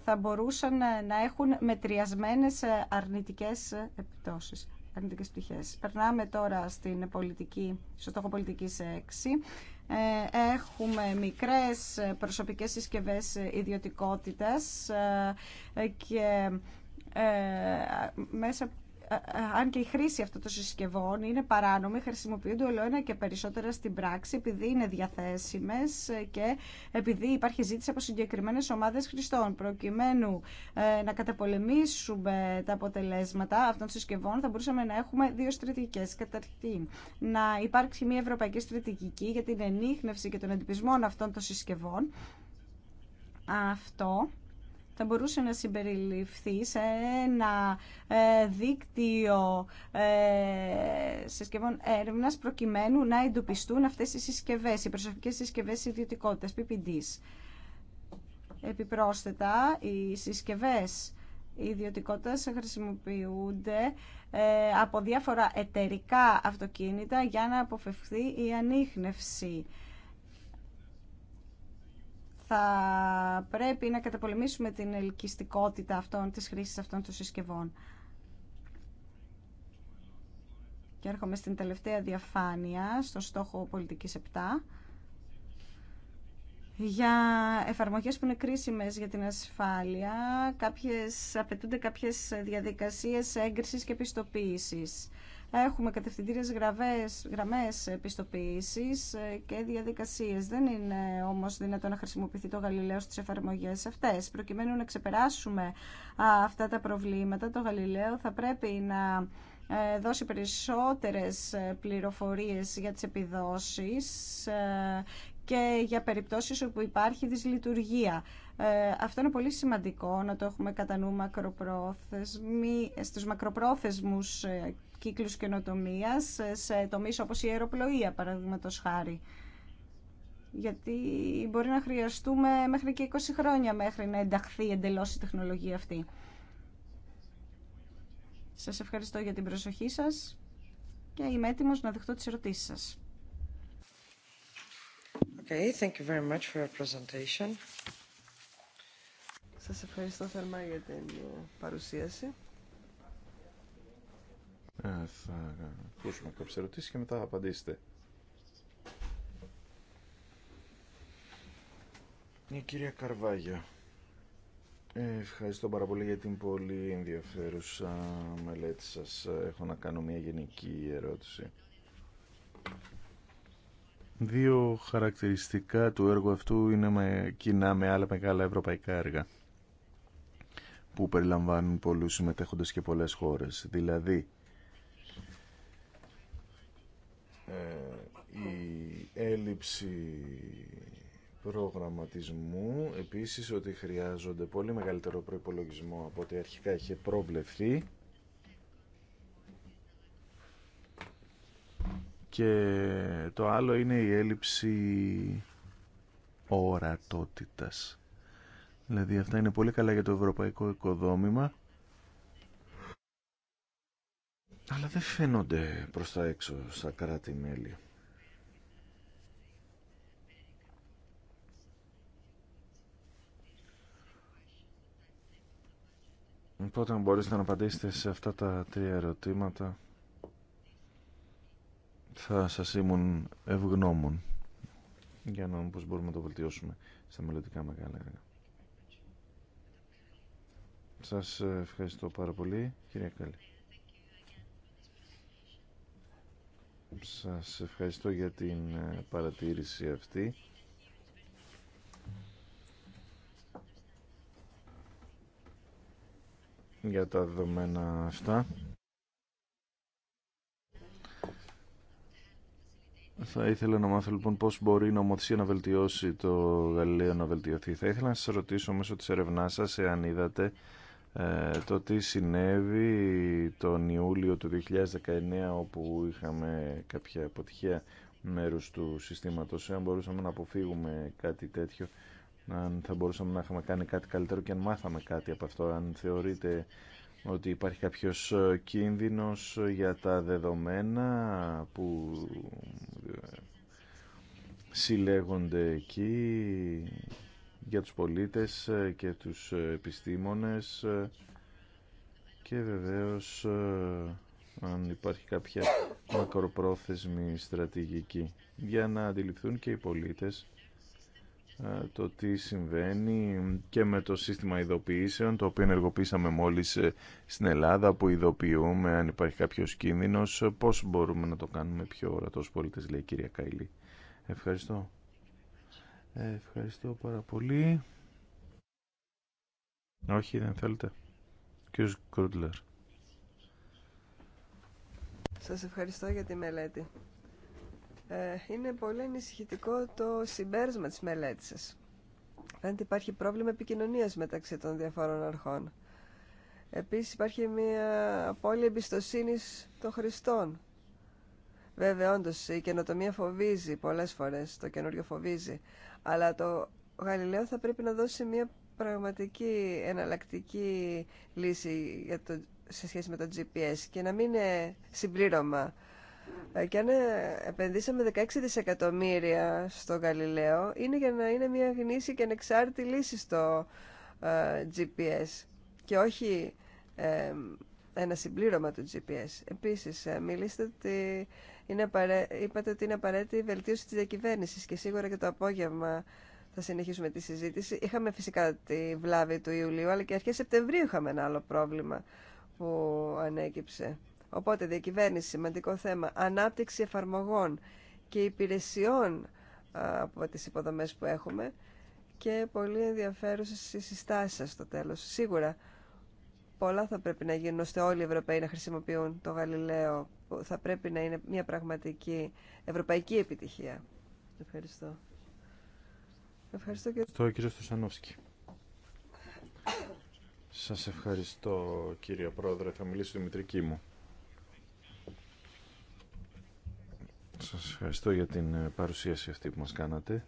θα μπορούσαν να έχουν μετριασμένες αρνητικές επιπτώσεις αρνητικές πτυχές. Περνάμε τώρα στην πολιτική, στο στόχο πολιτικής 6. Έχουμε μικρές προσωπικές συσκευές ιδιωτικότητας και μέσα αν και η χρήση αυτών των συσκευών είναι παράνομη, χρησιμοποιούνται όλο ένα και περισσότερα στην πράξη επειδή είναι διαθέσιμες και επειδή υπάρχει ζήτηση από συγκεκριμένε ομάδες χρηστών. Προκειμένου ε, να καταπολεμήσουμε τα αποτελέσματα αυτών των συσκευών θα μπορούσαμε να έχουμε δύο στρατηγικέ Καταρχήν, να υπάρξει μια ευρωπαϊκή στρατηγική για την ενίχνευση και τον εντυπισμό αυτών των συσκευών. Αυτό θα μπορούσε να συμπεριληφθεί σε ένα ε, δίκτυο ε, συσκευών έρευνα προκειμένου να εντοπιστούν αυτέ οι συσκευές, οι προσωπικέ συσκευές ιδιωτικότητα, PPDs. Επιπρόσθετα, οι συσκευές ιδιωτικότητα χρησιμοποιούνται ε, από διάφορα εταιρικά αυτοκίνητα για να αποφευχθεί η ανείχνευση θα πρέπει να καταπολεμήσουμε την ελκυστικότητα αυτών, της χρήσης αυτών των συσκευών. Και έρχομαι στην τελευταία διαφάνεια, στο στόχο πολιτικής 7 για εφαρμογές που είναι κρίσιμες για την ασφάλεια, κάποιες, απαιτούνται κάποιες διαδικασίες έγκρισης και επιστοποίησης. Έχουμε κατευθυντήριες γραβές, γραμμές πιστοποίησης ε, και διαδικασίες. Δεν είναι όμως δυνατό να χρησιμοποιηθεί το Γαλιλαίο στις εφαρμογές αυτές. Προκειμένου να ξεπεράσουμε αυτά τα προβλήματα, το Γαλιλαίο θα πρέπει να ε, δώσει περισσότερες ε, πληροφορίες για τις επιδόσεις και για περιπτώσεις όπου υπάρχει δυσλειτουργία. αυτό είναι πολύ σημαντικό να το έχουμε κατά νου μακροπρόθεσμοι, στους μακροπρόθεσμους κύκλους καινοτομίας σε τομείς όπως η αεροπλοεία, παραδείγματος χάρη γιατί μπορεί να χρειαστούμε μέχρι και 20 χρόνια μέχρι να ενταχθεί εντελώς η τεχνολογία αυτή. Σας ευχαριστώ για την προσοχή σας και είμαι έτοιμος να δεχτώ τις ερωτήσεις σας. Okay, thank you very much for your presentation. Σας ευχαριστώ θερμά για την παρουσίαση. Ε, θα ακούσουμε κάποιες ερωτήσεις και μετά θα απαντήσετε. Η ναι, κυρία Καρβάγια. Ε, ευχαριστώ πάρα πολύ για την πολύ ενδιαφέρουσα μελέτη σας. Έχω να κάνω μια γενική ερώτηση. Δύο χαρακτηριστικά του έργου αυτού είναι με, κοινά με άλλα μεγάλα ευρωπαϊκά έργα που περιλαμβάνουν πολλούς συμμετέχοντες και πολλές χώρες. Δηλαδή, Ε, η έλλειψη προγραμματισμού επίσης ότι χρειάζονται πολύ μεγαλύτερο προϋπολογισμό από ό,τι αρχικά είχε προβλεφθεί και το άλλο είναι η έλλειψη ορατότητας δηλαδή αυτά είναι πολύ καλά για το ευρωπαϊκό οικοδόμημα αλλά δεν φαίνονται προς τα έξω στα κράτη-μέλη. Οπότε αν μπορέσετε να απαντήσετε σε αυτά τα τρία ερωτήματα θα σας ήμουν ευγνώμων για να δούμε πώς μπορούμε να το βελτιώσουμε στα μελλοντικά μεγάλα έργα. Σας ευχαριστώ πάρα πολύ, κυρία Καλή. Σας ευχαριστώ για την ε, παρατήρηση αυτή. για τα δεδομένα αυτά. Θα ήθελα να μάθω λοιπόν πώς μπορεί η νομοθεσία να βελτιώσει το Γαλλία να βελτιωθεί. Θα ήθελα να σας ρωτήσω μέσω της ερευνάς σας εάν είδατε ε, το τι συνέβη τον Ιούλιο του 2019 όπου είχαμε κάποια αποτυχία μέρους του συστήματος. Αν μπορούσαμε να αποφύγουμε κάτι τέτοιο, αν θα μπορούσαμε να είχαμε κάνει κάτι καλύτερο και αν μάθαμε κάτι από αυτό, αν θεωρείτε ότι υπάρχει κάποιος ε, κίνδυνος για τα δεδομένα που ε, συλλέγονται εκεί για τους πολίτες ε, και τους ε, επιστήμονες ε, και βεβαίως αν υπάρχει κάποια μακροπρόθεσμη στρατηγική για να αντιληφθούν και οι πολίτες το τι συμβαίνει και με το σύστημα ειδοποιήσεων το οποίο ενεργοποίησαμε μόλις στην Ελλάδα που ειδοποιούμε αν υπάρχει κάποιος κίνδυνος πώς μπορούμε να το κάνουμε πιο ορατός πολίτες λέει η κυρία Καϊλή Ευχαριστώ ε, ευχαριστώ πάρα πολύ. Όχι, δεν θέλετε. Κύριος κρούτλερ; Σας ευχαριστώ για τη μελέτη. Ε, είναι πολύ ανησυχητικό το συμπέρασμα της μελέτης σας. Φαίνεται υπάρχει πρόβλημα επικοινωνίας μεταξύ των διαφόρων αρχών. Επίσης υπάρχει μια απώλεια εμπιστοσύνη των χρηστών. Βέβαια, όντω η καινοτομία φοβίζει πολλές φορές, το καινούριο φοβίζει. Αλλά το Γαλιλαίο θα πρέπει να δώσει μια πραγματική εναλλακτική λύση για το, σε σχέση με το GPS και να μην είναι συμπλήρωμα. Ε, και αν ε, επενδύσαμε 16 δισεκατομμύρια στο Γαλιλαίο, είναι για να είναι μια γνήσια και ανεξάρτητη λύση στο ε, GPS και όχι ένα συμπλήρωμα του GPS. Επίσης, ότι είναι είπατε ότι είναι απαραίτητη η βελτίωση της διακυβέρνηση και σίγουρα και το απόγευμα θα συνεχίσουμε τη συζήτηση. Είχαμε φυσικά τη βλάβη του Ιουλίου, αλλά και αρχές Σεπτεμβρίου είχαμε ένα άλλο πρόβλημα που ανέκυψε. Οπότε διακυβέρνηση, σημαντικό θέμα, ανάπτυξη εφαρμογών και υπηρεσιών από τις υποδομές που έχουμε και πολύ ενδιαφέρουσε οι συστάσεις σας στο τέλος. Σίγουρα πολλά θα πρέπει να γίνουν ώστε όλοι οι Ευρωπαίοι να χρησιμοποιούν το Γαλιλαίο θα πρέπει να είναι μια πραγματική ευρωπαϊκή επιτυχία. Ευχαριστώ. Ευχαριστώ και... Το κύριο Στουσανόφσκι. Σας ευχαριστώ κύριε Πρόεδρε. Θα μιλήσω τη μητρική μου. Σας ευχαριστώ για την ε, παρουσίαση αυτή που μας κάνατε.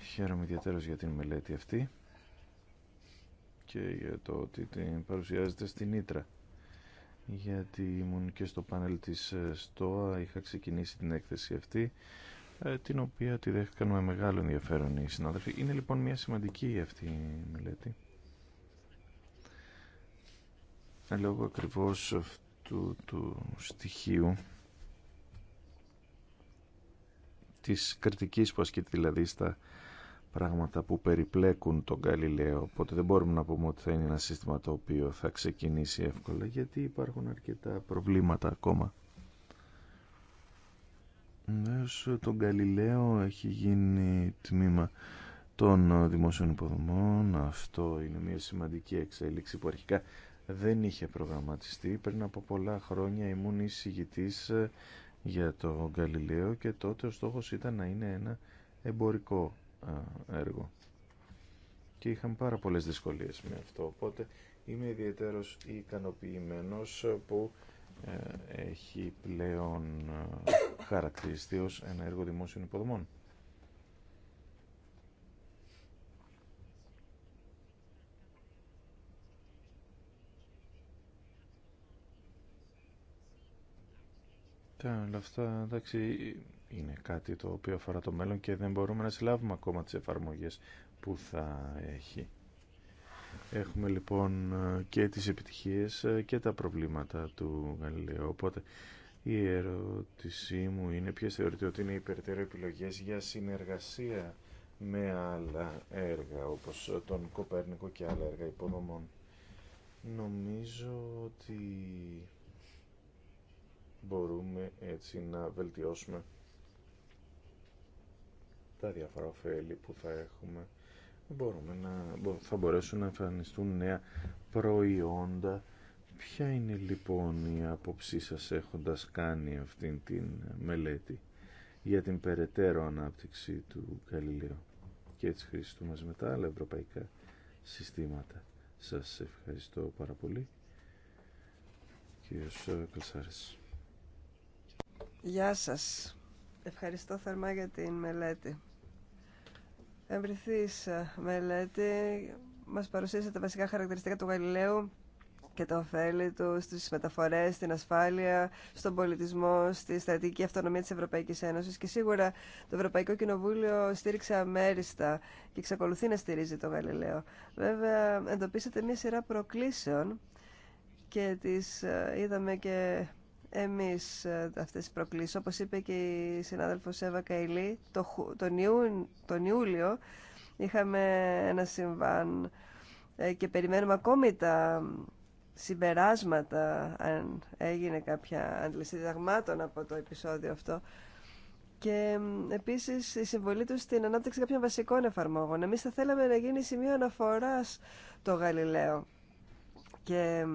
Χαίρομαι ιδιαίτερως για την μελέτη αυτή και για το ότι την παρουσιάζετε στην Ήτρα γιατί ήμουν και στο πάνελ της ΣΤΟΑ, ε, είχα ξεκινήσει την έκθεση αυτή, ε, την οποία τη δέχτηκαν με μεγάλο ενδιαφέρον οι συνάδελφοι. Είναι λοιπόν μια σημαντική αυτή η μελέτη. Ε, λόγω ακριβώς αυτού του στοιχείου της κριτικής που ασκείται δηλαδή στα πράγματα που περιπλέκουν τον Γαλιλαίο. Οπότε δεν μπορούμε να πούμε ότι θα είναι ένα σύστημα το οποίο θα ξεκινήσει εύκολα γιατί υπάρχουν αρκετά προβλήματα ακόμα. μέσω τον Γαλιλαίο έχει γίνει τμήμα των δημόσιων υποδομών. Αυτό είναι μια σημαντική εξέλιξη που αρχικά δεν είχε προγραμματιστεί. Πριν από πολλά χρόνια ήμουν εισηγητής ε, για το Γαλιλαίο και τότε ο στόχος ήταν να είναι ένα εμπορικό έργο. Και είχαμε πάρα πολλές δυσκολίες με αυτό. Οπότε είμαι ιδιαίτερος ικανοποιημένος που ε, έχει πλέον ε, χαρακτηριστεί ως ένα έργο δημόσιων υποδομών. Τα όλα αυτά, εντάξει, είναι κάτι το οποίο αφορά το μέλλον και δεν μπορούμε να συλλάβουμε ακόμα τις εφαρμογές που θα έχει. Έχουμε λοιπόν και τις επιτυχίες και τα προβλήματα του Γαλιλαίου. Οπότε η ερώτησή μου είναι ποιες θεωρείτε ότι είναι οι επιλογές για συνεργασία με άλλα έργα όπως τον Κοπέρνικο και άλλα έργα υποδομών. Νομίζω ότι μπορούμε έτσι να βελτιώσουμε τα διάφορα ωφέλη που θα έχουμε μπορούμε να, θα μπορέσουν να εμφανιστούν νέα προϊόντα. Ποια είναι λοιπόν η άποψή σας έχοντας κάνει αυτή την μελέτη για την περαιτέρω ανάπτυξη του καλλιλίου και της χρήση του μας με τα άλλα ευρωπαϊκά συστήματα. Σας ευχαριστώ πάρα πολύ. Κύριος Κασάρης. Γεια σας. Ευχαριστώ θερμά για την μελέτη ευρυθής ε, μελέτη. Μας παρουσίασε τα βασικά χαρακτηριστικά του Γαλιλαίου και τα ωφέλη του στις μεταφορές, στην ασφάλεια, στον πολιτισμό, στη στρατηγική αυτονομία της Ευρωπαϊκής Ένωσης και σίγουρα το Ευρωπαϊκό Κοινοβούλιο στήριξε αμέριστα και εξακολουθεί να στηρίζει το Γαλιλαίο. Βέβαια, εντοπίσατε μια σειρά προκλήσεων και τις ε, είδαμε και εμείς ε, αυτές τις προκλήσεις. Όπως είπε και η συνάδελφος Εύα Καϊλή, το, τον, τον Ιούλιο είχαμε ένα συμβάν ε, και περιμένουμε ακόμη τα συμπεράσματα αν έγινε κάποια αντλήση διδαγμάτων από το επεισόδιο αυτό και επίσης η συμβολή του στην ανάπτυξη κάποιων βασικών εφαρμόγων. Εμείς θα θέλαμε να γίνει σημείο αναφοράς το Γαλιλαίο και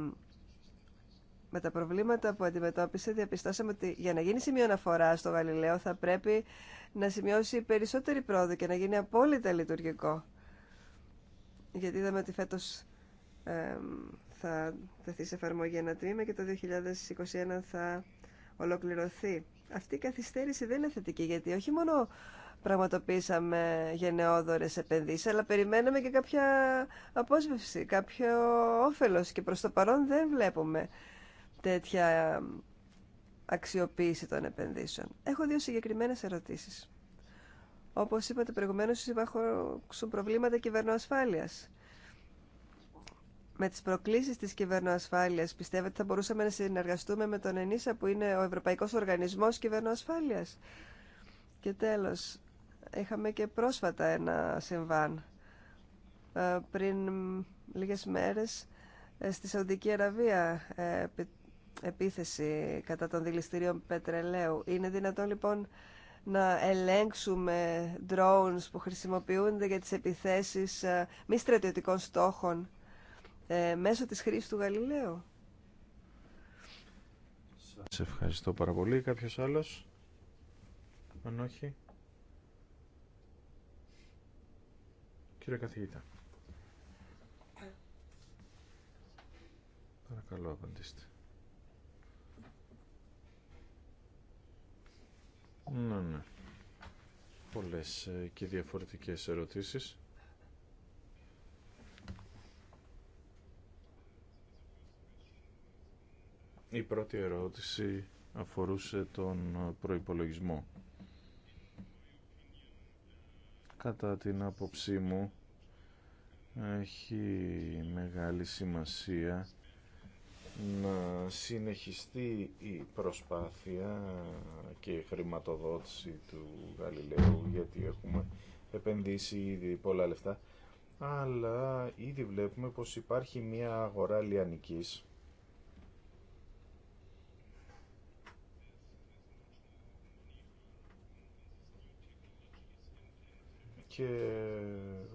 με τα προβλήματα που αντιμετώπισε, διαπιστώσαμε ότι για να γίνει σημείο αναφορά στο Γαλιλαίο θα πρέπει να σημειώσει περισσότερη πρόοδο και να γίνει απόλυτα λειτουργικό. Γιατί είδαμε ότι φέτο ε, θα τεθεί σε εφαρμογή ένα τμήμα και το 2021 θα ολοκληρωθεί. Αυτή η καθυστέρηση δεν είναι θετική, γιατί όχι μόνο πραγματοποίησαμε γενναιόδορες επενδύσεις, αλλά περιμέναμε και κάποια απόσβευση, κάποιο όφελος και προς το παρόν δεν βλέπουμε τέτοια αξιοποίηση των επενδύσεων. Έχω δύο συγκεκριμένες ερωτήσεις. Όπως είπατε προηγουμένως, υπάρχουν προβλήματα κυβερνοασφάλειας. Με τις προκλήσεις της κυβερνοασφάλειας, πιστεύετε θα μπορούσαμε να συνεργαστούμε με τον ΕΝΙΣΑ, που είναι ο Ευρωπαϊκός Οργανισμός Κυβερνοασφάλειας. Και τέλος, είχαμε και πρόσφατα ένα συμβάν. Ε, πριν λίγες μέρες, ε, στη Σαουδική Αραβία, ε, επίθεση κατά των δηληστηρίων πετρελαίου. Είναι δυνατόν λοιπόν να ελέγξουμε drones που χρησιμοποιούνται για τις επιθέσεις ε, μη στρατιωτικών στόχων ε, μέσω της χρήσης του Γαλιλαίου. Σας ευχαριστώ πάρα πολύ. Κάποιος άλλος? Αν όχι. Κύριε καθηγητά. Ε. Παρακαλώ απαντήστε. Ναι, ναι. Πολλές ε, και διαφορετικές ερωτήσεις. Η πρώτη ερώτηση αφορούσε τον προϋπολογισμό. Κατά την άποψή μου έχει μεγάλη σημασία να συνεχιστεί η προσπάθεια και η χρηματοδότηση του Γαλιλαίου γιατί έχουμε επενδύσει ήδη πολλά λεφτά αλλά ήδη βλέπουμε πως υπάρχει μια αγορά λιανικής και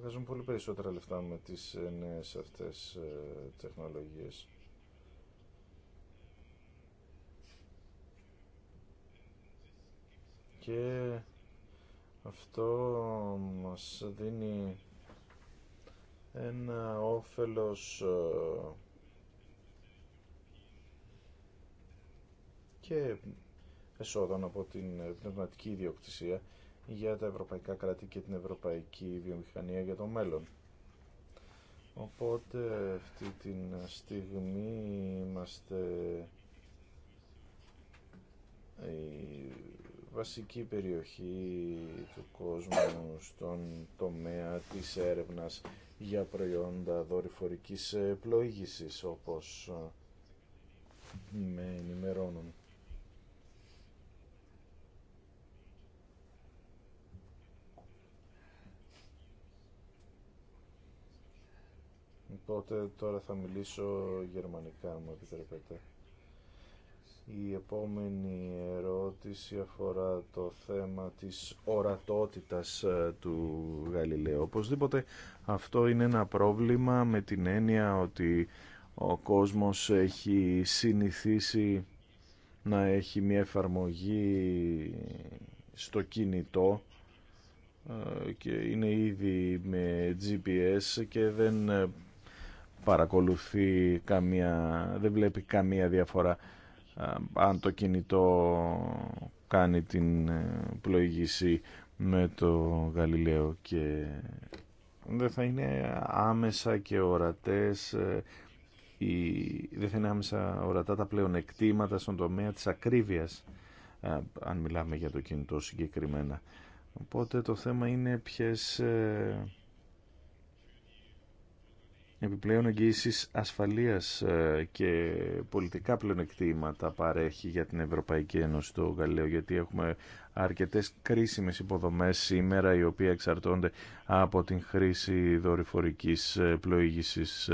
βγάζουμε πολύ περισσότερα λεφτά με τις νέες αυτές ε, τεχνολογίες. και αυτό μας δίνει ένα όφελος ε, και εσόδων από την πνευματική ιδιοκτησία για τα ευρωπαϊκά κράτη και την ευρωπαϊκή βιομηχανία για το μέλλον. Οπότε αυτή τη στιγμή είμαστε ε, βασική περιοχή του κόσμου στον τομέα της έρευνας για προϊόντα δορυφορικής πλοήγησης όπως με ενημερώνουν. Οπότε τώρα θα μιλήσω γερμανικά, μου επιτρέπετε. Η επόμενη ερώτηση αφορά το θέμα της ορατότητας ε, του Γαλιλαίου. Οπωσδήποτε αυτό είναι ένα πρόβλημα με την έννοια ότι ο κόσμος έχει συνηθίσει να έχει μια εφαρμογή στο κινητό ε, και είναι ήδη με GPS και δεν ε, παρακολουθεί καμία, δεν βλέπει καμία διαφορά ε, αν το κινητό κάνει την ε, πλοήγηση με το Γαλιλαίο και δεν θα είναι άμεσα και ορατές η... Ε, δεν θα είναι άμεσα ορατά τα πλέον εκτίματα στον τομέα της ακρίβειας αν μιλάμε για το κινητό συγκεκριμένα. Οπότε το θέμα είναι ποιες επιπλέον εγγύησης ασφαλείας ε, και πολιτικά πλεονεκτήματα παρέχει για την Ευρωπαϊκή Ένωση το Γαλλίο γιατί έχουμε αρκετές κρίσιμες υποδομές σήμερα οι οποίες εξαρτώνται από την χρήση δορυφορικής ε, πλοήγησης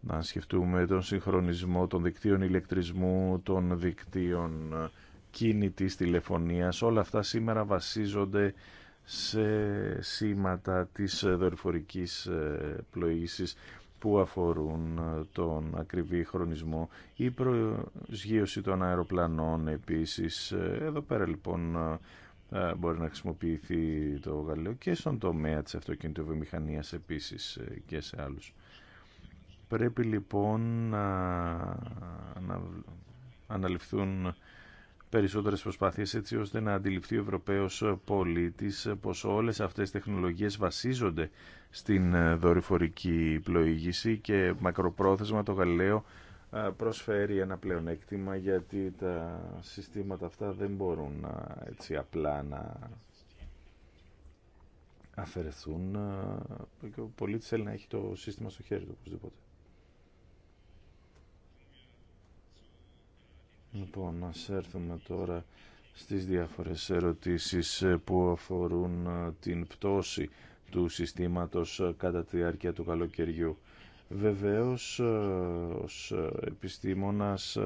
να σκεφτούμε τον συγχρονισμό των δικτύων ηλεκτρισμού, των δικτύων ε, κίνητης τηλεφωνίας όλα αυτά σήμερα βασίζονται σε σήματα της δορυφορικής ε, πλοήγησης που αφορούν ε, τον ακριβή χρονισμό ή προσγείωση των αεροπλανών επίσης. Ε, εδώ πέρα λοιπόν μπορεί να χρησιμοποιηθεί το Γαλλίο και στον τομέα της αυτοκινητοβιομηχανίας επίσης και σε άλλους. Πρέπει λοιπόν να αναλυφθούν περισσότερες προσπάθειες έτσι ώστε να αντιληφθεί ο Ευρωπαίος πολίτης πως όλες αυτές οι τεχνολογίες βασίζονται στην ε, δορυφορική πλοήγηση και μακροπρόθεσμα το Γαλλαίο ε, προσφέρει ένα πλεονέκτημα γιατί τα συστήματα αυτά δεν μπορούν έτσι απλά να αφαιρεθούν ε, και ο πολίτης θέλει να έχει το σύστημα στο χέρι του οπωσδήποτε. Λοιπόν, ας έρθουμε τώρα στις διάφορες ερωτήσεις ε, που αφορούν ε, την πτώση του συστήματος ε, κατά τη διάρκεια του καλοκαιριού. Βεβαίως, ως επιστήμονας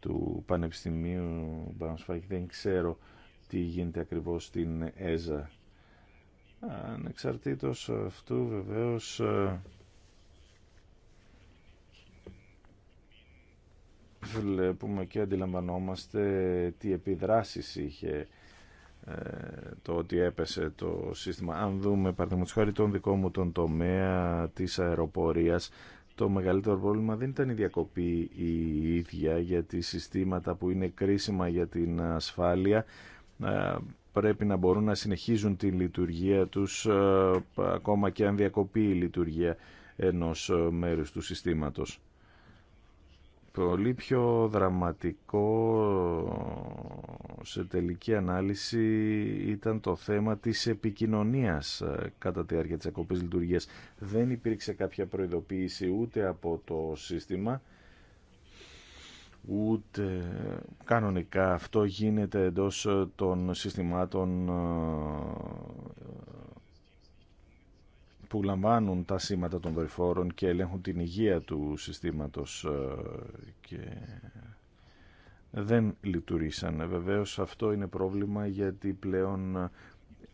του Πανεπιστημίου Μπανασφάκη δεν ξέρω τι γίνεται ακριβώς στην ΕΖΑ. Ανεξαρτήτως αυτού βεβαίως βλέπουμε και αντιλαμβανόμαστε τι επιδράσεις είχε ε, το ότι έπεσε το σύστημα. Αν δούμε, παραδείγματος χάρη, τον δικό μου τον τομέα της αεροπορίας, το μεγαλύτερο πρόβλημα δεν ήταν η διακοπή η ίδια γιατί συστήματα που είναι κρίσιμα για την ασφάλεια ε, πρέπει να μπορούν να συνεχίζουν τη λειτουργία τους ε, ακόμα και αν διακοπεί η λειτουργία ενός μέρους του συστήματος πολύ πιο δραματικό σε τελική ανάλυση ήταν το θέμα της επικοινωνίας ε, κατά τη διάρκεια της ακοπής λειτουργίας. Δεν υπήρξε κάποια προειδοποίηση ούτε από το σύστημα, ούτε κανονικά αυτό γίνεται εντός ε, των συστημάτων ε, που λαμβάνουν τα σήματα των δορυφόρων και ελέγχουν την υγεία του συστήματος ε, και δεν λειτουργήσαν. Βεβαίως αυτό είναι πρόβλημα γιατί πλέον ε,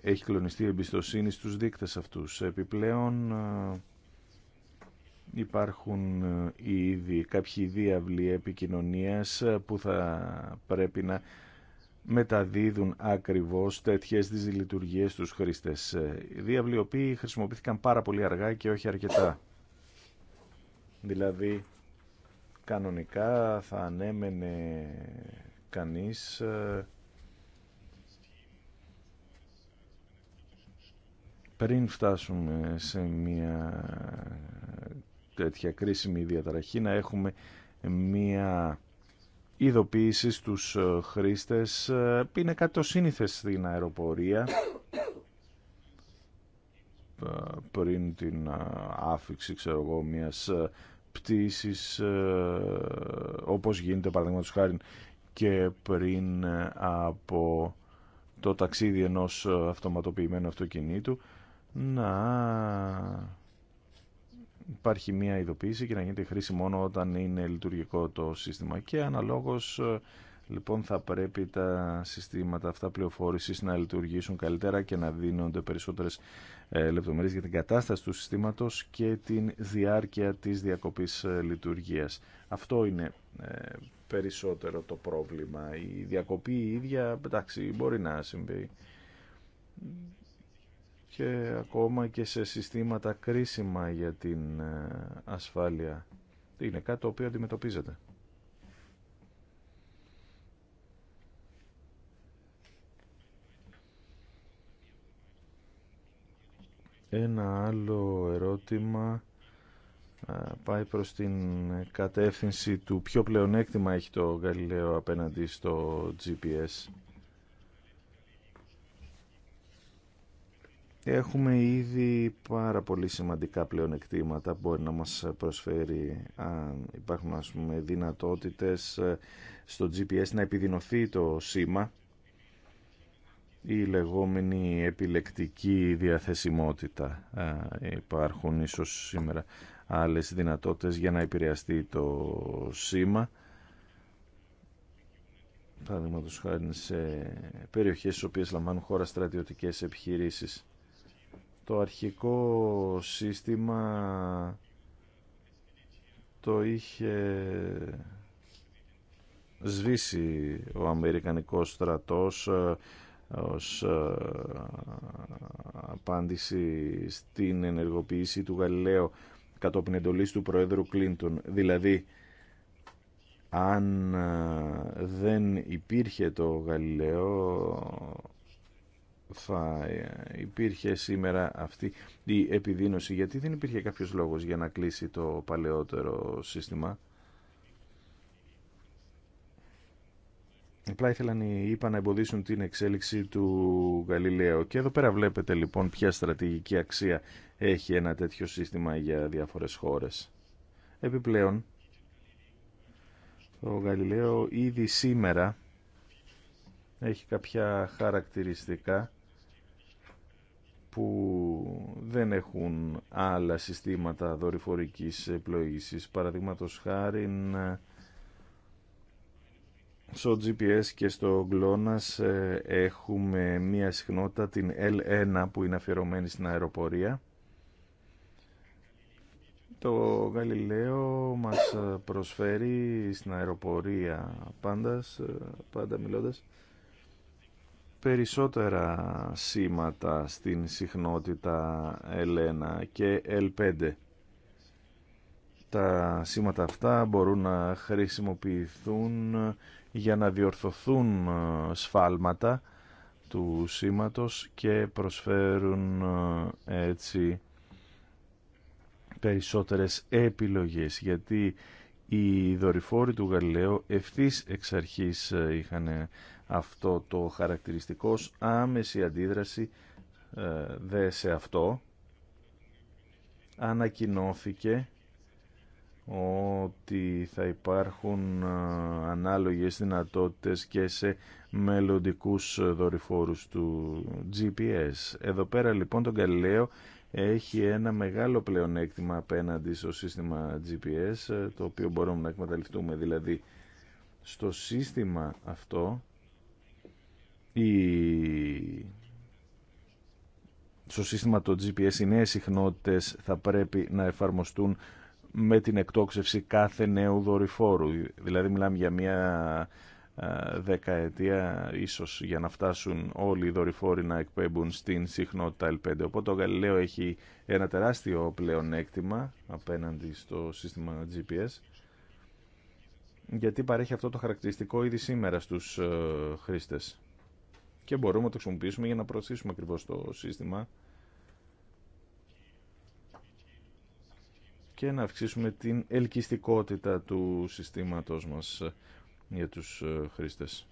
έχει κλονιστεί η εμπιστοσύνη στους δείκτες αυτούς. Επιπλέον ε, υπάρχουν ήδη κάποιοι διάβλοι επικοινωνίας που θα πρέπει να μεταδίδουν ακριβώς τέτοιες τις λειτουργίες τους χρήστες. Ε, διάβλοι οποίοι χρησιμοποιήθηκαν πάρα πολύ αργά και όχι αρκετά. Δηλαδή, κανονικά θα ανέμενε κανείς ε, πριν φτάσουμε σε μια τέτοια κρίσιμη διαταραχή να έχουμε μια ειδοποίηση στους ε, χρήστες ε, είναι κάτι το σύνηθες στην αεροπορία ε, πριν την άφηξη ξέρω εγώ μιας πτήσης όπως γίνεται παραδείγματος χάρη και πριν από το ταξίδι ενός αυτοματοποιημένου αυτοκινήτου να υπάρχει μία ειδοποίηση και να γίνεται χρήση μόνο όταν είναι λειτουργικό το σύστημα και αναλόγως ε, λοιπόν θα πρέπει τα συστήματα αυτά πληροφόρησης να λειτουργήσουν καλύτερα και να δίνονται περισσότερες ε, λεπτομέρειες για την κατάσταση του συστήματος και την διάρκεια της διακοπής ε, λειτουργίας. Αυτό είναι περισσότερο το πρόβλημα. Η διακοπή η ίδια, εντάξει, μπορεί να συμβεί και ακόμα και σε συστήματα κρίσιμα για την ε, ασφάλεια. Είναι κάτι το οποίο αντιμετωπίζεται. Ένα άλλο ερώτημα ε, πάει προς την κατεύθυνση του ποιο πλεονέκτημα έχει το Γαλιλαίο απέναντι στο GPS. Έχουμε ήδη πάρα πολύ σημαντικά πλεονεκτήματα που μπορεί να μας προσφέρει αν υπάρχουν ας δυνατότητες ε, στο GPS να επιδεινωθεί το σήμα η λεγόμενη επιλεκτική διαθεσιμότητα. Ε, υπάρχουν ίσως σήμερα άλλες δυνατότητες για να επηρεαστεί το σήμα. παραδείγματος χάρη σε περιοχές στις οποίες λαμβάνουν χώρα στρατιωτικές επιχειρήσεις. Το αρχικό σύστημα το είχε σβήσει ο Αμερικανικός στρατός ε, ως ε, απάντηση στην ενεργοποίηση του Γαλιλαίου κατόπιν εντολής του Προέδρου Κλίντον. Δηλαδή, αν ε, δεν υπήρχε το Γαλιλαίο θα ε, υπήρχε σήμερα αυτή η επιδείνωση γιατί δεν υπήρχε κάποιος λόγος για να κλείσει το παλαιότερο σύστημα Απλά ήθελαν οι να εμποδίσουν την εξέλιξη του Γαλιλαίου. Και εδώ πέρα βλέπετε λοιπόν ποια στρατηγική αξία έχει ένα τέτοιο σύστημα για διάφορες χώρες. Επιπλέον, το Γαλιλαίο ήδη σήμερα έχει κάποια χαρακτηριστικά που δεν έχουν άλλα συστήματα δορυφορικής πλοήγησης. Παραδείγματος χάρη στο GPS και στο GLONASS ε, έχουμε μία συχνότητα την L1 που είναι αφιερωμένη στην αεροπορία. Το Γαλιλαίο μας προσφέρει στην αεροπορία πάντας, ε, πάντα μιλώντας περισσότερα σήματα στην συχνότητα L1 και L5. Τα σήματα αυτά μπορούν να χρησιμοποιηθούν για να διορθωθούν ε, σφάλματα του σήματος και προσφέρουν ε, έτσι περισσότερες επιλογές γιατί οι δορυφόροι του Γαλιλαίου ευθύς εξ αρχής ε, είχαν αυτό το χαρακτηριστικό άμεση αντίδραση ε, δε σε αυτό ανακοινώθηκε ότι θα υπάρχουν ε, ανάλογες δυνατότητες και σε μελλοντικούς δορυφόρους του GPS. Εδώ πέρα λοιπόν το Γαλιλαίο έχει ένα μεγάλο πλεονέκτημα απέναντι στο σύστημα GPS, ε, το οποίο μπορούμε να εκμεταλλευτούμε δηλαδή στο σύστημα αυτό στο σύστημα το GPS οι νέες συχνότητες θα πρέπει να εφαρμοστούν με την εκτόξευση κάθε νέου δορυφόρου. Δηλαδή μιλάμε για μια δεκαετία ίσως για να φτάσουν όλοι οι δορυφόροι να εκπέμπουν στην συχνότητα L5. Οπότε ο Γαλιλαίο έχει ένα τεράστιο πλεονέκτημα απέναντι στο σύστημα GPS γιατί παρέχει αυτό το χαρακτηριστικό ήδη σήμερα στους ε, χρήστες και μπορούμε να το χρησιμοποιήσουμε για να προωθήσουμε ακριβώς το σύστημα και να αυξήσουμε την ελκυστικότητα του συστήματος μας για τους ε, χρήστες.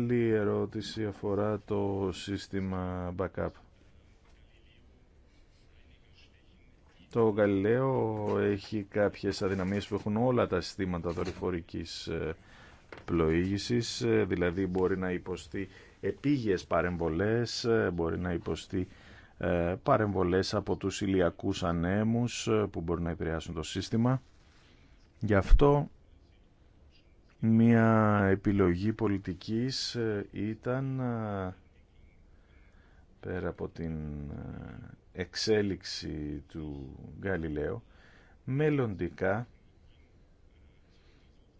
άλλη ερώτηση αφορά το σύστημα backup. Το Γαλιλαίο έχει κάποιες αδυναμίες που έχουν όλα τα συστήματα δορυφορικής ε, πλοήγησης, ε, δηλαδή μπορεί να υποστεί επίγειες παρεμβολές, ε, μπορεί να υποστεί παρεμβολές από τους ηλιακούς ανέμους που μπορεί να επηρεάσουν το σύστημα. Γι' αυτό Μία επιλογή πολιτικής ε, ήταν ε, πέρα από την ε, εξέλιξη του Γαλιλαίου μελλοντικά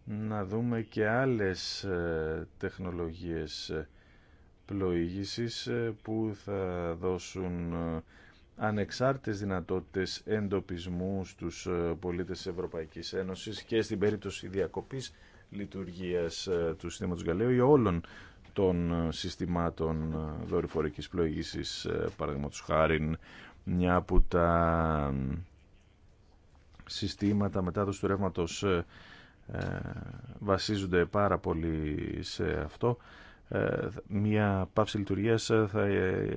να δούμε και άλλες τεχνολογίες πλοήγησης που θα δώσουν ανεξάρτητες δυνατότητες εντοπισμού στους πολίτες Ευρωπαϊκής Ένωσης και στην περίπτωση διακοπής λειτουργίας ε, του συστήματος Γαλλίου ή όλων των ε, συστημάτων ε, δορυφορικής πλοήγησης παραδείγματος χάρη μια που τα συστήματα μετάδοση του ρεύματο βασίζονται πάρα πολύ σε αυτό μια πάυση λειτουργίας θα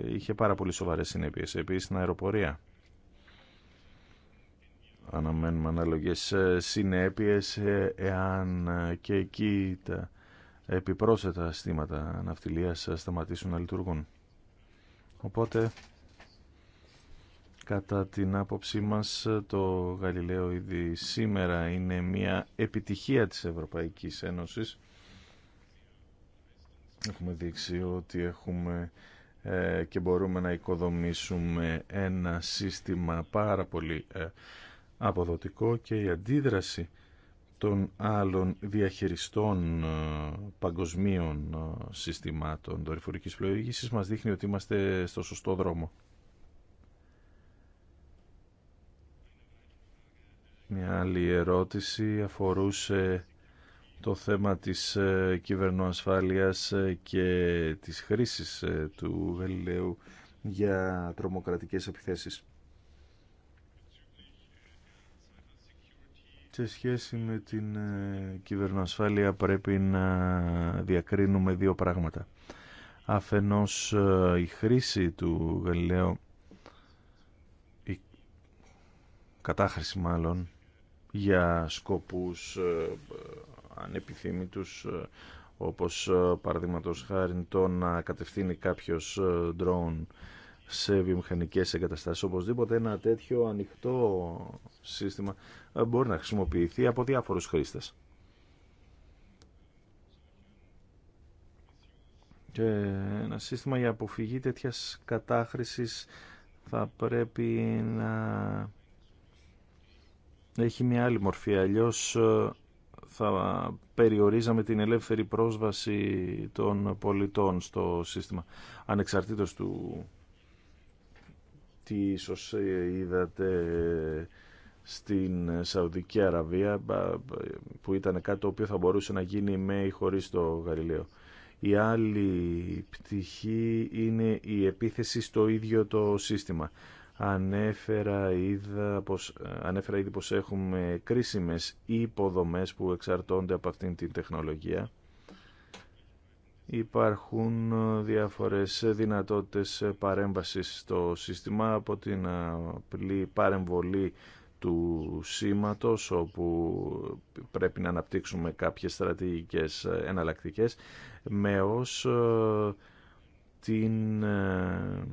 είχε πάρα πολύ σοβαρές συνέπειες επίσης στην αεροπορία αναμένουμε ανάλογες ε, συνέπειες ε, εάν ε, και εκεί τα επιπρόσθετα στήματα ναυτιλίας σταματήσουν να λειτουργούν. Οπότε, κατά την άποψή μας, το Γαλιλαίο ήδη σήμερα είναι μια επιτυχία της Ευρωπαϊκής Ένωσης. Έχουμε δείξει ότι έχουμε και μπορούμε να οικοδομήσουμε ένα σύστημα πάρα πολύ αποδοτικό και η αντίδραση των άλλων διαχειριστών ε, παγκοσμίων ε, συστημάτων δορυφορικής πλοήγησης μας δείχνει ότι είμαστε στο σωστό δρόμο. Μια άλλη ερώτηση αφορούσε το θέμα της ε, κυβερνοασφάλειας και της χρήσης του Γαλιλαίου για τρομοκρατικές επιθέσεις. σε σχέση με την ε, κυβερνοασφάλεια πρέπει να διακρίνουμε δύο πράγματα. Αφενός ε, η χρήση του Γαλιλαίου, η κατάχρηση μάλλον, για σκοπούς ε, ανεπιθύμητους, όπως παραδείγματος χάρη το να κατευθύνει κάποιος drone σε βιομηχανικές εγκαταστάσεις. Οπωσδήποτε ένα τέτοιο ανοιχτό σύστημα ε, μπορεί να χρησιμοποιηθεί από διάφορους χρήστες. Και ένα σύστημα για αποφυγή τέτοιας κατάχρησης θα πρέπει να έχει μια άλλη μορφή. Αλλιώς ε, θα περιορίζαμε την ελεύθερη πρόσβαση των πολιτών στο σύστημα, ανεξαρτήτως του τι ίσως ε, είδατε ε, στην ε, Σαουδική Αραβία που ήταν κάτι το οποίο θα μπορούσε να γίνει με ή χωρίς το Γαλιλαίο. Η άλλη πτυχή είναι η επίθεση στο ίδιο το σύστημα. Ανέφερα, είδα πως, ανέφερα ήδη πως έχουμε κρίσιμες υποδομές που εξαρτώνται από αυτήν την τεχνολογία υπάρχουν ε, διάφορες δυνατότητες παρέμβασης στο σύστημα από την απλή παρεμβολή του σήματος όπου πρέπει να αναπτύξουμε κάποιες στρατηγικές εναλλακτικές με ως ε, την ε,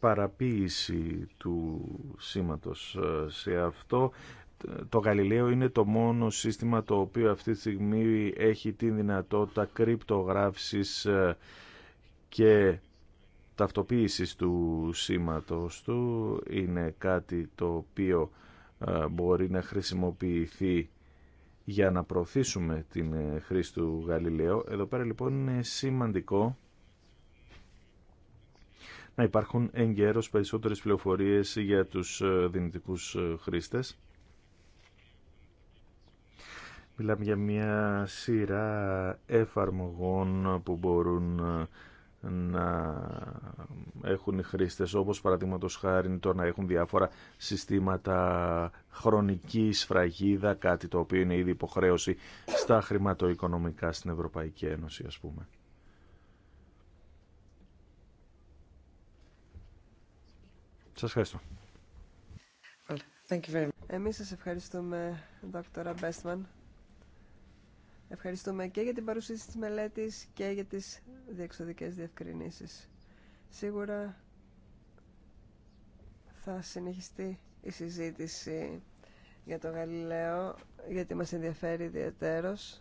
παραποίηση του σήματος σε αυτό το Γαλιλαίο είναι το μόνο σύστημα το οποίο αυτή τη στιγμή έχει την δυνατότητα κρυπτογράφησης ε, και ταυτοποίησης του σήματος του. Είναι κάτι το οποίο ε, μπορεί να χρησιμοποιηθεί για να προωθήσουμε την ε, χρήση του Γαλιλαίου. Εδώ πέρα λοιπόν είναι σημαντικό να υπάρχουν εγκαίρως περισσότερες πληροφορίες για τους δυνητικούς χρήστες Μιλάμε για μια σειρά εφαρμογών που μπορούν να έχουν οι χρήστες όπως παραδείγματο χάρη το να έχουν διάφορα συστήματα χρονικής σφραγίδα κάτι το οποίο είναι ήδη υποχρέωση στα χρηματοοικονομικά στην Ευρωπαϊκή Ένωση ας πούμε. Σας ευχαριστώ. Thank you very much. Εμείς σας ευχαριστούμε, Δόκτωρα Μπέστμαν. Ευχαριστούμε και για την παρουσίαση της μελέτης και για τις διεξοδικές διευκρινήσεις. Σίγουρα θα συνεχιστεί η συζήτηση για το Γαλιλαίο, γιατί μας ενδιαφέρει ιδιαίτερος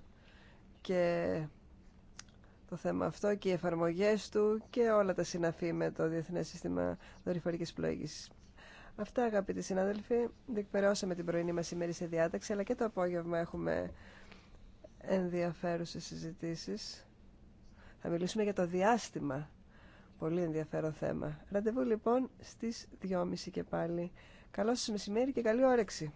και το θέμα αυτό και οι εφαρμογές του και όλα τα συναφή με το Διεθνές Σύστημα Δορυφορικής Πλοήγησης. Αυτά αγαπητοί συνάδελφοι, διεκπαιρεώσαμε την πρωινή μας ημέρη σε διάταξη, αλλά και το απόγευμα έχουμε ενδιαφέρουσες συζητήσεις. Θα μιλήσουμε για το διάστημα. Πολύ ενδιαφέρον θέμα. Ραντεβού λοιπόν στις 2.30 και πάλι. Καλό σας μεσημέρι και καλή όρεξη.